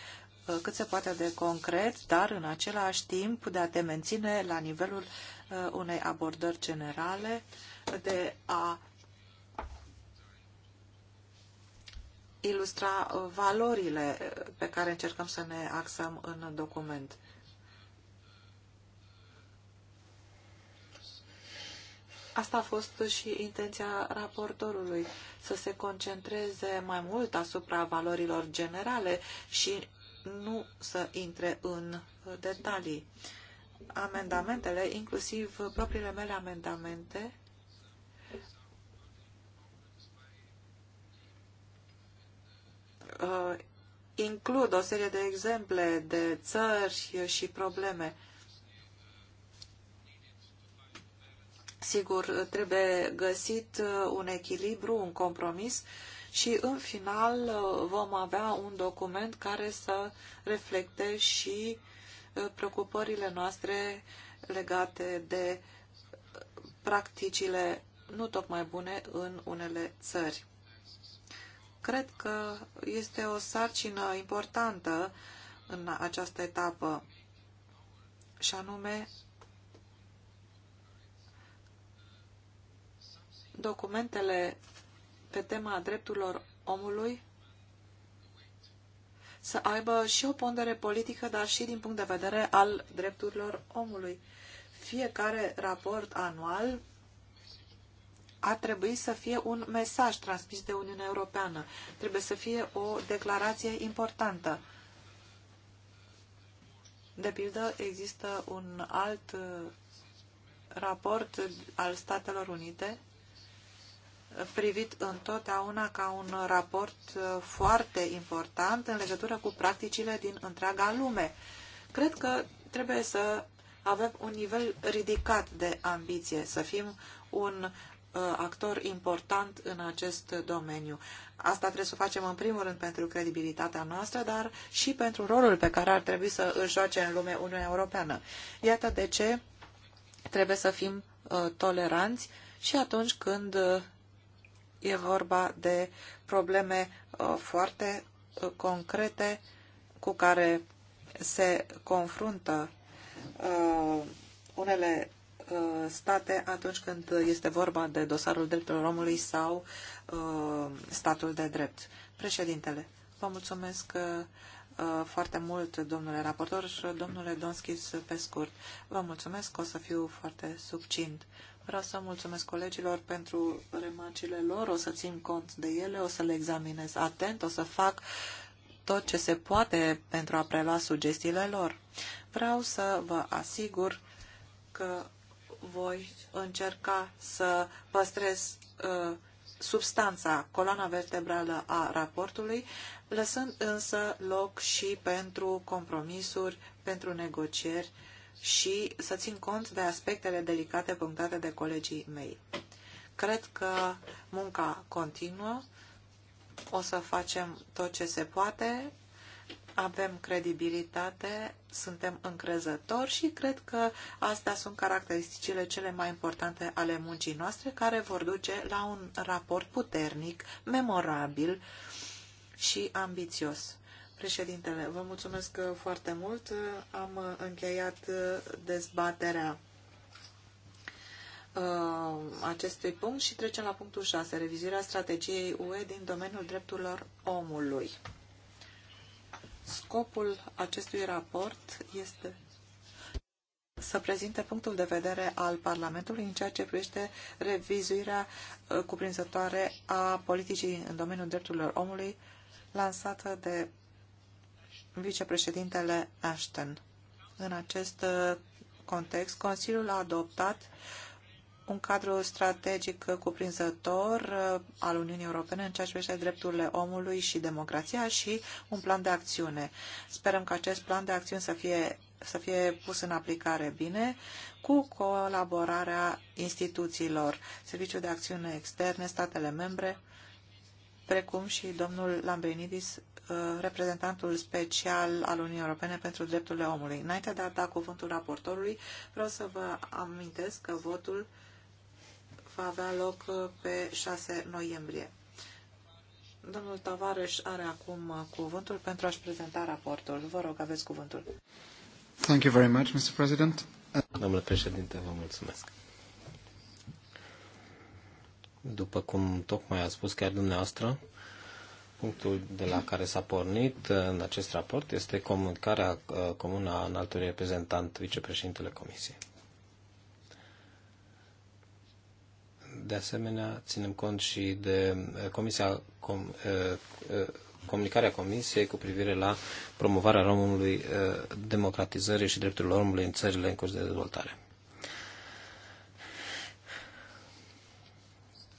Uh, cât se poate de concret, dar în același timp de a te menține la nivelul uh, unei abordări generale, de a ilustra uh, valorile pe care încercăm să ne axăm în document. Asta a fost și intenția raportorului, să se concentreze mai mult asupra valorilor generale și nu să intre în detalii. Amendamentele, inclusiv propriile mele amendamente, uh, includ o serie de exemple de țări și probleme. Sigur, trebuie găsit uh, un echilibru, un compromis și în final vom avea un document care să reflecte și uh, preocupările noastre legate de uh, practicile nu tocmai bune în unele țări. Cred că este o sarcină importantă în această etapă și anume documentele pe tema drepturilor omului să aibă și o pondere politică, dar și din punct de vedere al drepturilor omului. Fiecare raport anual ar trebui să fie un mesaj transmis de Uniunea Europeană. Trebuie să fie o declarație importantă. De pildă, există un alt uh, raport al Statelor Unite privit întotdeauna ca un raport uh, foarte important în legătură cu practicile din întreaga lume. Cred că trebuie să avem un nivel ridicat de ambiție, să fim un uh, actor important în acest domeniu. Asta trebuie să o facem în primul rând pentru credibilitatea noastră, dar și pentru rolul pe care ar trebui să îl joace în lumea Uniunea Europeană. Iată de ce trebuie să fim uh, toleranți și atunci când uh, E vorba de probleme uh, foarte uh, concrete cu care se confruntă uh, unele state atunci când este vorba de dosarul drepturilor omului sau statul de drept. Președintele, vă mulțumesc foarte mult, domnule raportor și domnule Donskis pe scurt. Vă mulțumesc, o să fiu foarte succint. Vreau să mulțumesc colegilor pentru remarcile lor, o să țin cont de ele, o să le examinez atent, o să fac tot ce se poate pentru a prelua sugestiile lor. Vreau să vă asigur că voi încerca să păstrez uh, substanța, coloana vertebrală a raportului, lăsând însă loc și pentru compromisuri, pentru negocieri uh, și să țin cont de aspectele delicate punctate de colegii mei. Cred că munca continuă, o să facem tot ce se poate, avem credibilitate, suntem încrezători și cred că astea sunt caracteristicile cele mai importante ale muncii noastre care vor duce la un raport puternic, memorabil și ambițios. Președintele, vă mulțumesc uh, foarte mult. Uh, am uh, încheiat dezbaterea acestui punct și trecem la punctul 6, revizuirea strategiei UE din domeniul drepturilor omului. Scopul acestui raport este să prezinte punctul de vedere al Parlamentului în ceea ce privește revizuirea cuprinzătoare a politicii în domeniul drepturilor omului lansată de vicepreședintele Ashton. În acest uh, context, Consiliul a adoptat un cadru strategic cuprinzător uh, al Uniunii Europene în ceea ce privește drepturile omului și democrația și un plan de acțiune. Sperăm că acest plan de acțiune să fie, să fie pus în aplicare bine cu colaborarea instituțiilor, Serviciul de Acțiune Externe, statele membre, precum și domnul Lambrinidis, Uh, reprezentantul special al Uniunii Europene pentru drepturile omului. Înainte de a da cuvântul raportorului, vreau să vă amintesc că votul va avea loc uh, pe 6 noiembrie. Domnul Tavares are acum uh, cuvântul pentru a-și prezenta raportul. Vă rog, aveți cuvântul. Thank you very much, Mr. President. Domnule președinte, vă mulțumesc. După cum tocmai a spus chiar dumneavoastră, Punctul de la care s-a pornit uh, în acest raport este comunicarea uh, comună a înaltului reprezentant vicepreședintele Comisiei. De asemenea, ținem cont și de uh, comisia, com, comunicarea Comisiei cu privire la promovarea romului, democratizării și drepturilor omului în țările în curs de dezvoltare.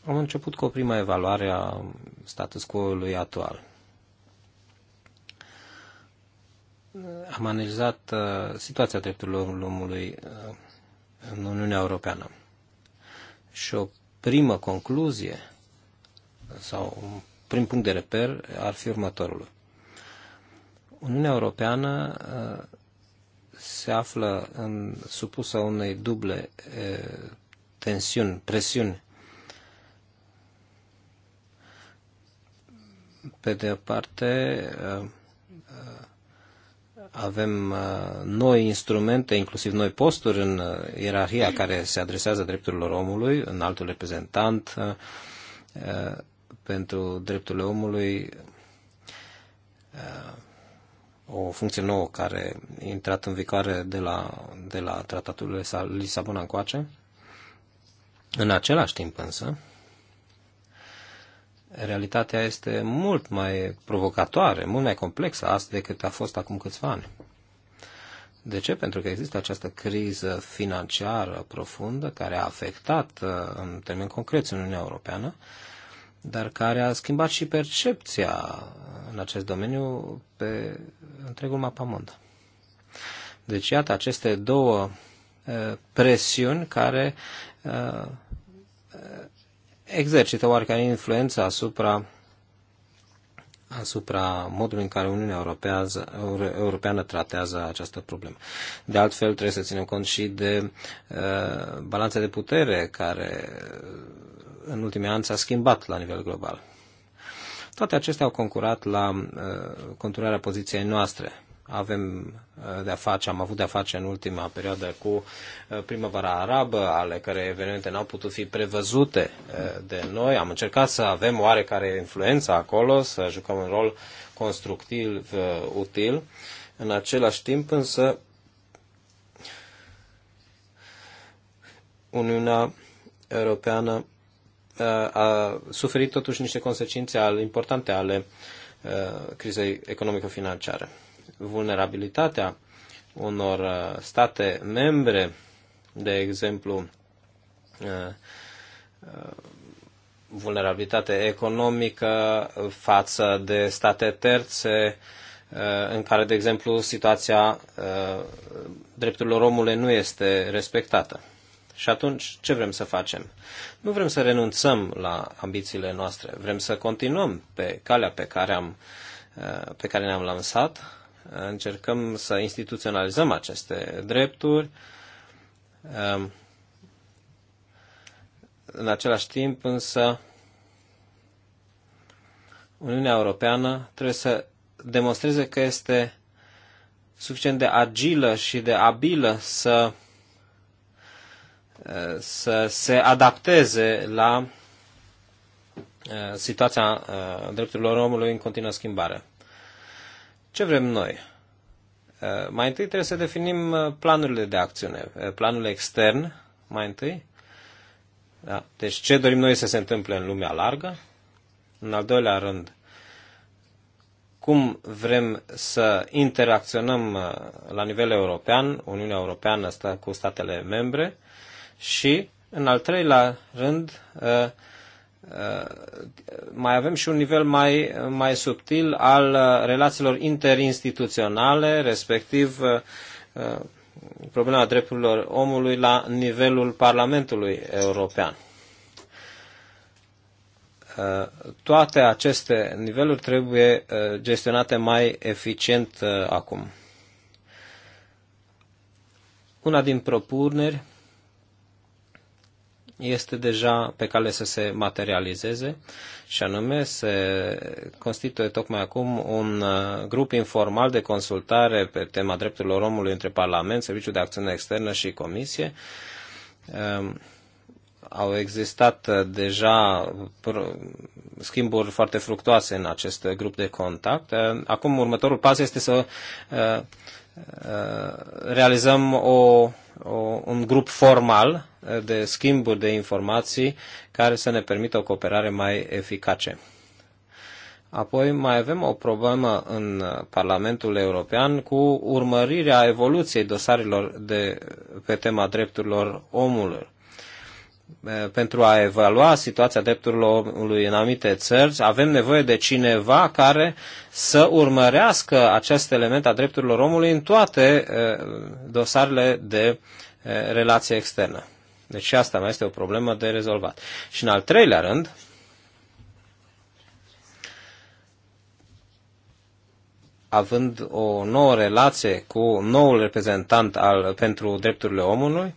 Am început cu o primă evaluare a status quo-ului actual. Am analizat uh, situația drepturilor omului uh, în Uniunea Europeană. Și o primă concluzie sau un prim punct de reper ar fi următorul. Uniunea Europeană uh, se află în, supusă unei duble tensiuni, presiuni Pe de o parte, uh, uh, avem uh, noi instrumente, inclusiv noi posturi în ierarhia care se adresează drepturilor omului, în altul reprezentant pentru drepturile omului, o funcție nouă care a intrat în vigoare de la, de la tratatul Lisabona încoace. În același timp însă, realitatea este mult mai provocatoare, mult mai complexă astăzi decât a fost acum câțiva ani. De ce? Pentru că există această criză financiară profundă care a afectat uh, în termen concret, în Uniunea Europeană, dar care a schimbat și percepția uh, în acest domeniu pe întregul mapamond. Deci, iată, aceste două uh, presiuni care exercită oarecare influență asupra, asupra modului în care Uniunea Europeană, Europeană tratează această problemă. De altfel, trebuie să ținem cont și de uh, balanța de putere care uh, în ultimii ani s-a schimbat la nivel global. Toate acestea au concurat la uh, conturarea poziției noastre avem uh, de-a face, am avut de-a face în ultima perioadă cu uh, primăvara arabă, ale care evenimente n-au putut fi prevăzute uh, de noi. Am încercat să avem oarecare influență acolo, să jucăm un rol constructiv, util. În același timp însă Uniunea Europeană a suferit totuși niște consecințe importante ale crizei economico-financiare vulnerabilitatea unor uh, state membre, de exemplu, uh, uh, vulnerabilitate economică față de state terțe, în care, de exemplu, situația drepturilor omului nu este respectată. Și atunci, ce vrem să facem? Nu vrem să renunțăm la ambițiile noastre, vrem să continuăm pe calea pe care, am, pe care ne-am lansat, încercăm să instituționalizăm aceste drepturi. Ehm, în același timp, însă, Uniunea Europeană trebuie să demonstreze că este suficient de agilă și de abilă să, eh, să se adapteze la eh, situația eh, drepturilor omului în continuă schimbare. Ce vrem noi? Uh, mai întâi trebuie să definim uh, planurile de acțiune, uh, planul extern, mai întâi. Da. Deci ce dorim noi să se întâmple în lumea largă? În al doilea rând, cum vrem să interacționăm la nivel european, Uniunea Europeană cu statele membre și, în al treilea rând, Uh, mai avem și un nivel mai, mai subtil al uh, relațiilor interinstituționale, respectiv uh, problema drepturilor omului la nivelul Parlamentului European. Toate aceste niveluri trebuie gestionate mai eficient acum. Una din propuneri este deja pe cale să se materializeze și anume se constituie tocmai acum un uh, grup informal de consultare pe tema drepturilor omului între Parlament, Serviciul de Acțiune Externă și Comisie. Um, au existat uh, deja schimburi foarte fructoase în acest grup de contact. Uh, acum următorul pas este să realizăm o, o, un grup formal de schimburi de informații care să ne permită o cooperare mai eficace. Apoi mai avem o problemă în Parlamentul European cu urmărirea evoluției dosarelor de, pe tema drepturilor omului. Pentru a evalua situația drepturilor omului în anumite țări, avem nevoie de cineva care să urmărească acest element a drepturilor omului în toate dosarele de relație externă. Deci și asta mai este o problemă de rezolvat. Și în al treilea rând, având o nouă relație cu noul reprezentant al, pentru drepturile omului,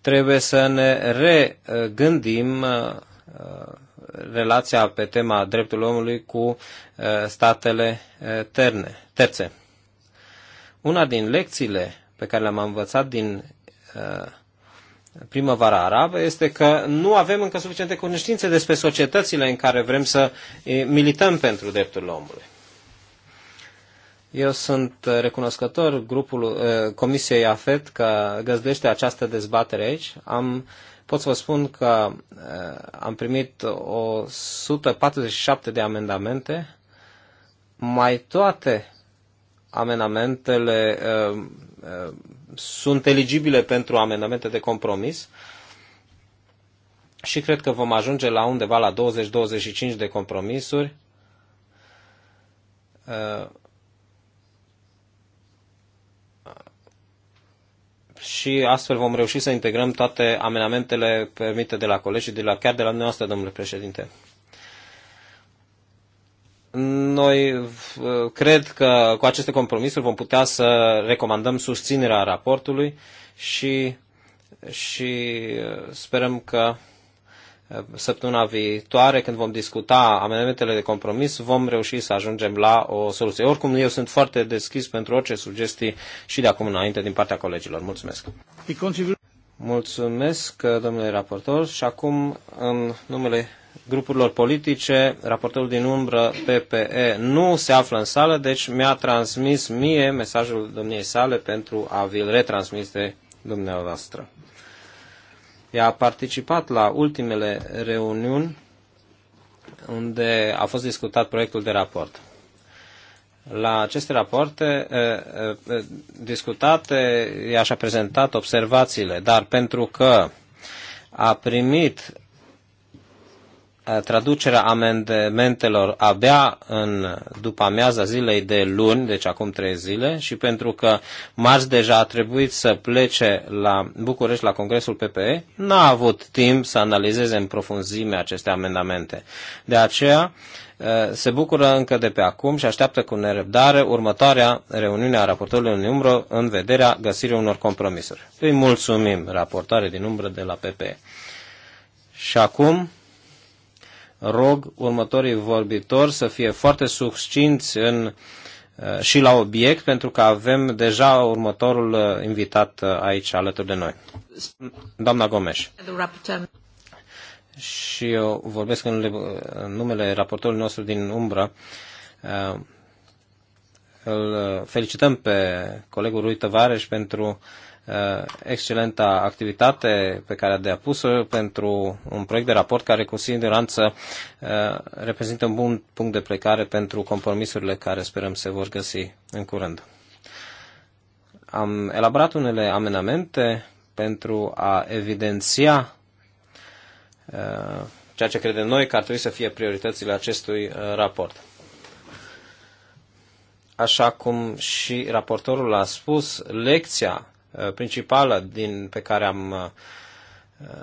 trebuie să ne regândim uh, relația pe tema drepturilor omului cu uh, statele uh, terne, terțe. Una din lecțiile pe care le-am învățat din primăvara arabă este că nu avem încă suficiente cunoștințe despre societățile în care vrem să milităm pentru drepturile omului. Eu sunt recunoscător grupul, Comisiei AFET că găzduiește această dezbatere aici. Am, pot să vă spun că am primit 147 de amendamente, mai toate amendamentele sunt eligibile pentru amendamente de compromis și cred că vom ajunge la undeva la 20-25 de compromisuri. Și astfel vom reuși să integrăm toate amendamentele permite de la colegi și de la, chiar de la dumneavoastră, domnule președinte. Noi uh, cred că cu aceste compromisuri vom putea să recomandăm susținerea raportului și, și uh, sperăm că uh, săptămâna viitoare, când vom discuta amendamentele de compromis, vom reuși să ajungem la o soluție. Oricum, eu sunt foarte deschis pentru orice sugestii și de acum înainte din partea colegilor. Mulțumesc! Mulțumesc, domnule raportor, și acum, în numele grupurilor politice, raportorul din umbră PPE nu se află în sală, deci mi-a transmis mie mesajul domniei sale pentru a vi-l retransmis de dumneavoastră. Ea a participat la ultimele reuniuni unde a fost discutat proiectul de raport. La aceste rapoarte discutate, ea aș a prezentat observațiile, dar pentru că a primit Eh, traducerea amendamentelor abia în după amiaza zilei de luni, deci acum trei zile, și pentru că marți deja a trebuit să plece la București la Congresul PPE, n-a avut timp să analizeze în profunzime aceste amendamente. De aceea eh, se bucură încă de pe acum și așteaptă cu nerăbdare următoarea reuniune a raportorului în umbră în vederea găsirii unor compromisuri. Îi mulțumim raportare din umbră de la PPE. Și acum rog următorii vorbitori să fie foarte succinți în, uh, și la obiect, pentru că avem deja următorul uh, invitat uh, aici alături de noi. Doamna Gomes. Și eu vorbesc în numele raportorului nostru din umbră. Îl felicităm pe colegul lui Tăvareș pentru uh, Uh, excelenta activitate pe care a depus-o pentru un proiect de raport care cu siguranță uh, reprezintă un bun punct de plecare pentru compromisurile care sperăm se vor găsi în curând. Am elaborat unele amenamente pentru a evidenția uh, ceea ce credem noi că ar trebui să fie prioritățile acestui raport așa cum și raportorul a spus, lecția Uh, principală din, pe care am uh,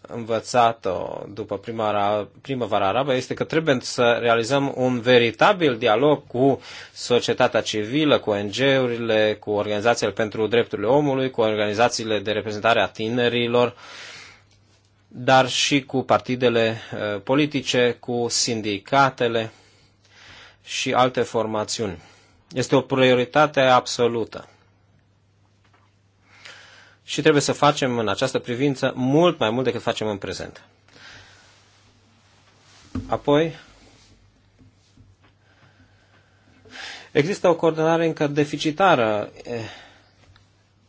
învățat-o după primăvara, primăvara arabă este că trebuie să realizăm un veritabil dialog cu societatea civilă, cu ONG-urile, cu organizațiile pentru drepturile omului, cu organizațiile de reprezentare a tinerilor, dar și cu partidele uh, politice, cu sindicatele și alte formațiuni. Este o prioritate absolută și trebuie să facem în această privință mult mai mult decât facem în prezent. Apoi, există o coordonare încă deficitară eh,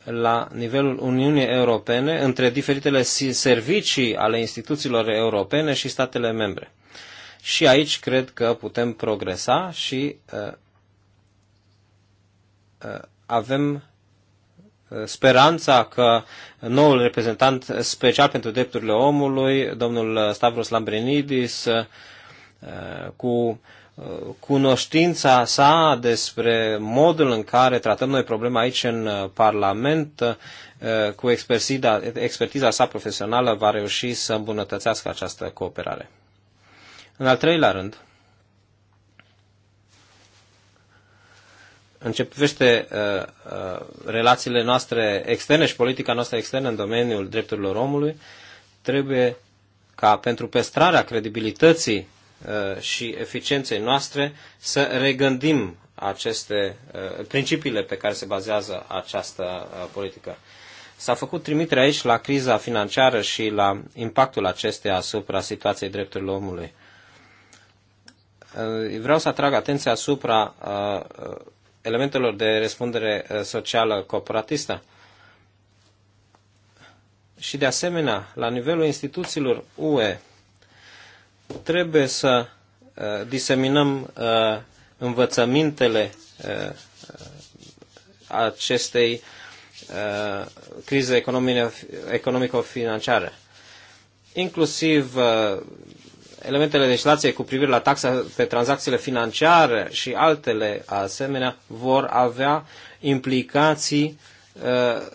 la nivelul Uniunii Europene între diferitele servicii ale instituțiilor europene și statele membre. Și aici cred că putem progresa și uh, uh, avem speranța că noul reprezentant special pentru drepturile omului, domnul Stavros Lambrinidis, uh, cu uh, cunoștința sa despre modul în care tratăm noi problema aici în uh, Parlament, cu expertiza, expertiza sa profesională, va reuși să îmbunătățească această cooperare. În al treilea rând, în ce privește uh, uh, relațiile noastre externe și politica noastră externă în domeniul drepturilor omului, trebuie ca pentru păstrarea credibilității uh, și eficienței noastre să regândim aceste uh, principiile pe care se bazează această uh, politică. S-a făcut trimitere aici la criza financiară și la impactul acesteia asupra situației drepturilor omului. Uh, vreau să atrag atenția asupra uh, uh, elementelor de răspundere eh, socială corporatistă. Și de asemenea, la nivelul instituțiilor UE, trebuie să eh, diseminăm eh, învățămintele acestei crize economico-financiare. Inclusiv elementele legislației cu privire la taxa pe tranzacțiile financiare și altele asemenea vor avea implicații uh,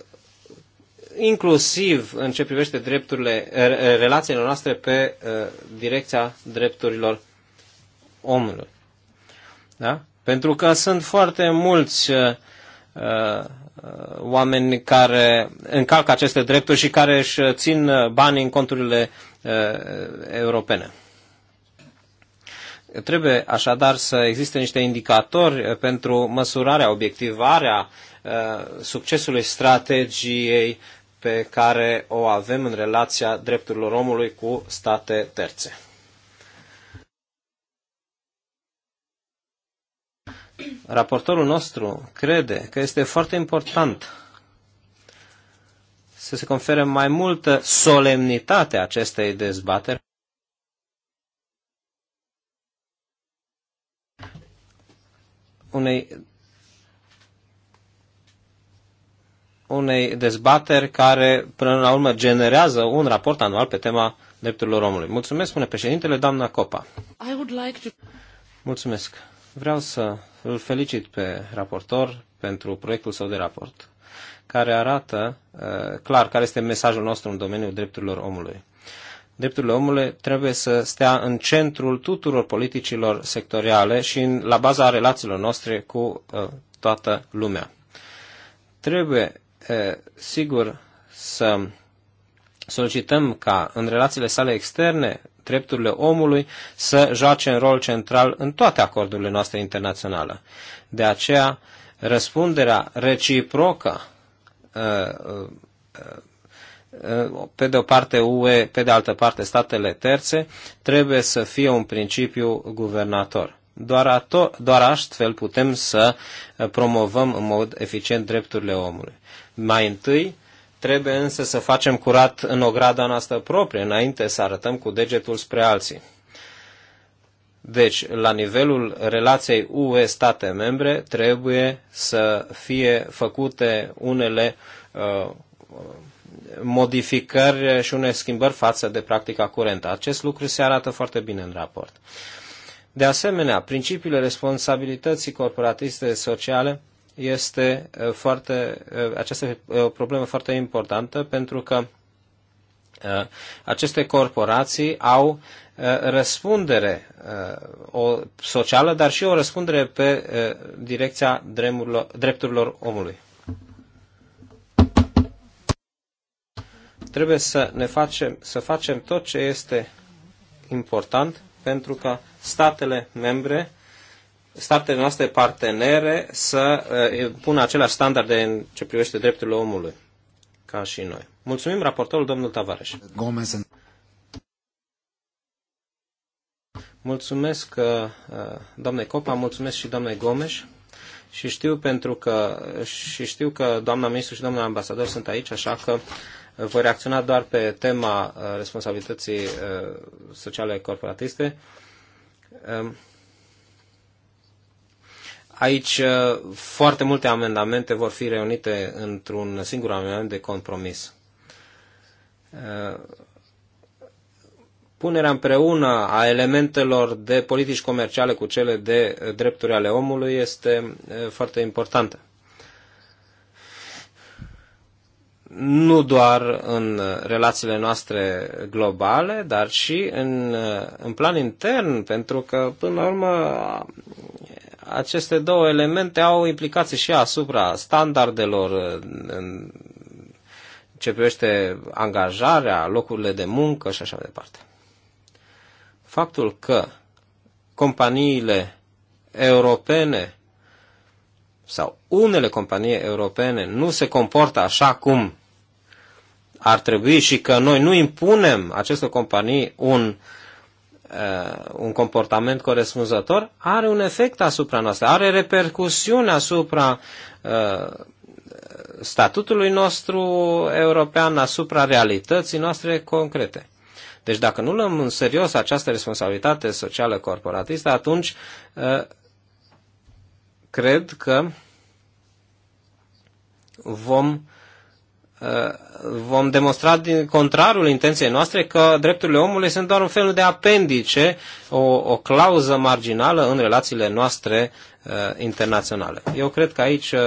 inclusiv în ce privește drepturile, relațiile noastre pe uh, direcția drepturilor omului. Da? Pentru că sunt foarte mulți uh, uh oameni care încalcă aceste drepturi și care își țin banii în conturile uh, europene. Trebuie așadar să existe niște indicatori uh, pentru măsurarea, obiectivarea uh, succesului strategiei pe care o avem în relația drepturilor omului cu state terțe. Raportorul nostru crede că este foarte important să se confere mai multă solemnitate acestei dezbateri unei unei dezbateri care, până la urmă, generează un raport anual pe tema drepturilor omului. Mulțumesc, spune președintele, doamna Copa. I would like to... Mulțumesc. Vreau să îl felicit pe raportor pentru proiectul său de raport, care arată uh, clar care este mesajul nostru în domeniul drepturilor omului drepturile omului trebuie să stea în centrul tuturor politicilor sectoriale și în, la baza relațiilor noastre cu uh, toată lumea. Trebuie, uh, sigur, să solicităm ca în relațiile sale externe drepturile omului să joace un rol central în toate acordurile noastre internaționale. De aceea, răspunderea reciprocă uh, uh, Uh, pe de o parte UE, pe de altă parte statele terțe, trebuie să fie un principiu guvernator. Doar, ato- doar astfel putem să uh, promovăm în mod eficient drepturile omului. Mai întâi, trebuie însă să facem curat în ograda noastră proprie, înainte să arătăm cu degetul spre alții. Deci, la nivelul relației UE-state membre, trebuie să fie făcute unele uh, modificări și unei schimbări față de practica curentă. Acest lucru se arată foarte bine în raport. De asemenea, principiul responsabilității corporatiste sociale este uh, foarte, uh, aceasta este uh, o problemă foarte importantă pentru că aceste corporații au răspundere o socială, dar și o răspundere pe direcția drepturilor omului. Trebuie să ne facem, să facem tot ce este important pentru ca statele membre, statele noastre partenere să eh, pună aceleași standarde în ce privește drepturile omului ca și noi. Mulțumim raportorul domnul Tavares. Mulțumesc eh, doamne Copa, mulțumesc și doamne Gomes și știu pentru că și știu că doamna ministru și doamna ambasador sunt aici, așa că voi reacționa doar pe tema uh, responsabilității uh, sociale corporatiste. Um, aici uh, foarte multe amendamente vor fi reunite într-un singur amendament de compromis. Punerea împreună a elementelor de politici comerciale cu cele de drepturi ale omului este foarte importantă. nu doar în relațiile noastre globale, dar și în, în plan intern, pentru că, până la urmă, aceste două elemente au implicații și asupra standardelor în ce privește angajarea, locurile de muncă și așa mai departe. Faptul că companiile europene sau unele companii europene nu se comportă așa cum ar trebui și că noi nu impunem acestor companii un, uh, un comportament corespunzător, are un efect asupra noastră, are repercusiuni asupra uh, statutului nostru european, asupra realității noastre concrete. Deci dacă nu luăm în serios această responsabilitate socială corporatistă, atunci uh, cred că vom Uh, vom demonstra din contrarul intenției noastre că drepturile omului sunt doar un fel de apendice, o, o clauză marginală în relațiile noastre uh, internaționale. Eu cred că aici uh,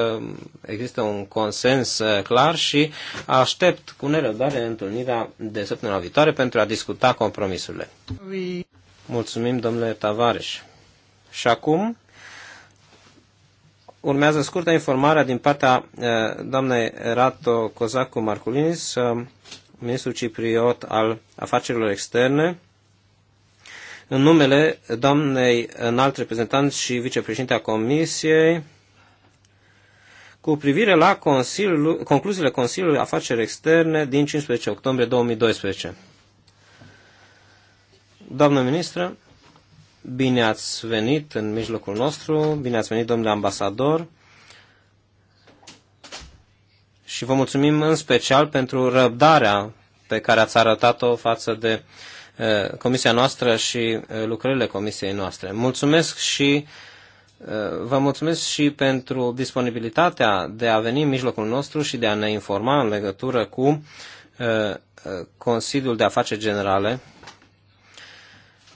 există un consens uh, clar și aștept cu nerăbdare întâlnirea de săptămâna viitoare pentru a discuta compromisurile. Mulțumim, domnule Tavares. Și acum urmează scurtă informare din partea eh, doamnei Rato Cozacu Marculinis, eh, ministrul cipriot al afacerilor externe, în numele doamnei înalt reprezentant și vicepreședinte a Comisiei, cu privire la Consiliul, concluziile Consiliului Afaceri Externe din 15 octombrie 2012. Doamnă ministră, Bine ați venit în mijlocul nostru, bine ați venit, domnule ambasador. Și vă mulțumim în special pentru răbdarea pe care ați arătat-o față de eh, comisia noastră și eh, lucrările comisiei noastre. Mulțumesc și eh, Vă mulțumesc și pentru disponibilitatea de a veni în mijlocul nostru și de a ne informa în legătură cu Consiliul de Afaceri Generale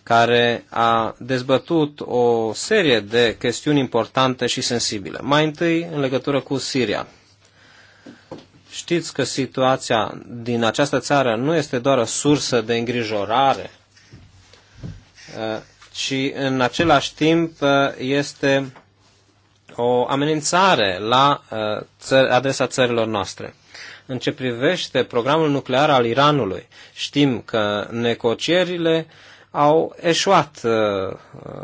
care a dezbătut o serie de chestiuni importante și sensibile. Mai întâi, în legătură cu Siria. Știți că situația din această țară nu este doar o sursă de îngrijorare, eh, ci în același timp eh, este o amenințare la eh, adresa țărilor noastre. În ce privește programul nuclear al Iranului, știm că negocierile uh, au eșuat, uh,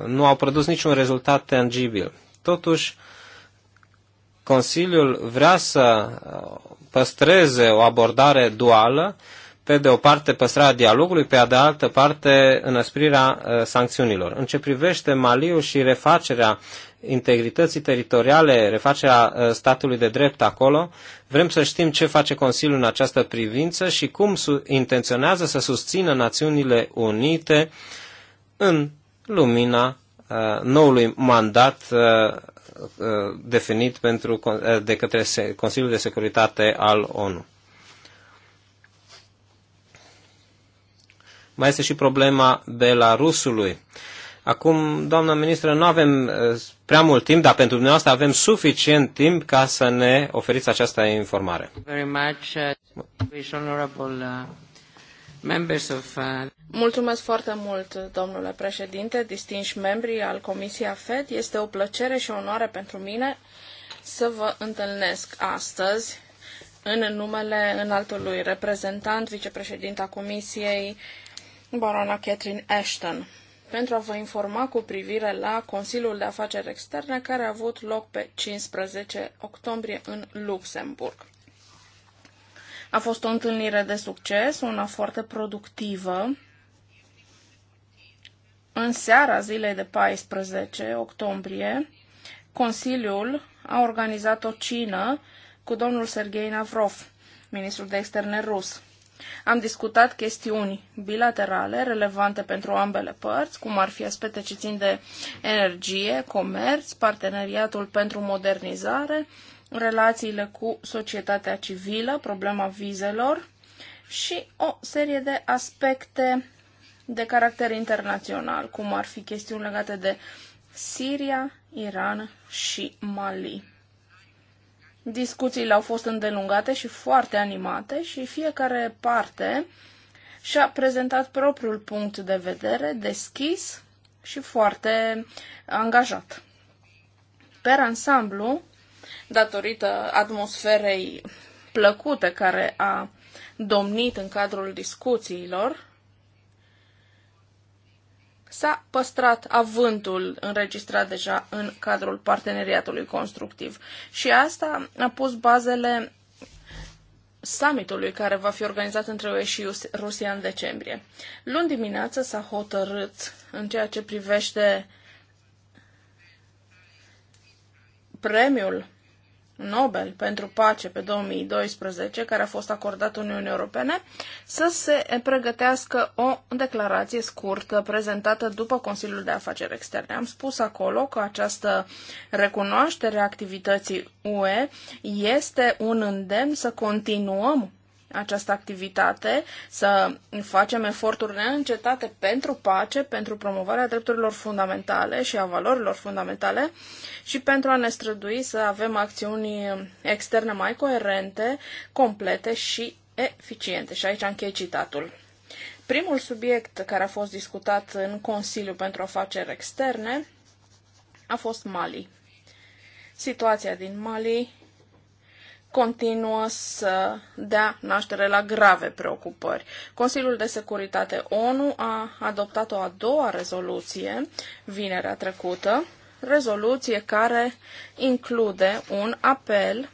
nu au produs niciun rezultat tangibil. Totuși, Consiliul vrea să uh, păstreze o abordare duală, pe de o parte păstrarea dialogului, pe de altă parte înăsprirea uh, sancțiunilor. În ce privește Maliu și refacerea integrității teritoriale, refacerea uh, statului de drept acolo. Vrem să știm ce face Consiliul în această privință și cum intenționează să susțină Națiunile Unite în lumina uh, noului mandat uh, definit pentru, de către Consiliul de Securitate al ONU. Mai este și problema Belarusului. Acum, doamnă ministră, nu avem eh, prea mult timp, dar pentru dumneavoastră avem suficient timp ca să ne oferiți această informare. Uh, uh, uh, Mulțumesc foarte mult, domnule președinte, distinși membri al Comisiei FED. Este o plăcere și o onoare pentru mine să vă întâlnesc astăzi în numele înaltului reprezentant, vicepreședinta Comisiei, barona Catherine Ashton pentru a vă informa cu privire la Consiliul de Afaceri Externe care a avut loc pe 15 octombrie în Luxemburg. A fost o întâlnire de succes, una foarte productivă. În seara zilei de 14 octombrie, Consiliul a organizat o cină cu domnul Sergei Navrov, ministrul de externe rus. Am discutat chestiuni bilaterale relevante pentru ambele părți, cum ar fi aspecte ce țin de energie, comerț, parteneriatul pentru modernizare, relațiile cu societatea civilă, problema vizelor și o serie de aspecte de caracter internațional, cum ar fi chestiuni legate de Siria, Iran și Mali. Discuțiile au fost îndelungate și foarte animate și fiecare parte și-a prezentat propriul punct de vedere deschis și foarte angajat. Per ansamblu, datorită atmosferei plăcute care a domnit în cadrul discuțiilor, s-a păstrat avântul înregistrat deja în cadrul parteneriatului constructiv. Și asta a pus bazele summitului care va fi organizat între UE și Rusia în decembrie. Luni dimineață s-a hotărât în ceea ce privește premiul Nobel pentru pace pe 2012, care a fost acordat Uniunii Europene, să se pregătească o declarație scurtă prezentată după Consiliul de Afaceri Externe. Am spus acolo că această recunoaștere a activității UE este un îndemn să continuăm această activitate, să facem eforturi neîncetate pentru pace, pentru promovarea drepturilor fundamentale și a valorilor fundamentale și pentru a ne strădui să avem acțiuni externe mai coerente, complete și eficiente. Și aici închei citatul. Primul subiect care a fost discutat în Consiliu pentru Afaceri Externe a fost Mali. Situația din Mali continuă să dea naștere la grave preocupări. Consiliul de Securitate ONU a adoptat o a doua rezoluție vinerea trecută, rezoluție care include un apel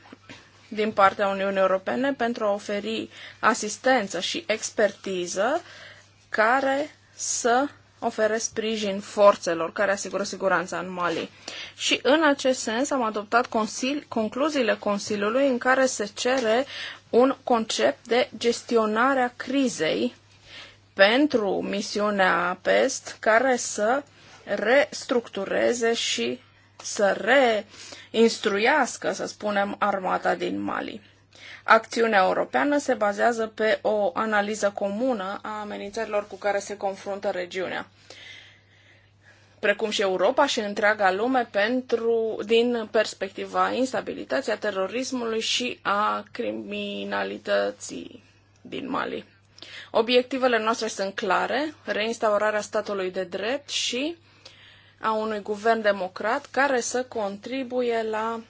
din partea Uniunii Europene pentru a oferi asistență și expertiză care să ofere sprijin forțelor care asigură siguranța în Mali. Și în acest sens am adoptat consil, concluziile Consiliului în care se cere un concept de gestionare a crizei pentru misiunea PEST care să restructureze și să reinstruiască, să spunem, armata din Mali. Acțiunea europeană se bazează pe o analiză comună a amenințărilor cu care se confruntă regiunea precum și Europa și întreaga lume pentru, din perspectiva instabilității, a terorismului și a criminalității din Mali. Obiectivele noastre sunt clare, reinstaurarea statului de drept și a unui guvern democrat care să contribuie la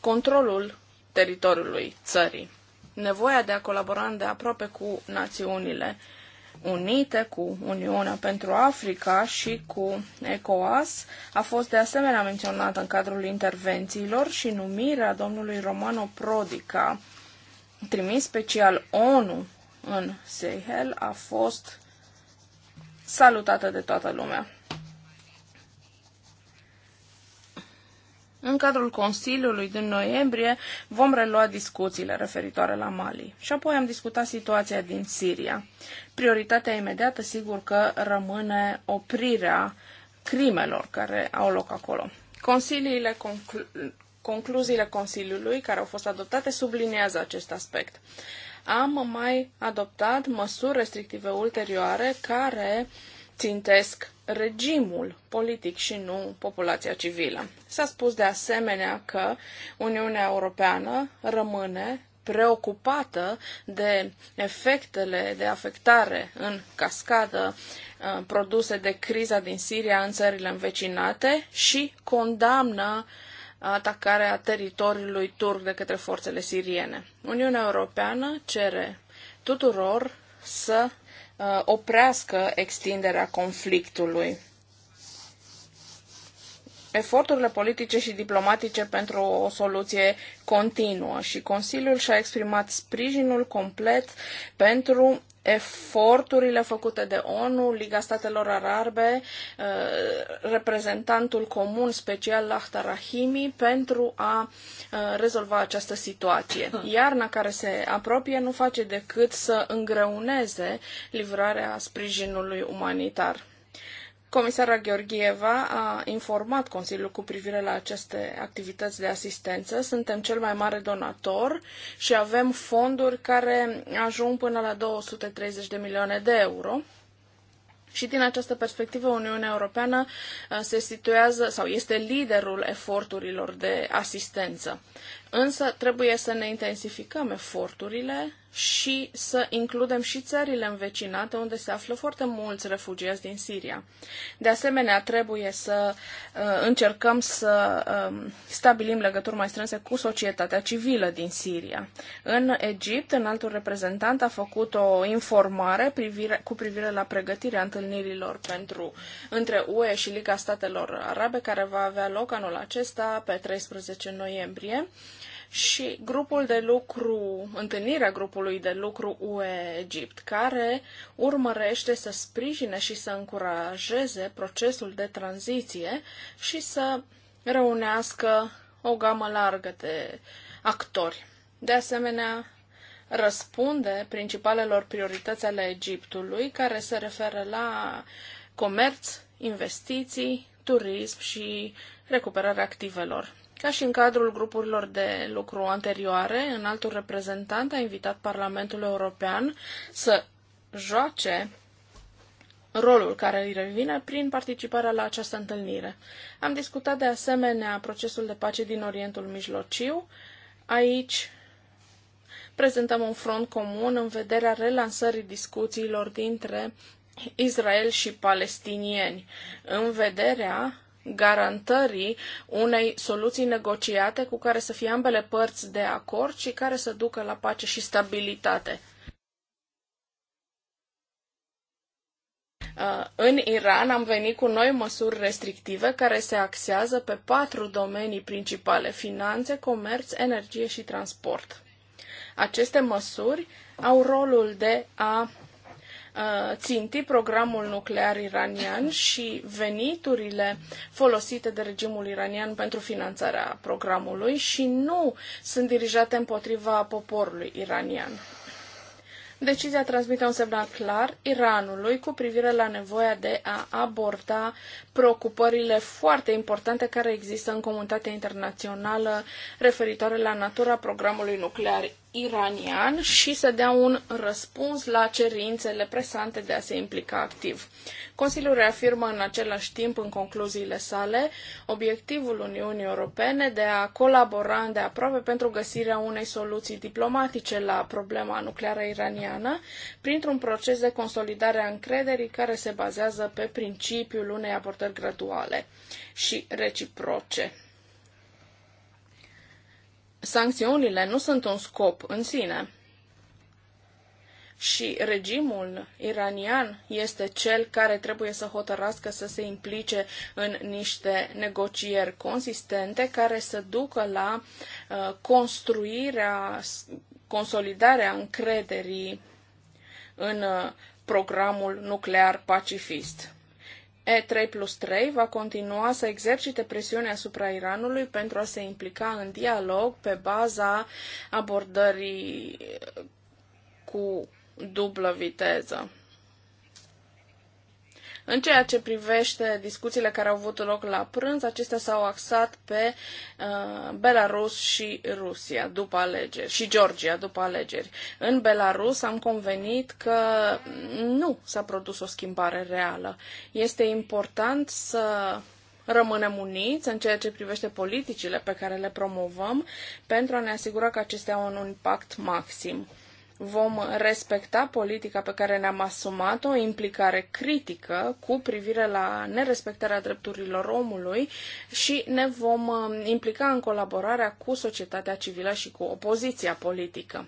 controlul teritoriului țării. Nevoia de a colabora de aproape cu Națiunile Unite, cu Uniunea pentru Africa și cu ECOAS a fost de asemenea menționată în cadrul intervențiilor și numirea domnului Romano Prodi ca trimis special ONU în Sehel a fost salutată de toată lumea. În cadrul Consiliului din noiembrie vom relua discuțiile referitoare la Mali. Și apoi am discutat situația din Siria. Prioritatea imediată, sigur că rămâne oprirea crimelor care au loc acolo. Consiliile conclu- concluziile Consiliului care au fost adoptate subliniază acest aspect. Am mai adoptat măsuri restrictive ulterioare care țintesc regimul politic și nu populația civilă. S-a spus de asemenea că Uniunea Europeană rămâne preocupată de efectele de afectare în cascadă uh, produse de criza din Siria în țările învecinate și condamnă atacarea teritoriului turc de către forțele siriene. Uniunea Europeană cere tuturor să Uh, oprească extinderea conflictului. Eforturile politice și diplomatice pentru o soluție continuă și Consiliul și-a exprimat sprijinul complet pentru eforturile făcute de ONU, Liga Statelor Arabe, uh, reprezentantul comun special Lahtar Rahimi pentru a uh, rezolva această situație. Iarna care se apropie nu face decât să îngreuneze livrarea sprijinului umanitar. Comisara Gheorgheva a informat Consiliul cu privire la aceste activități de asistență. Suntem cel mai mare donator și avem fonduri care ajung până la 230 de milioane de euro. Și din această perspectivă, Uniunea Europeană uh, se situează sau este liderul eforturilor de asistență. Însă trebuie să ne intensificăm eforturile și să includem și țările învecinate unde se află foarte mulți refugiați din Siria. De asemenea, trebuie să uh, încercăm să uh, stabilim legături mai strânse cu societatea civilă din Siria. În Egipt, în altul reprezentant a făcut o informare privire, cu privire la pregătirea întâlnirilor pentru între UE și Liga Statelor Arabe, care va avea loc anul acesta pe 13 noiembrie. Uh, și grupul de lucru, întâlnirea grupului de lucru UE-Egipt, care urmărește să sprijine și să încurajeze procesul de tranziție și să reunească o gamă largă de actori. De asemenea, răspunde principalelor priorități ale Egiptului, care se referă la comerț, investiții, turism și recuperarea activelor. Ca și în cadrul grupurilor de lucru anterioare, în altul reprezentant a invitat Parlamentul European să joace rolul care îi revine prin participarea la această întâlnire. Am discutat de asemenea procesul de pace din Orientul Mijlociu. Aici prezentăm un front comun în vederea relansării discuțiilor dintre Israel și palestinieni, în vederea garantării unei soluții negociate cu care să fie ambele părți de acord și care să ducă la pace și stabilitate. Uh, în Iran am venit cu noi măsuri restrictive care se axează pe patru domenii principale: finanțe, comerț, energie și transport. Aceste măsuri au rolul de a Uh, ținti programul nuclear iranian și veniturile folosite de regimul iranian pentru finanțarea programului și nu sunt dirijate împotriva poporului iranian. Decizia transmite un semnal clar Iranului cu privire la nevoia de a aborda preocupările foarte importante care există în comunitatea internațională referitoare la natura programului nuclear iranian și să dea un răspuns la cerințele presante de a se implica activ. Consiliul reafirmă în același timp în concluziile sale obiectivul Uniunii Europene de a colabora de aproape pentru găsirea unei soluții diplomatice la problema nucleară iraniană printr-un proces de consolidare a încrederii care se bazează pe principiul unei abordări graduale și reciproce sancțiunile nu sunt un scop în sine. Și regimul iranian este cel care trebuie să hotărască să se implice în niște negocieri consistente care să ducă la uh, construirea, consolidarea încrederii în uh, programul nuclear pacifist. E3 plus 3 va continua să exercite presiune asupra Iranului pentru a se implica în dialog pe baza abordării cu dublă viteză. În ceea ce privește discuțiile care au avut loc la prânz, acestea s-au axat pe uh, Belarus și Rusia după alegeri și Georgia după alegeri. În Belarus am convenit că nu s-a produs o schimbare reală. Este important să rămânem uniți în ceea ce privește politicile pe care le promovăm pentru a ne asigura că acestea au un impact maxim vom respecta politica pe care ne-am asumat-o, o implicare critică cu privire la nerespectarea drepturilor omului și ne vom uh, implica în colaborarea cu societatea civilă și cu opoziția politică.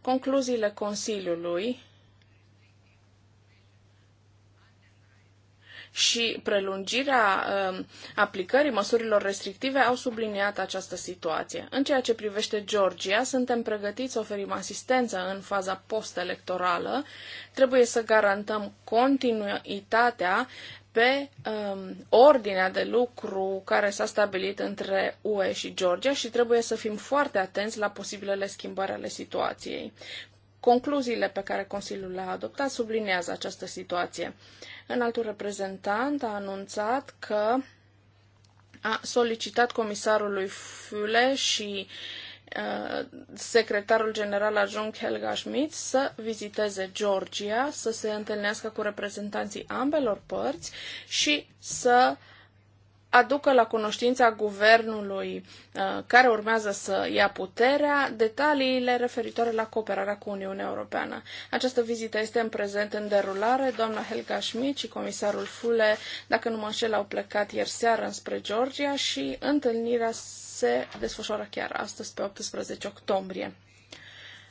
Concluziile Consiliului și prelungirea um, aplicării măsurilor restrictive au subliniat această situație. În ceea ce privește Georgia, suntem pregătiți să oferim asistență în faza post-electorală. Trebuie să garantăm continuitatea pe um, ordinea de lucru care s-a stabilit între UE și Georgia și trebuie să fim foarte atenți la posibilele schimbări ale situației. Concluziile pe care Consiliul le-a adoptat subliniază această situație. Uh, Înaltul reprezentant a anunțat că a solicitat comisarului Füle și uh, secretarul general ajung Helga Schmidt să viziteze Georgia, să se întâlnească cu reprezentanții ambelor părți și să uh, aducă la cunoștința guvernului uh, care urmează să ia puterea detaliile referitoare la cooperarea cu Uniunea Europeană. Această vizită este în prezent în derulare. Doamna Helga Schmidt și comisarul Fule, dacă nu mă înșel, au plecat ieri seară înspre Georgia și întâlnirea se desfășoară chiar astăzi pe 18 octombrie.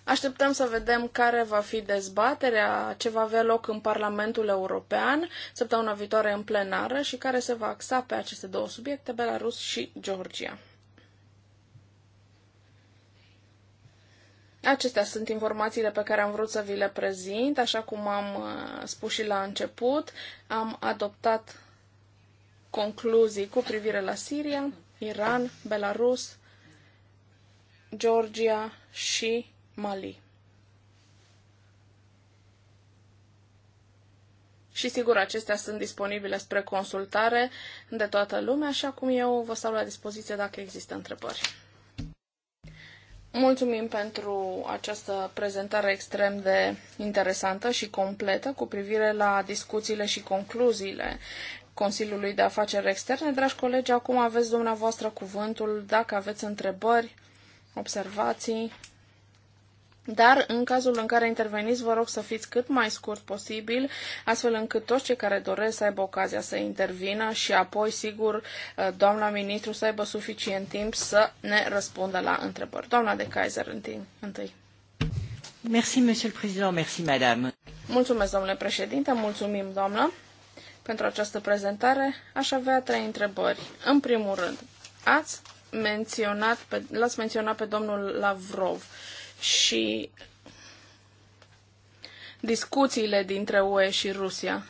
Așteptăm să vedem care va fi dezbaterea ce va avea loc în Parlamentul European săptămâna viitoare în plenară și care se va axa pe aceste două subiecte, Belarus și Georgia. Acestea sunt informațiile pe care am vrut să vi le prezint. Așa cum am uh, spus și la început, am adoptat concluzii cu privire la Siria, Iran, Belarus, Georgia și Mali. Și sigur, acestea sunt disponibile spre consultare de toată lumea, așa cum eu vă stau la dispoziție dacă există întrebări. Mulțumim pentru această prezentare extrem de interesantă și completă cu privire la discuțiile și concluziile Consiliului de Afaceri Externe. Dragi colegi, acum aveți dumneavoastră cuvântul dacă aveți întrebări, observații. Dar, în cazul în care interveniți, vă rog să fiți cât mai scurt posibil, astfel încât toți cei care doresc să aibă ocazia să intervină și apoi, sigur, uh, doamna ministru să aibă suficient timp să ne răspundă la întrebări. Doamna de Kaiser, întâi. Merci, monsieur le président, merci, madame. Mulțumesc, domnule președinte, mulțumim, doamnă, pentru această prezentare. Aș avea trei întrebări. În primul rând, ați menționat, l-ați menționat pe domnul Lavrov. Uh, și discuțiile dintre UE și Rusia.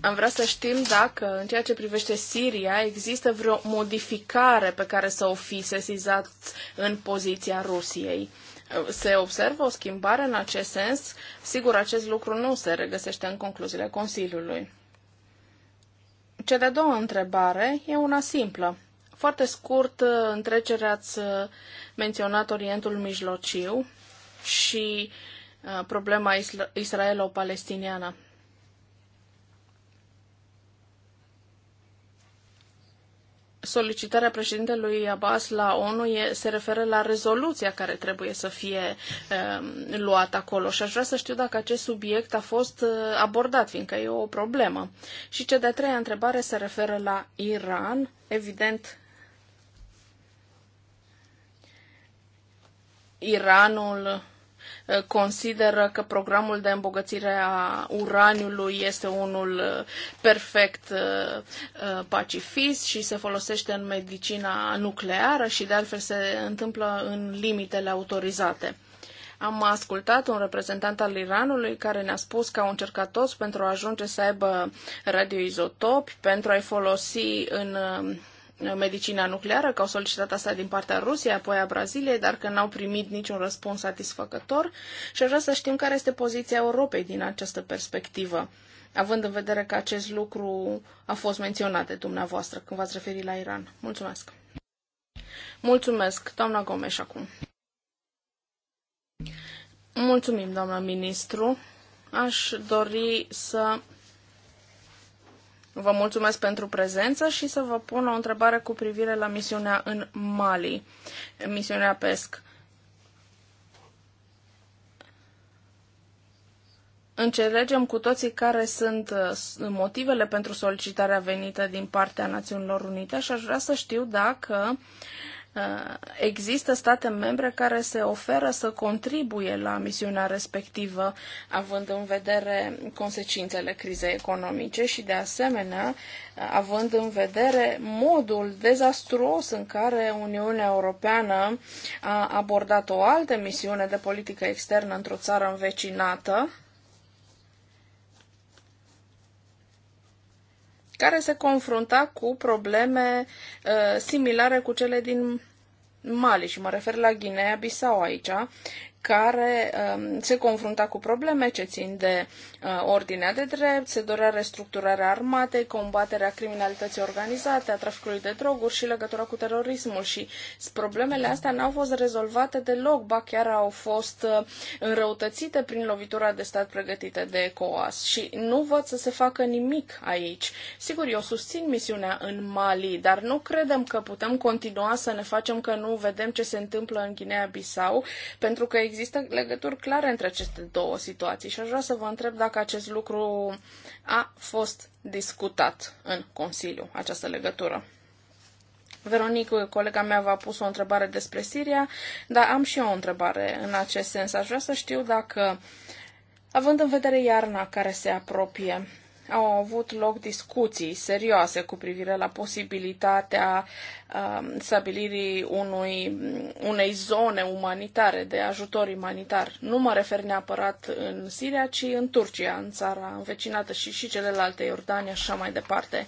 Am vrea să știm dacă, în ceea ce privește Siria, există vreo modificare pe care să o fi sesizat în poziția Rusiei. Se observă o schimbare în acest sens? Sigur, acest lucru nu se regăsește în concluziile Consiliului. Cea de-a doua întrebare e una simplă. Foarte scurt, uh, în trecere ați uh, menționat Orientul Mijlociu și uh, problema israelo-palestiniană. solicitarea președintelui Abbas la ONU e, se referă la rezoluția care trebuie să fie um, luată acolo și aș vrea să știu dacă acest subiect a fost abordat, fiindcă e o problemă. Și cea de-a treia întrebare se referă la Iran. Evident, Iranul uh, consideră că programul de îmbogățire a uraniului este unul uh, perfect uh, pacifist și se folosește în medicina nucleară și de altfel se întâmplă în limitele autorizate. Am ascultat un reprezentant al Iranului care ne-a spus că au încercat toți pentru a ajunge să aibă radioizotopi, pentru a-i folosi în medicina nucleară, că au solicitat asta din partea Rusiei, apoi a Braziliei, dar că n-au primit niciun răspuns satisfăcător și aș vrea să știm care este poziția Europei din această perspectivă, având în vedere că acest lucru a fost menționat de dumneavoastră când v-ați referit la Iran. Mulțumesc! Mulțumesc, doamna Gomes, acum. Mulțumim, doamna ministru. Aș dori să Vă mulțumesc pentru prezență și să vă pun o întrebare cu privire la misiunea în Mali, misiunea PESC. Înțelegem cu toții care sunt uh, motivele pentru solicitarea venită din partea Națiunilor Unite și aș vrea să știu dacă Uh, există state membre care se oferă să contribuie la misiunea respectivă, având în vedere consecințele crizei economice și, de asemenea, uh, având în vedere modul dezastruos în care Uniunea Europeană a abordat o altă misiune de politică externă într-o țară învecinată, care se confrunta cu probleme uh, similare cu cele din Mali și mă refer la Guinea-Bissau aici care um, se confrunta cu probleme ce țin de uh, ordinea de drept, se dorea restructurarea armatei, combaterea criminalității organizate, a traficului de droguri și legătura cu terorismul și problemele astea n-au fost rezolvate deloc, ba chiar au fost uh, înrăutățite prin lovitura de stat pregătită de COAS și nu văd să se facă nimic aici. Sigur, eu susțin misiunea în Mali, dar nu credem că putem continua să ne facem că nu vedem ce se întâmplă în Guinea-Bissau, pentru că există legături clare între aceste două situații și aș vrea să vă întreb dacă acest lucru a fost discutat în Consiliu, această legătură. Veronica, colega mea, v-a pus o întrebare despre Siria, dar am și eu o întrebare în acest sens. Aș vrea să știu dacă, având în vedere iarna care se apropie, au avut loc discuții serioase cu privire la posibilitatea uh, stabilirii unui, unei zone umanitare de ajutor umanitar. Nu mă refer neapărat în Siria, ci în Turcia, în țara învecinată și și celelalte, Iordania și așa mai departe.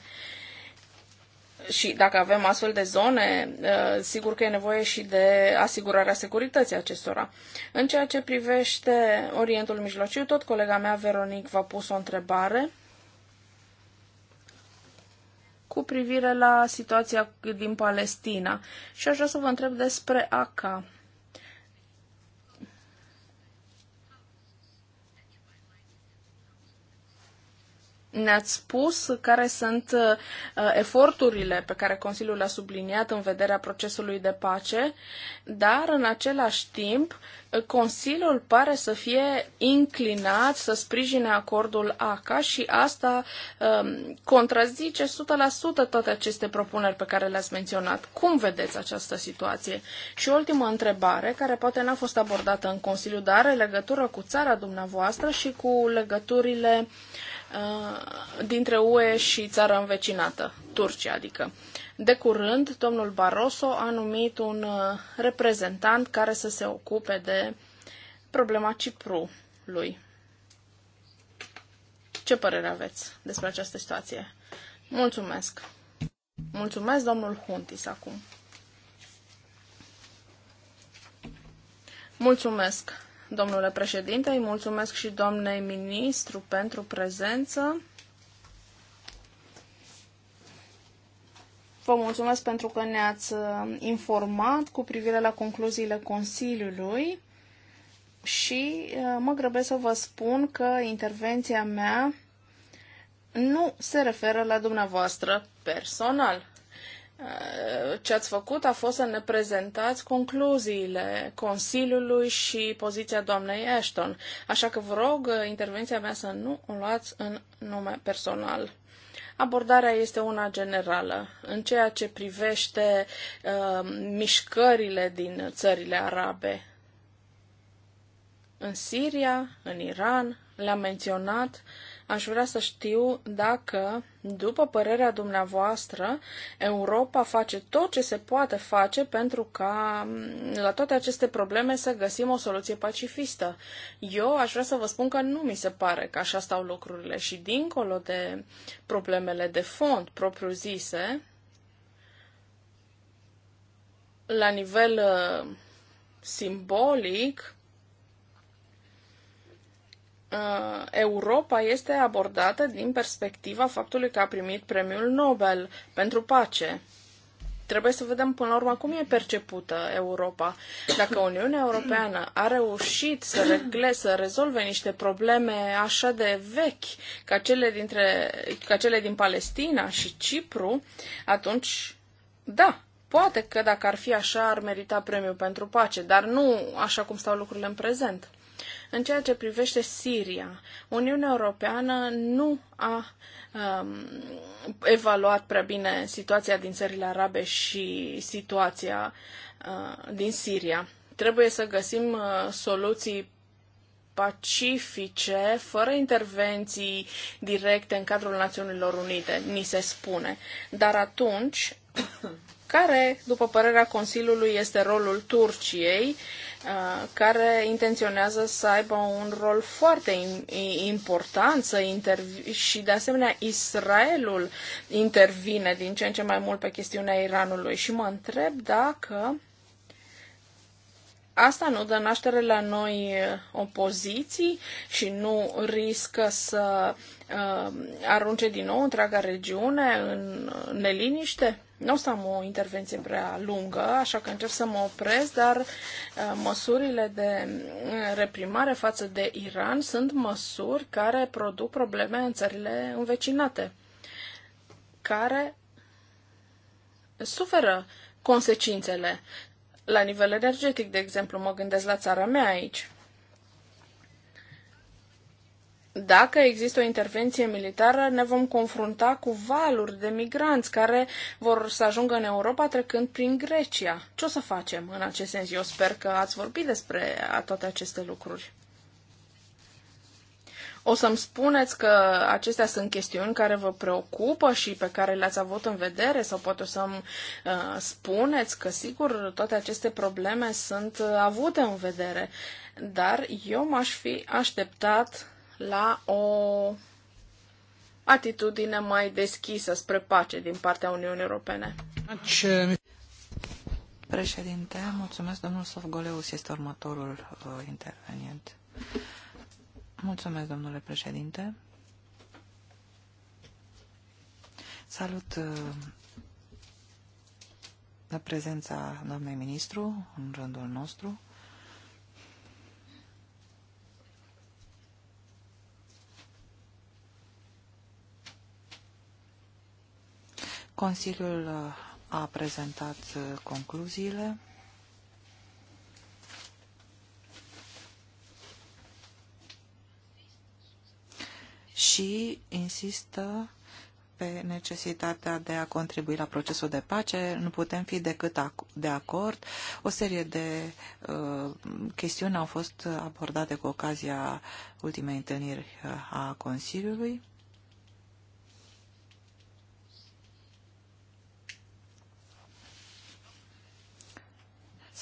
Și dacă avem astfel de zone, uh, sigur că e nevoie și de asigurarea securității acestora. În ceea ce privește Orientul Mijlociu, tot colega mea, Veronic, v-a pus o întrebare cu privire la situația din Palestina. Și aș vrea să vă întreb despre ACA. ne-ați spus care sunt uh, eforturile pe care Consiliul le-a subliniat în vederea procesului de pace, dar în același timp Consiliul pare să fie inclinat să sprijine acordul ACA și asta um, contrazice 100% toate aceste propuneri pe care le-ați menționat. Cum vedeți această situație? Și ultima întrebare, care poate n-a fost abordată în Consiliu, dar are legătură cu țara dumneavoastră și cu legăturile uh, Uh, dintre UE și țara învecinată, Turcia adică. De curând, domnul Barroso a numit un uh, reprezentant care să se ocupe de problema Ciprului. Ce părere aveți despre această situație? Mulțumesc! Mulțumesc, domnul Huntis, acum. Mulțumesc! domnule președinte, îi mulțumesc și doamnei ministru pentru prezență. Vă mulțumesc pentru că ne-ați uh, informat cu privire la concluziile Consiliului și uh, mă grăbesc să vă spun că intervenția mea nu se referă la dumneavoastră personal. Eh, ce ați făcut a fost să ne prezentați concluziile Consiliului și poziția doamnei Ashton. Așa că vă rog eh, intervenția mea să nu o luați în nume personal. Abordarea este una generală. În ceea ce privește uh, mișcările din țările arabe, în Siria, în Iran, le-am menționat, uh, Aș vrea să știu dacă, după părerea dumneavoastră, Europa face tot ce se poate face pentru ca mm, la toate aceste probleme să găsim o soluție pacifistă. Eu aș vrea să vă spun că nu mi se pare că așa stau lucrurile și dincolo de problemele de fond propriu-zise, la nivel uh, simbolic, Uh, Europa este abordată din perspectiva faptului că a primit premiul Nobel pentru pace. Trebuie să vedem până la urmă cum e percepută Europa. Dacă Uniunea Europeană a reușit să, regle, să rezolve niște probleme așa de vechi ca cele, dintre, ca cele din Palestina și Cipru, atunci, da, poate că dacă ar fi așa ar merita premiul pentru pace, dar nu așa cum stau lucrurile în prezent. În ceea ce privește Siria, Uniunea Europeană nu a um, evaluat prea bine situația din țările arabe și situația uh, din Siria. Trebuie să găsim uh, soluții pacifice, fără intervenții directe în cadrul Națiunilor Unite, ni se spune. Dar atunci, care, după părerea Consiliului, este rolul Turciei Uh, care intenționează să aibă un rol foarte important să intervi- și, de asemenea, Israelul intervine din ce în ce mai mult pe chestiunea Iranului și mă întreb dacă asta nu dă naștere la noi uh, opoziții și nu riscă să uh, arunce din nou întreaga regiune în neliniște? Nu o să am o intervenție prea lungă, așa că încerc să mă opresc, dar uh, măsurile de uh, reprimare față de Iran sunt măsuri care produc probleme în țările învecinate, care suferă consecințele. La nivel energetic, de exemplu, mă gândesc la țara mea aici. Dacă există o intervenție militară, ne vom confrunta cu valuri de migranți care vor să ajungă în Europa trecând prin Grecia. Ce o să facem în acest sens? Eu sper că ați vorbit despre toate aceste lucruri. O să-mi spuneți că acestea sunt chestiuni care vă preocupă și pe care le-ați avut în vedere sau poate o să-mi uh, spuneți că, sigur, toate aceste probleme sunt uh, avute în vedere, dar eu m-aș fi așteptat la o atitudine mai deschisă spre pace din partea Uniunii Europene. Președinte, mulțumesc. Domnul Sofgoleus este următorul uh, intervenient. Mulțumesc, domnule președinte. Salut uh, prezența doamnei ministru în rândul nostru. Consiliul uh, a prezentat uh, concluziile. și insistă pe necesitatea de a contribui la procesul de pace. Nu putem fi decât de acord. O serie de uh, chestiuni au fost abordate cu ocazia ultimei întâlniri uh, a Consiliului.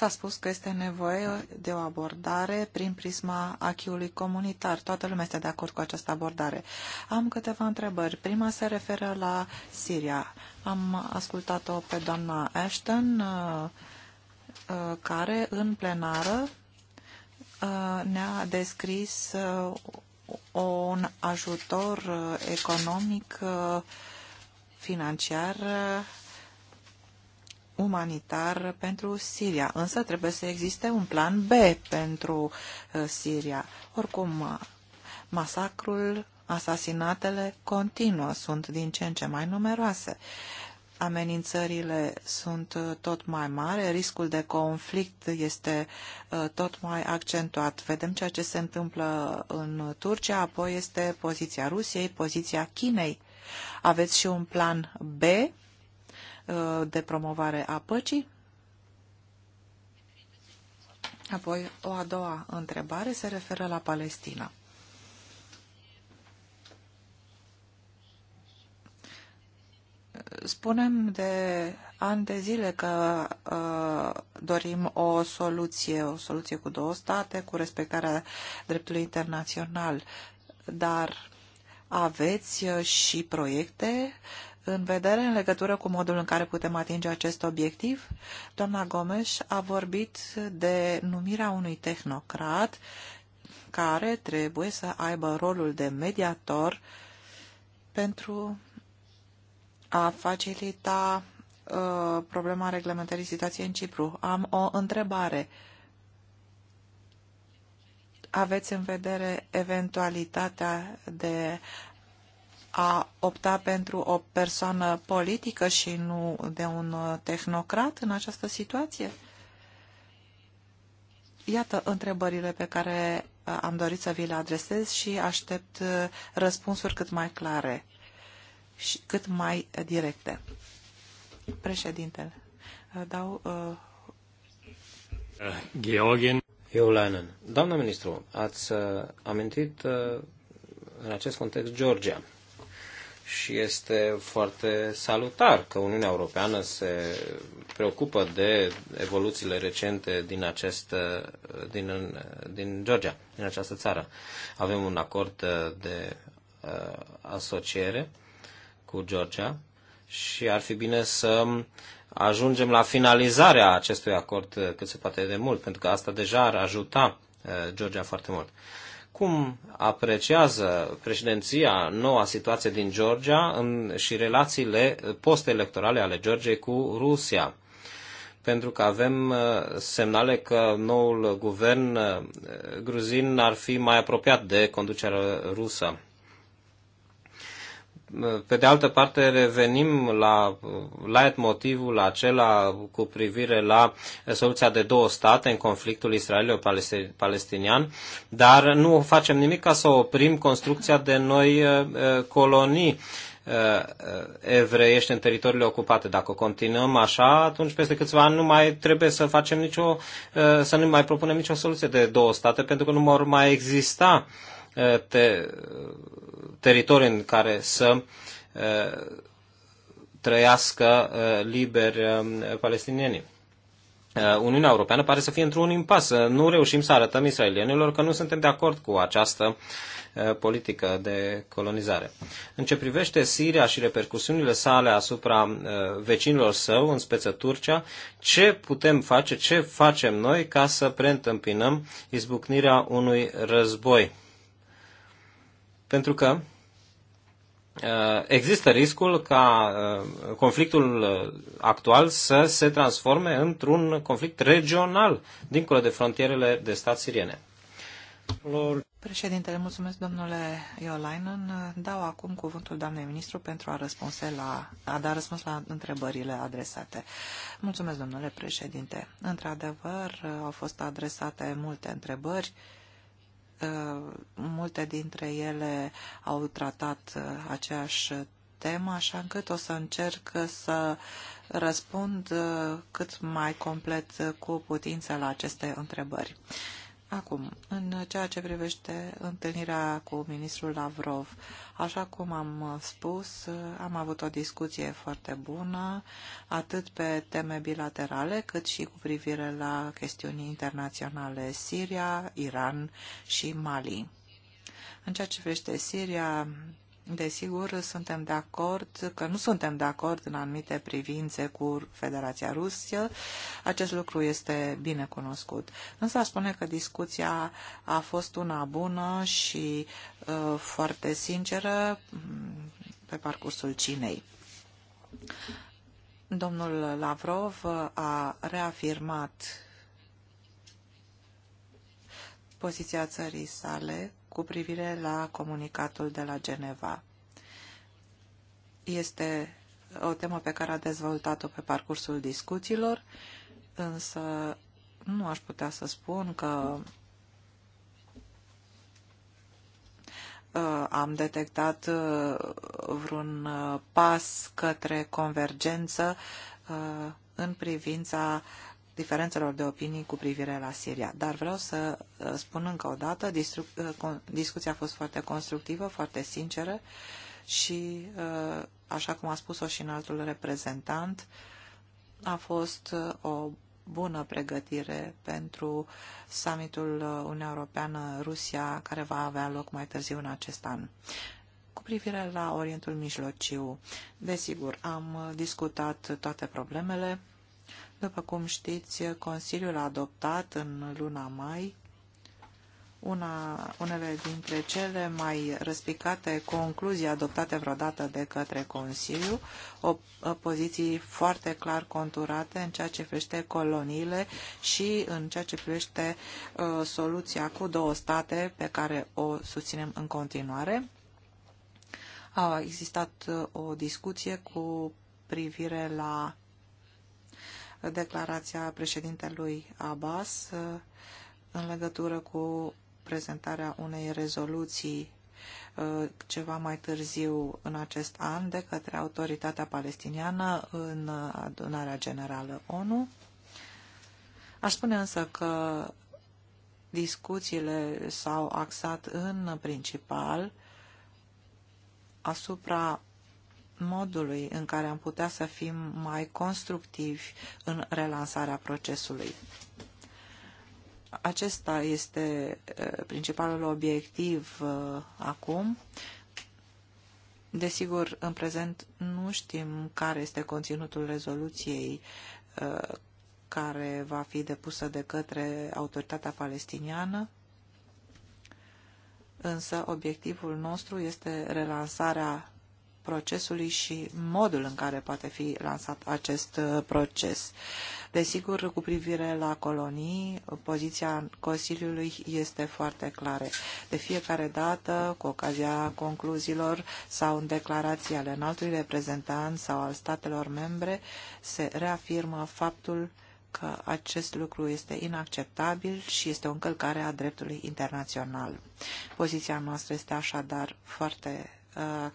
S-a spus că este nevoie de o abordare prin prisma achiului comunitar. Toată lumea este de acord cu această abordare. Am câteva întrebări. Prima se referă la Siria. Am ascultat-o pe doamna Ashton, uh, uh, care în plenară uh, ne-a descris un ajutor economic financiar umanitar pentru Siria, însă trebuie să existe un plan B pentru uh, Siria. Oricum, uh, masacrul, asasinatele continuă, sunt din ce în ce mai numeroase. Amenințările sunt uh, tot mai mari, riscul de conflict este tot mai accentuat. Vedem ceea ce se întâmplă în Turcia, apoi este poziția Rusiei, poziția Chinei. Aveți și un plan B Uh, de promovare a păcii. Apoi, o a doua întrebare se referă la Palestina. Spunem de ani de zile că uh, dorim o soluție, o soluție cu două state, cu respectarea dreptului internațional, dar aveți uh, și proiecte uh, în vedere în legătură cu modul în care putem atinge acest obiectiv. Doamna Gomes a vorbit de numirea unui tehnocrat care trebuie să aibă rolul de mediator pentru a facilita uh, problema reglementării situației în Cipru. Am o întrebare. Aveți în vedere eventualitatea de a opta pentru o persoană politică și nu de un uh, tehnocrat în această situație? Iată întrebările pe care uh, am dorit să vi le adresez și aștept uh, răspunsuri cât mai clare și cât mai directe. Președintele, dau... Uh... Georgin. Iulainen. Doamna ministru, ați amintit în acest context Georgia și este foarte salutar că Uniunea Europeană se preocupă de evoluțiile recente din, acest, din, din Georgia, din această țară. Avem un acord de uh, asociere cu Georgia și ar fi bine să ajungem la finalizarea acestui acord cât se poate de mult, pentru că asta deja ar ajuta uh, Georgia foarte mult. Cum apreciază președinția noua situație din Georgia în, și relațiile postelectorale ale Georgiei cu Rusia? Pentru că avem uh, semnale că noul guvern uh, gruzin ar fi mai apropiat de conducerea rusă pe de altă parte, revenim la light motivul acela cu privire la soluția de două state în conflictul israelio-palestinian, dar nu facem nimic ca să oprim construcția de noi uh, colonii uh, evreiești în teritoriile ocupate. Dacă continuăm așa, atunci peste câțiva ani nu mai trebuie să facem nicio, uh, să nu mai propunem nicio soluție de două state, pentru că nu vor mai exista uh, te, teritoriu în care să trăiască liberi palestinienii. Uniunea Europeană pare să fie într-un impas. Nu reușim să arătăm israelienilor că nu suntem de acord cu această politică de colonizare. În ce privește Siria și repercusiunile sale asupra vecinilor său, în speță Turcia, ce putem face, ce facem noi ca să preîntâmpinăm izbucnirea unui război? Pentru că uh, există riscul ca uh, conflictul uh, actual să se transforme într-un conflict regional, dincolo de frontierele de stat siriene. Lord. Președintele, mulțumesc domnule Iolainen. Dau acum cuvântul doamnei ministru pentru a, răspunse la, a da răspuns la întrebările adresate. Mulțumesc, domnule președinte. Într-adevăr, au fost adresate multe întrebări multe dintre ele au tratat uh, aceeași temă, așa încât o să încerc să răspund uh, cât mai complet uh, cu putință la aceste întrebări. Acum, în ceea ce privește întâlnirea cu ministrul Lavrov, așa cum am spus, am avut o discuție foarte bună, atât pe teme bilaterale, cât și cu privire la chestiuni internaționale Siria, Iran și Mali. În ceea ce privește Siria, Desigur, suntem de acord că nu suntem de acord în anumite privințe cu Federația Rusă. Acest lucru este bine cunoscut. Însă aș spune că discuția a fost una bună și uh, foarte sinceră mm, pe parcursul cinei. Domnul Lavrov a reafirmat poziția țării sale cu privire la comunicatul de la Geneva. Este o temă pe care a dezvoltat-o pe parcursul discuțiilor, însă nu aș putea să spun că uh, am detectat uh, vreun uh, pas către convergență în privința uh, diferențelor de opinii cu privire la Siria. Dar vreau să uh, spun încă o dată, uh, discuția a fost foarte constructivă, foarte sinceră și, uh, așa cum a spus-o și în altul reprezentant, a fost o bună pregătire pentru summitul Uniunea Europeană-Rusia care va avea loc mai târziu în acest an. Cu privire la Orientul Mijlociu, desigur, am discutat toate problemele, după cum știți, Consiliul a adoptat în luna mai una, unele dintre cele mai răspicate concluzii adoptate vreodată de către Consiliu, o, o poziții foarte clar conturate în ceea ce privește coloniile și în ceea ce privește uh, soluția cu două state pe care o susținem în continuare. A existat uh, o discuție cu privire la declarația președintelui Abbas uh, în legătură cu prezentarea unei rezoluții uh, ceva mai târziu în acest an de către autoritatea palestiniană în adunarea generală ONU. Aș spune însă că discuțiile s-au axat în principal asupra modului în care am putea să fim mai constructivi în relansarea procesului. Acesta este principalul obiectiv acum. Desigur, în prezent nu știm care este conținutul rezoluției care va fi depusă de către autoritatea palestiniană, însă obiectivul nostru este relansarea procesului și modul în care poate fi lansat acest uh, proces. Desigur, cu privire la colonii, poziția Consiliului este foarte clară. De fiecare dată, cu ocazia concluziilor sau în declarații ale înaltului reprezentant sau al statelor membre, se reafirmă faptul că acest lucru este inacceptabil și este o încălcare a dreptului internațional. Poziția noastră este așadar foarte Uh,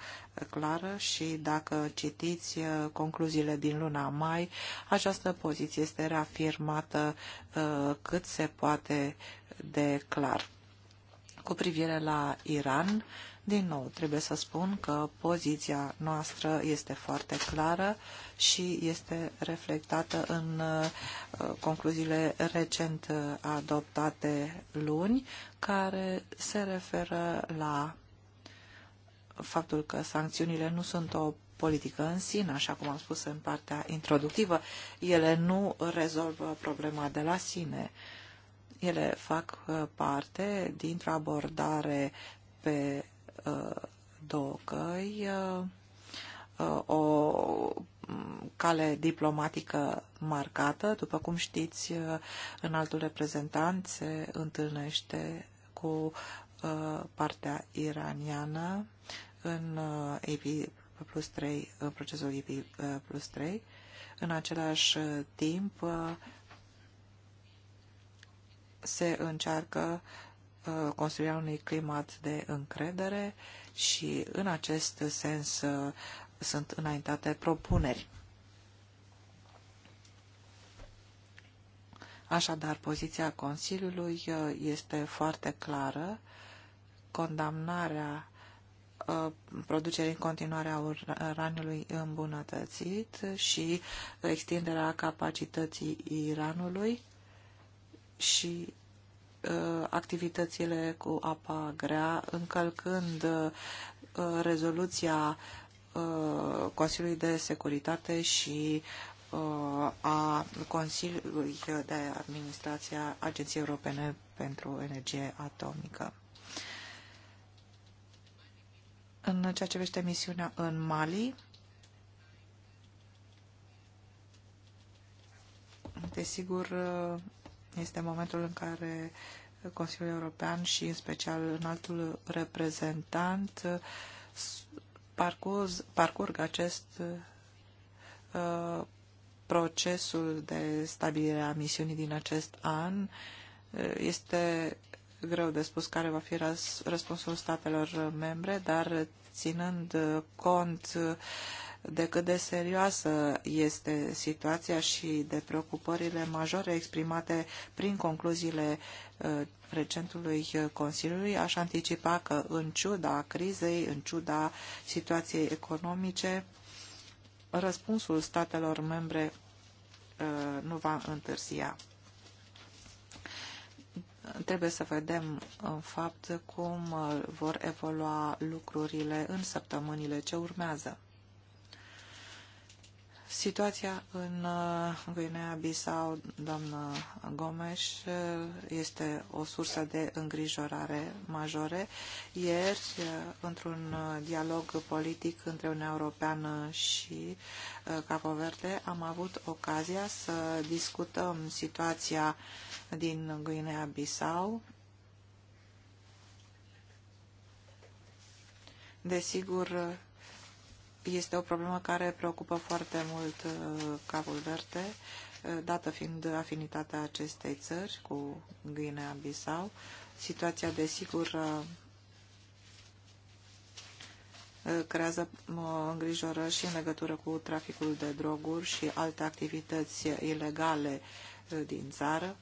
clară și dacă citiți uh, concluziile din luna mai, această poziție este reafirmată uh, cât se poate de clar. Cu privire la Iran, din nou, trebuie să spun că poziția noastră este foarte clară și este reflectată în concluziile recent adoptate luni, care se referă la faptul că sancțiunile nu sunt o politică în sine, așa cum am spus în partea introductivă, ele nu rezolvă problema de la sine. Ele fac uh, parte dintr-o abordare pe uh, două căi, uh, o mm, cale diplomatică marcată. După cum știți, în altul reprezentant se întâlnește cu partea iraniană în uh, AP plus 3, în uh, procesul AP uh, plus 3. În același timp se încearcă construirea unui climat de încredere și în acest sens sunt înaintate propuneri. Așadar, poziția Consiliului este foarte clară condamnarea uh, producerii în continuare a uraniului îmbunătățit și extinderea capacității Iranului și uh, activitățile cu apa grea, încălcând uh, rezoluția Consiliului de Securitate și a Consiliului de Administrație a Agenției Europene pentru Energie Atomică în ceea ce vește misiunea în Mali. Desigur, este momentul în care Consiliul European și în special înaltul reprezentant parcurg, parcurg acest uh, procesul de stabilire a misiunii din acest an. Este greu de spus care va fi răspunsul statelor membre, dar ținând cont de cât de serioasă este situația și de preocupările majore exprimate prin concluziile uh, recentului Consiliului, aș anticipa că în ciuda crizei, în ciuda situației economice, răspunsul statelor membre uh, nu va întârzia. Trebuie să vedem, în fapt, cum uh, vor evolua lucrurile în săptămânile ce urmează. Situația în uh, Guinea-Bissau, doamnă Gomes, uh, este o sursă de îngrijorare majore. Ieri, într-un dialog politic între Uniunea Europeană și Capoverde, am avut ocazia să discutăm situația din Guinea-Bissau. Desigur, este o problemă care preocupă foarte mult uh, Capul Verde, uh, dată fiind afinitatea acestei țări cu Guinea-Bissau. Situația, desigur, uh, creează îngrijoră și în legătură cu traficul de droguri și alte activități ilegale din țară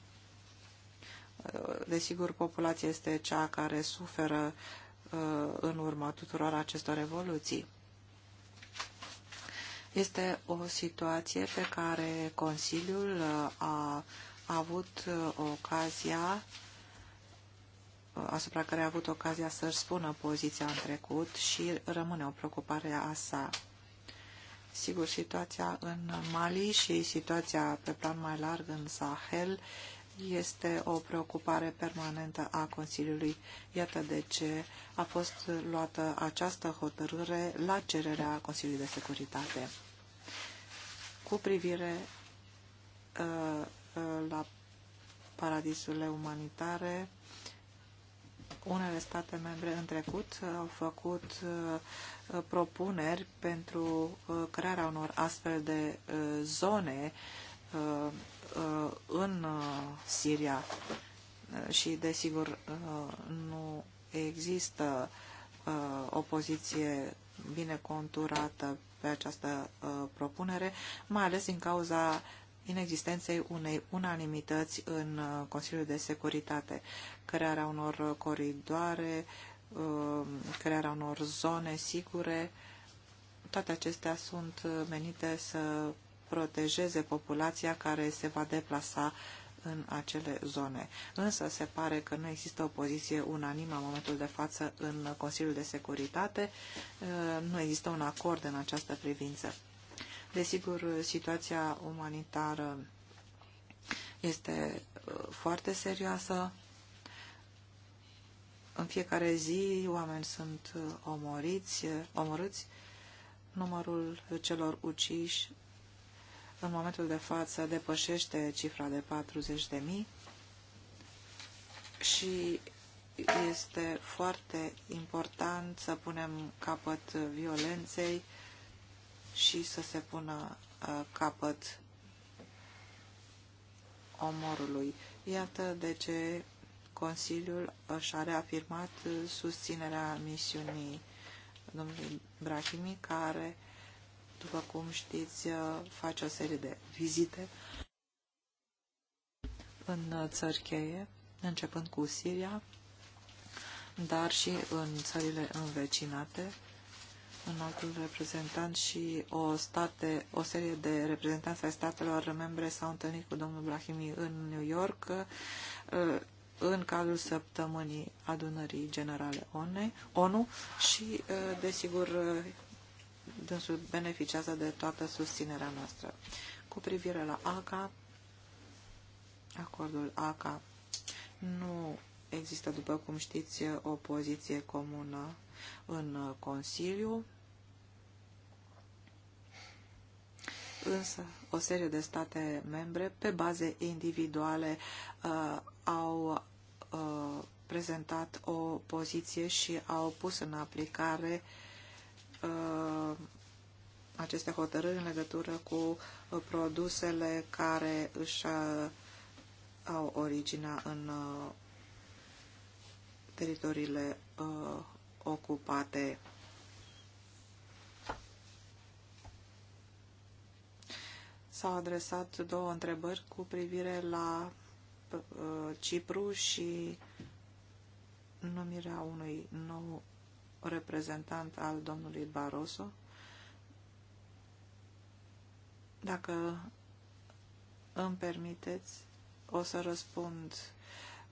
desigur, populația este cea care suferă uh, în urma tuturor acestor evoluții. Este o situație pe care Consiliul uh, a avut uh, ocazia asupra care a avut ocazia să-și spună poziția în trecut și rămâne o preocupare a sa. Sigur, situația în Mali și situația pe plan mai larg în Sahel este o preocupare permanentă a Consiliului. Iată de ce a fost luată această hotărâre la cererea Consiliului de Securitate. Cu privire uh, uh la paradisurile umanitare, unele state membre în trecut au făcut uh, uh propuneri pentru uh, crearea unor astfel de uh, zone Uh, în uh, Siria uh, și, desigur, nu există o poziție bine conturată pe această propunere, mai ales din cauza inexistenței unei unanimități în Consiliul de Securitate, crearea unor coridoare, crearea unor zone sigure, toate acestea sunt menite să protejeze populația care se va deplasa în acele zone. Însă se pare că nu există o poziție unanimă în momentul de față în Consiliul de Securitate. Uh, nu există un acord în această privință. Desigur, situația umanitară este uh, foarte serioasă. În fiecare zi oameni sunt uh, omoriți, omorâți. Numărul celor uciși în momentul de față depășește cifra de 40.000 și este foarte important să punem capăt violenței și să se pună uh, capăt omorului. Iată de ce Consiliul și-a reafirmat susținerea misiunii domnului Brahimi, care după cum știți, uh, face o serie de vizite în uh, țări cheie, începând cu Siria, dar și în țările învecinate, un altul reprezentant și o, state, o serie de reprezentanți ai statelor membre s-au întâlnit cu domnul Brahimi în New York uh, în cadrul săptămânii adunării generale ONU și, desigur, dânsul beneficiază de toată susținerea noastră. Cu privire la ACA, acordul ACA nu există, după cum știți, o poziție comună în Consiliu, însă o serie de state membre, pe baze individuale, uh, au uh, prezentat o poziție și au pus în aplicare uh, Uh, aceste hotărâri în legătură cu uh, produsele care își uh, au originea în teritoriile ocupate. S-au adresat două întrebări cu privire la Cipru și numirea unui nou reprezentant al domnului Barroso, dacă îmi permiteți, o să răspund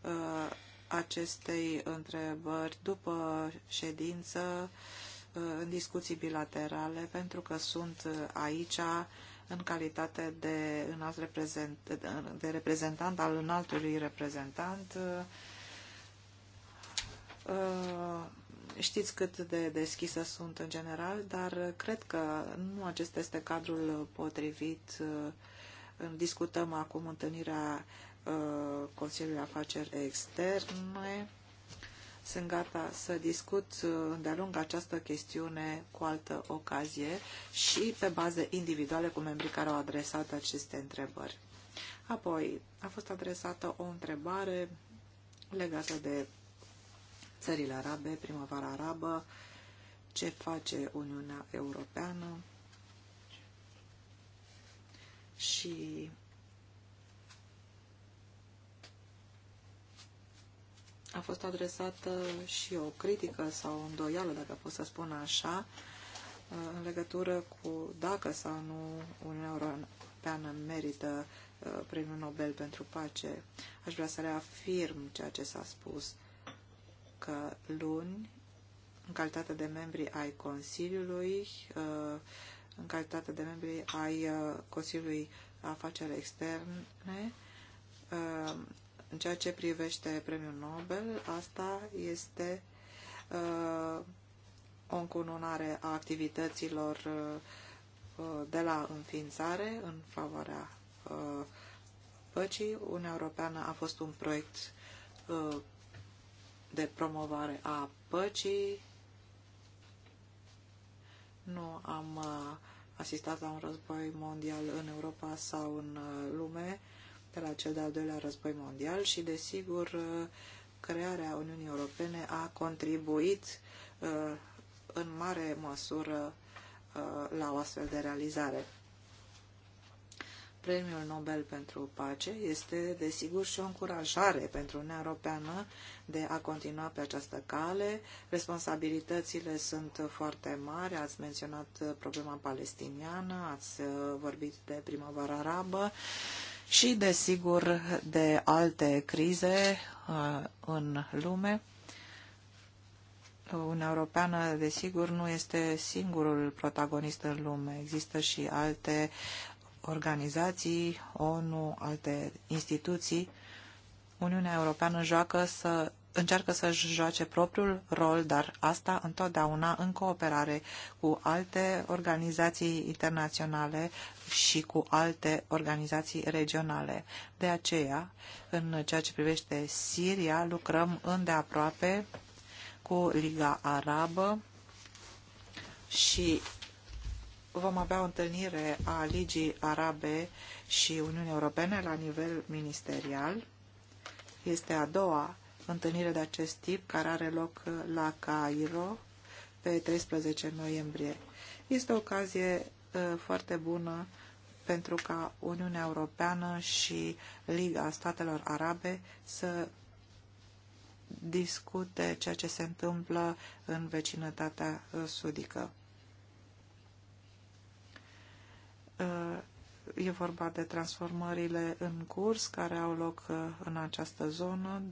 uh, acestei întrebări după ședință, uh, în discuții bilaterale, pentru că sunt aici în calitate de, înalt reprezent, de reprezentant al înaltului reprezentant. Uh, Știți cât de deschisă sunt în general, dar cred că nu acesta este cadrul potrivit. Uh, discutăm acum întâlnirea uh, Consiliului Afaceri Externe. Sunt gata să discut uh, de-a lung această chestiune cu altă ocazie și pe baze individuale cu membrii care au adresat aceste întrebări. Apoi, a fost adresată o întrebare legată de țările arabe, primăvara arabă, ce face Uniunea Europeană și a fost adresată și o critică sau o îndoială, dacă pot să spun așa, în legătură cu dacă sau nu Uniunea Europeană merită uh, premiul Nobel pentru pace. Aș vrea să reafirm ceea ce s-a spus că luni, în calitate de membri ai Consiliului, uh, în calitate de membri ai uh, Consiliului Afaceri Externe, uh, în ceea ce privește premiul Nobel, asta este o încununare a activităților de la înființare în favoarea păcii. Uniunea Europeană a fost un proiect de promovare a păcii. Nu am uh, asistat la un război mondial în Europa sau în uh, lume de la cel de-al doilea război mondial și, desigur, uh, crearea Uniunii Europene a contribuit în mare măsură la o astfel de realizare. Premiul Nobel pentru Pace este, desigur, și o încurajare pentru Uniunea Europeană de a continua pe această cale. Responsabilitățile sunt foarte mari. Ați menționat problema palestiniană, ați uh, vorbit de primăvara arabă și, desigur, de alte crize uh, în lume. Uniunea Europeană, desigur, nu este singurul protagonist în lume. Există și alte organizații, ONU, alte instituții, Uniunea Europeană joacă să, încearcă să-și joace propriul rol, dar asta întotdeauna în cooperare cu alte organizații internaționale și cu alte organizații regionale. De aceea, în ceea ce privește Siria, lucrăm îndeaproape cu Liga Arabă și vom avea o întâlnire a Ligii Arabe și Uniunii Europene la nivel ministerial. Este a doua întâlnire de acest tip care are loc la Cairo pe 13 noiembrie. Este o ocazie uh, foarte bună pentru ca Uniunea Europeană și Liga Statelor Arabe să discute ceea ce se întâmplă în vecinătatea uh, sudică. E vorba de transformările în curs care au loc uh, în această zonă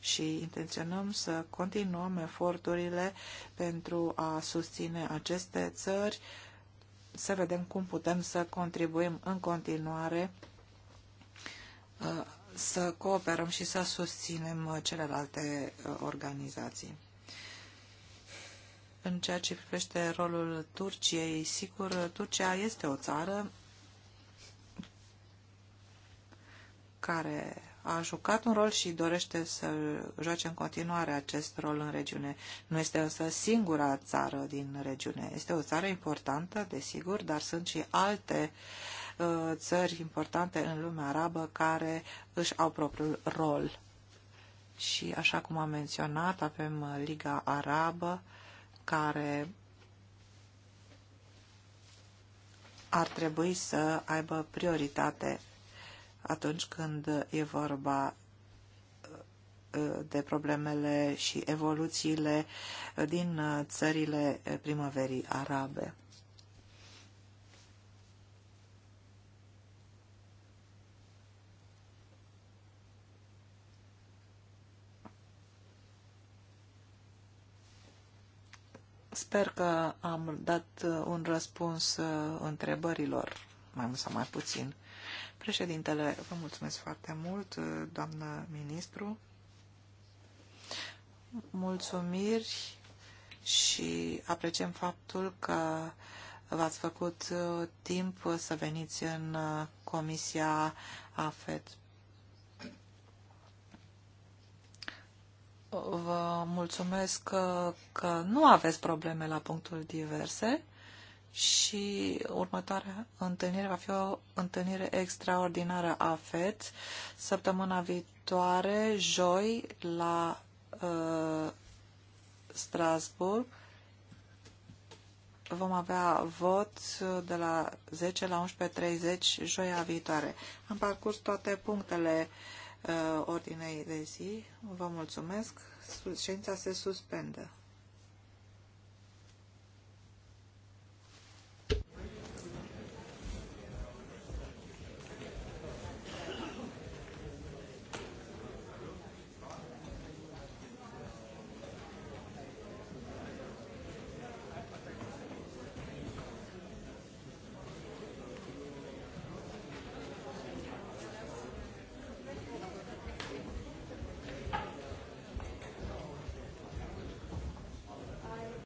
și intenționăm să continuăm eforturile pentru a susține aceste țări, să vedem cum putem să contribuim în continuare uh, să cooperăm și să susținem uh, celelalte organizații. În ceea ce privește rolul Turciei, sigur, Turcia este o țară care a jucat un rol și dorește să joace în continuare acest rol în regiune. Nu este însă singura țară din regiune. Este o țară importantă, desigur, dar sunt și alte uh, țări importante în lumea arabă care își au propriul rol. Și așa cum am menționat, avem Liga Arabă, care ar trebui să aibă prioritate atunci când e vorba uh, de problemele și evoluțiile din uh, țările primăverii arabe. Sper că am dat uh, un răspuns uh, întrebărilor, mai mult sau mai puțin. Președintele, vă mulțumesc foarte mult, uh, doamnă ministru. Mulțumiri și apreciem faptul că v-ați făcut timp să veniți în Comisia AFET Vă mulțumesc că, că nu aveți probleme la punctul diverse și următoarea întâlnire va fi o întâlnire extraordinară a FED săptămâna viitoare, joi, la uh, Strasburg. Vom avea vot de la 10 la 11.30 joia viitoare. Am parcurs toate punctele uh, Uh, ordinei de zi. Vă mulțumesc. Ședința se suspendă.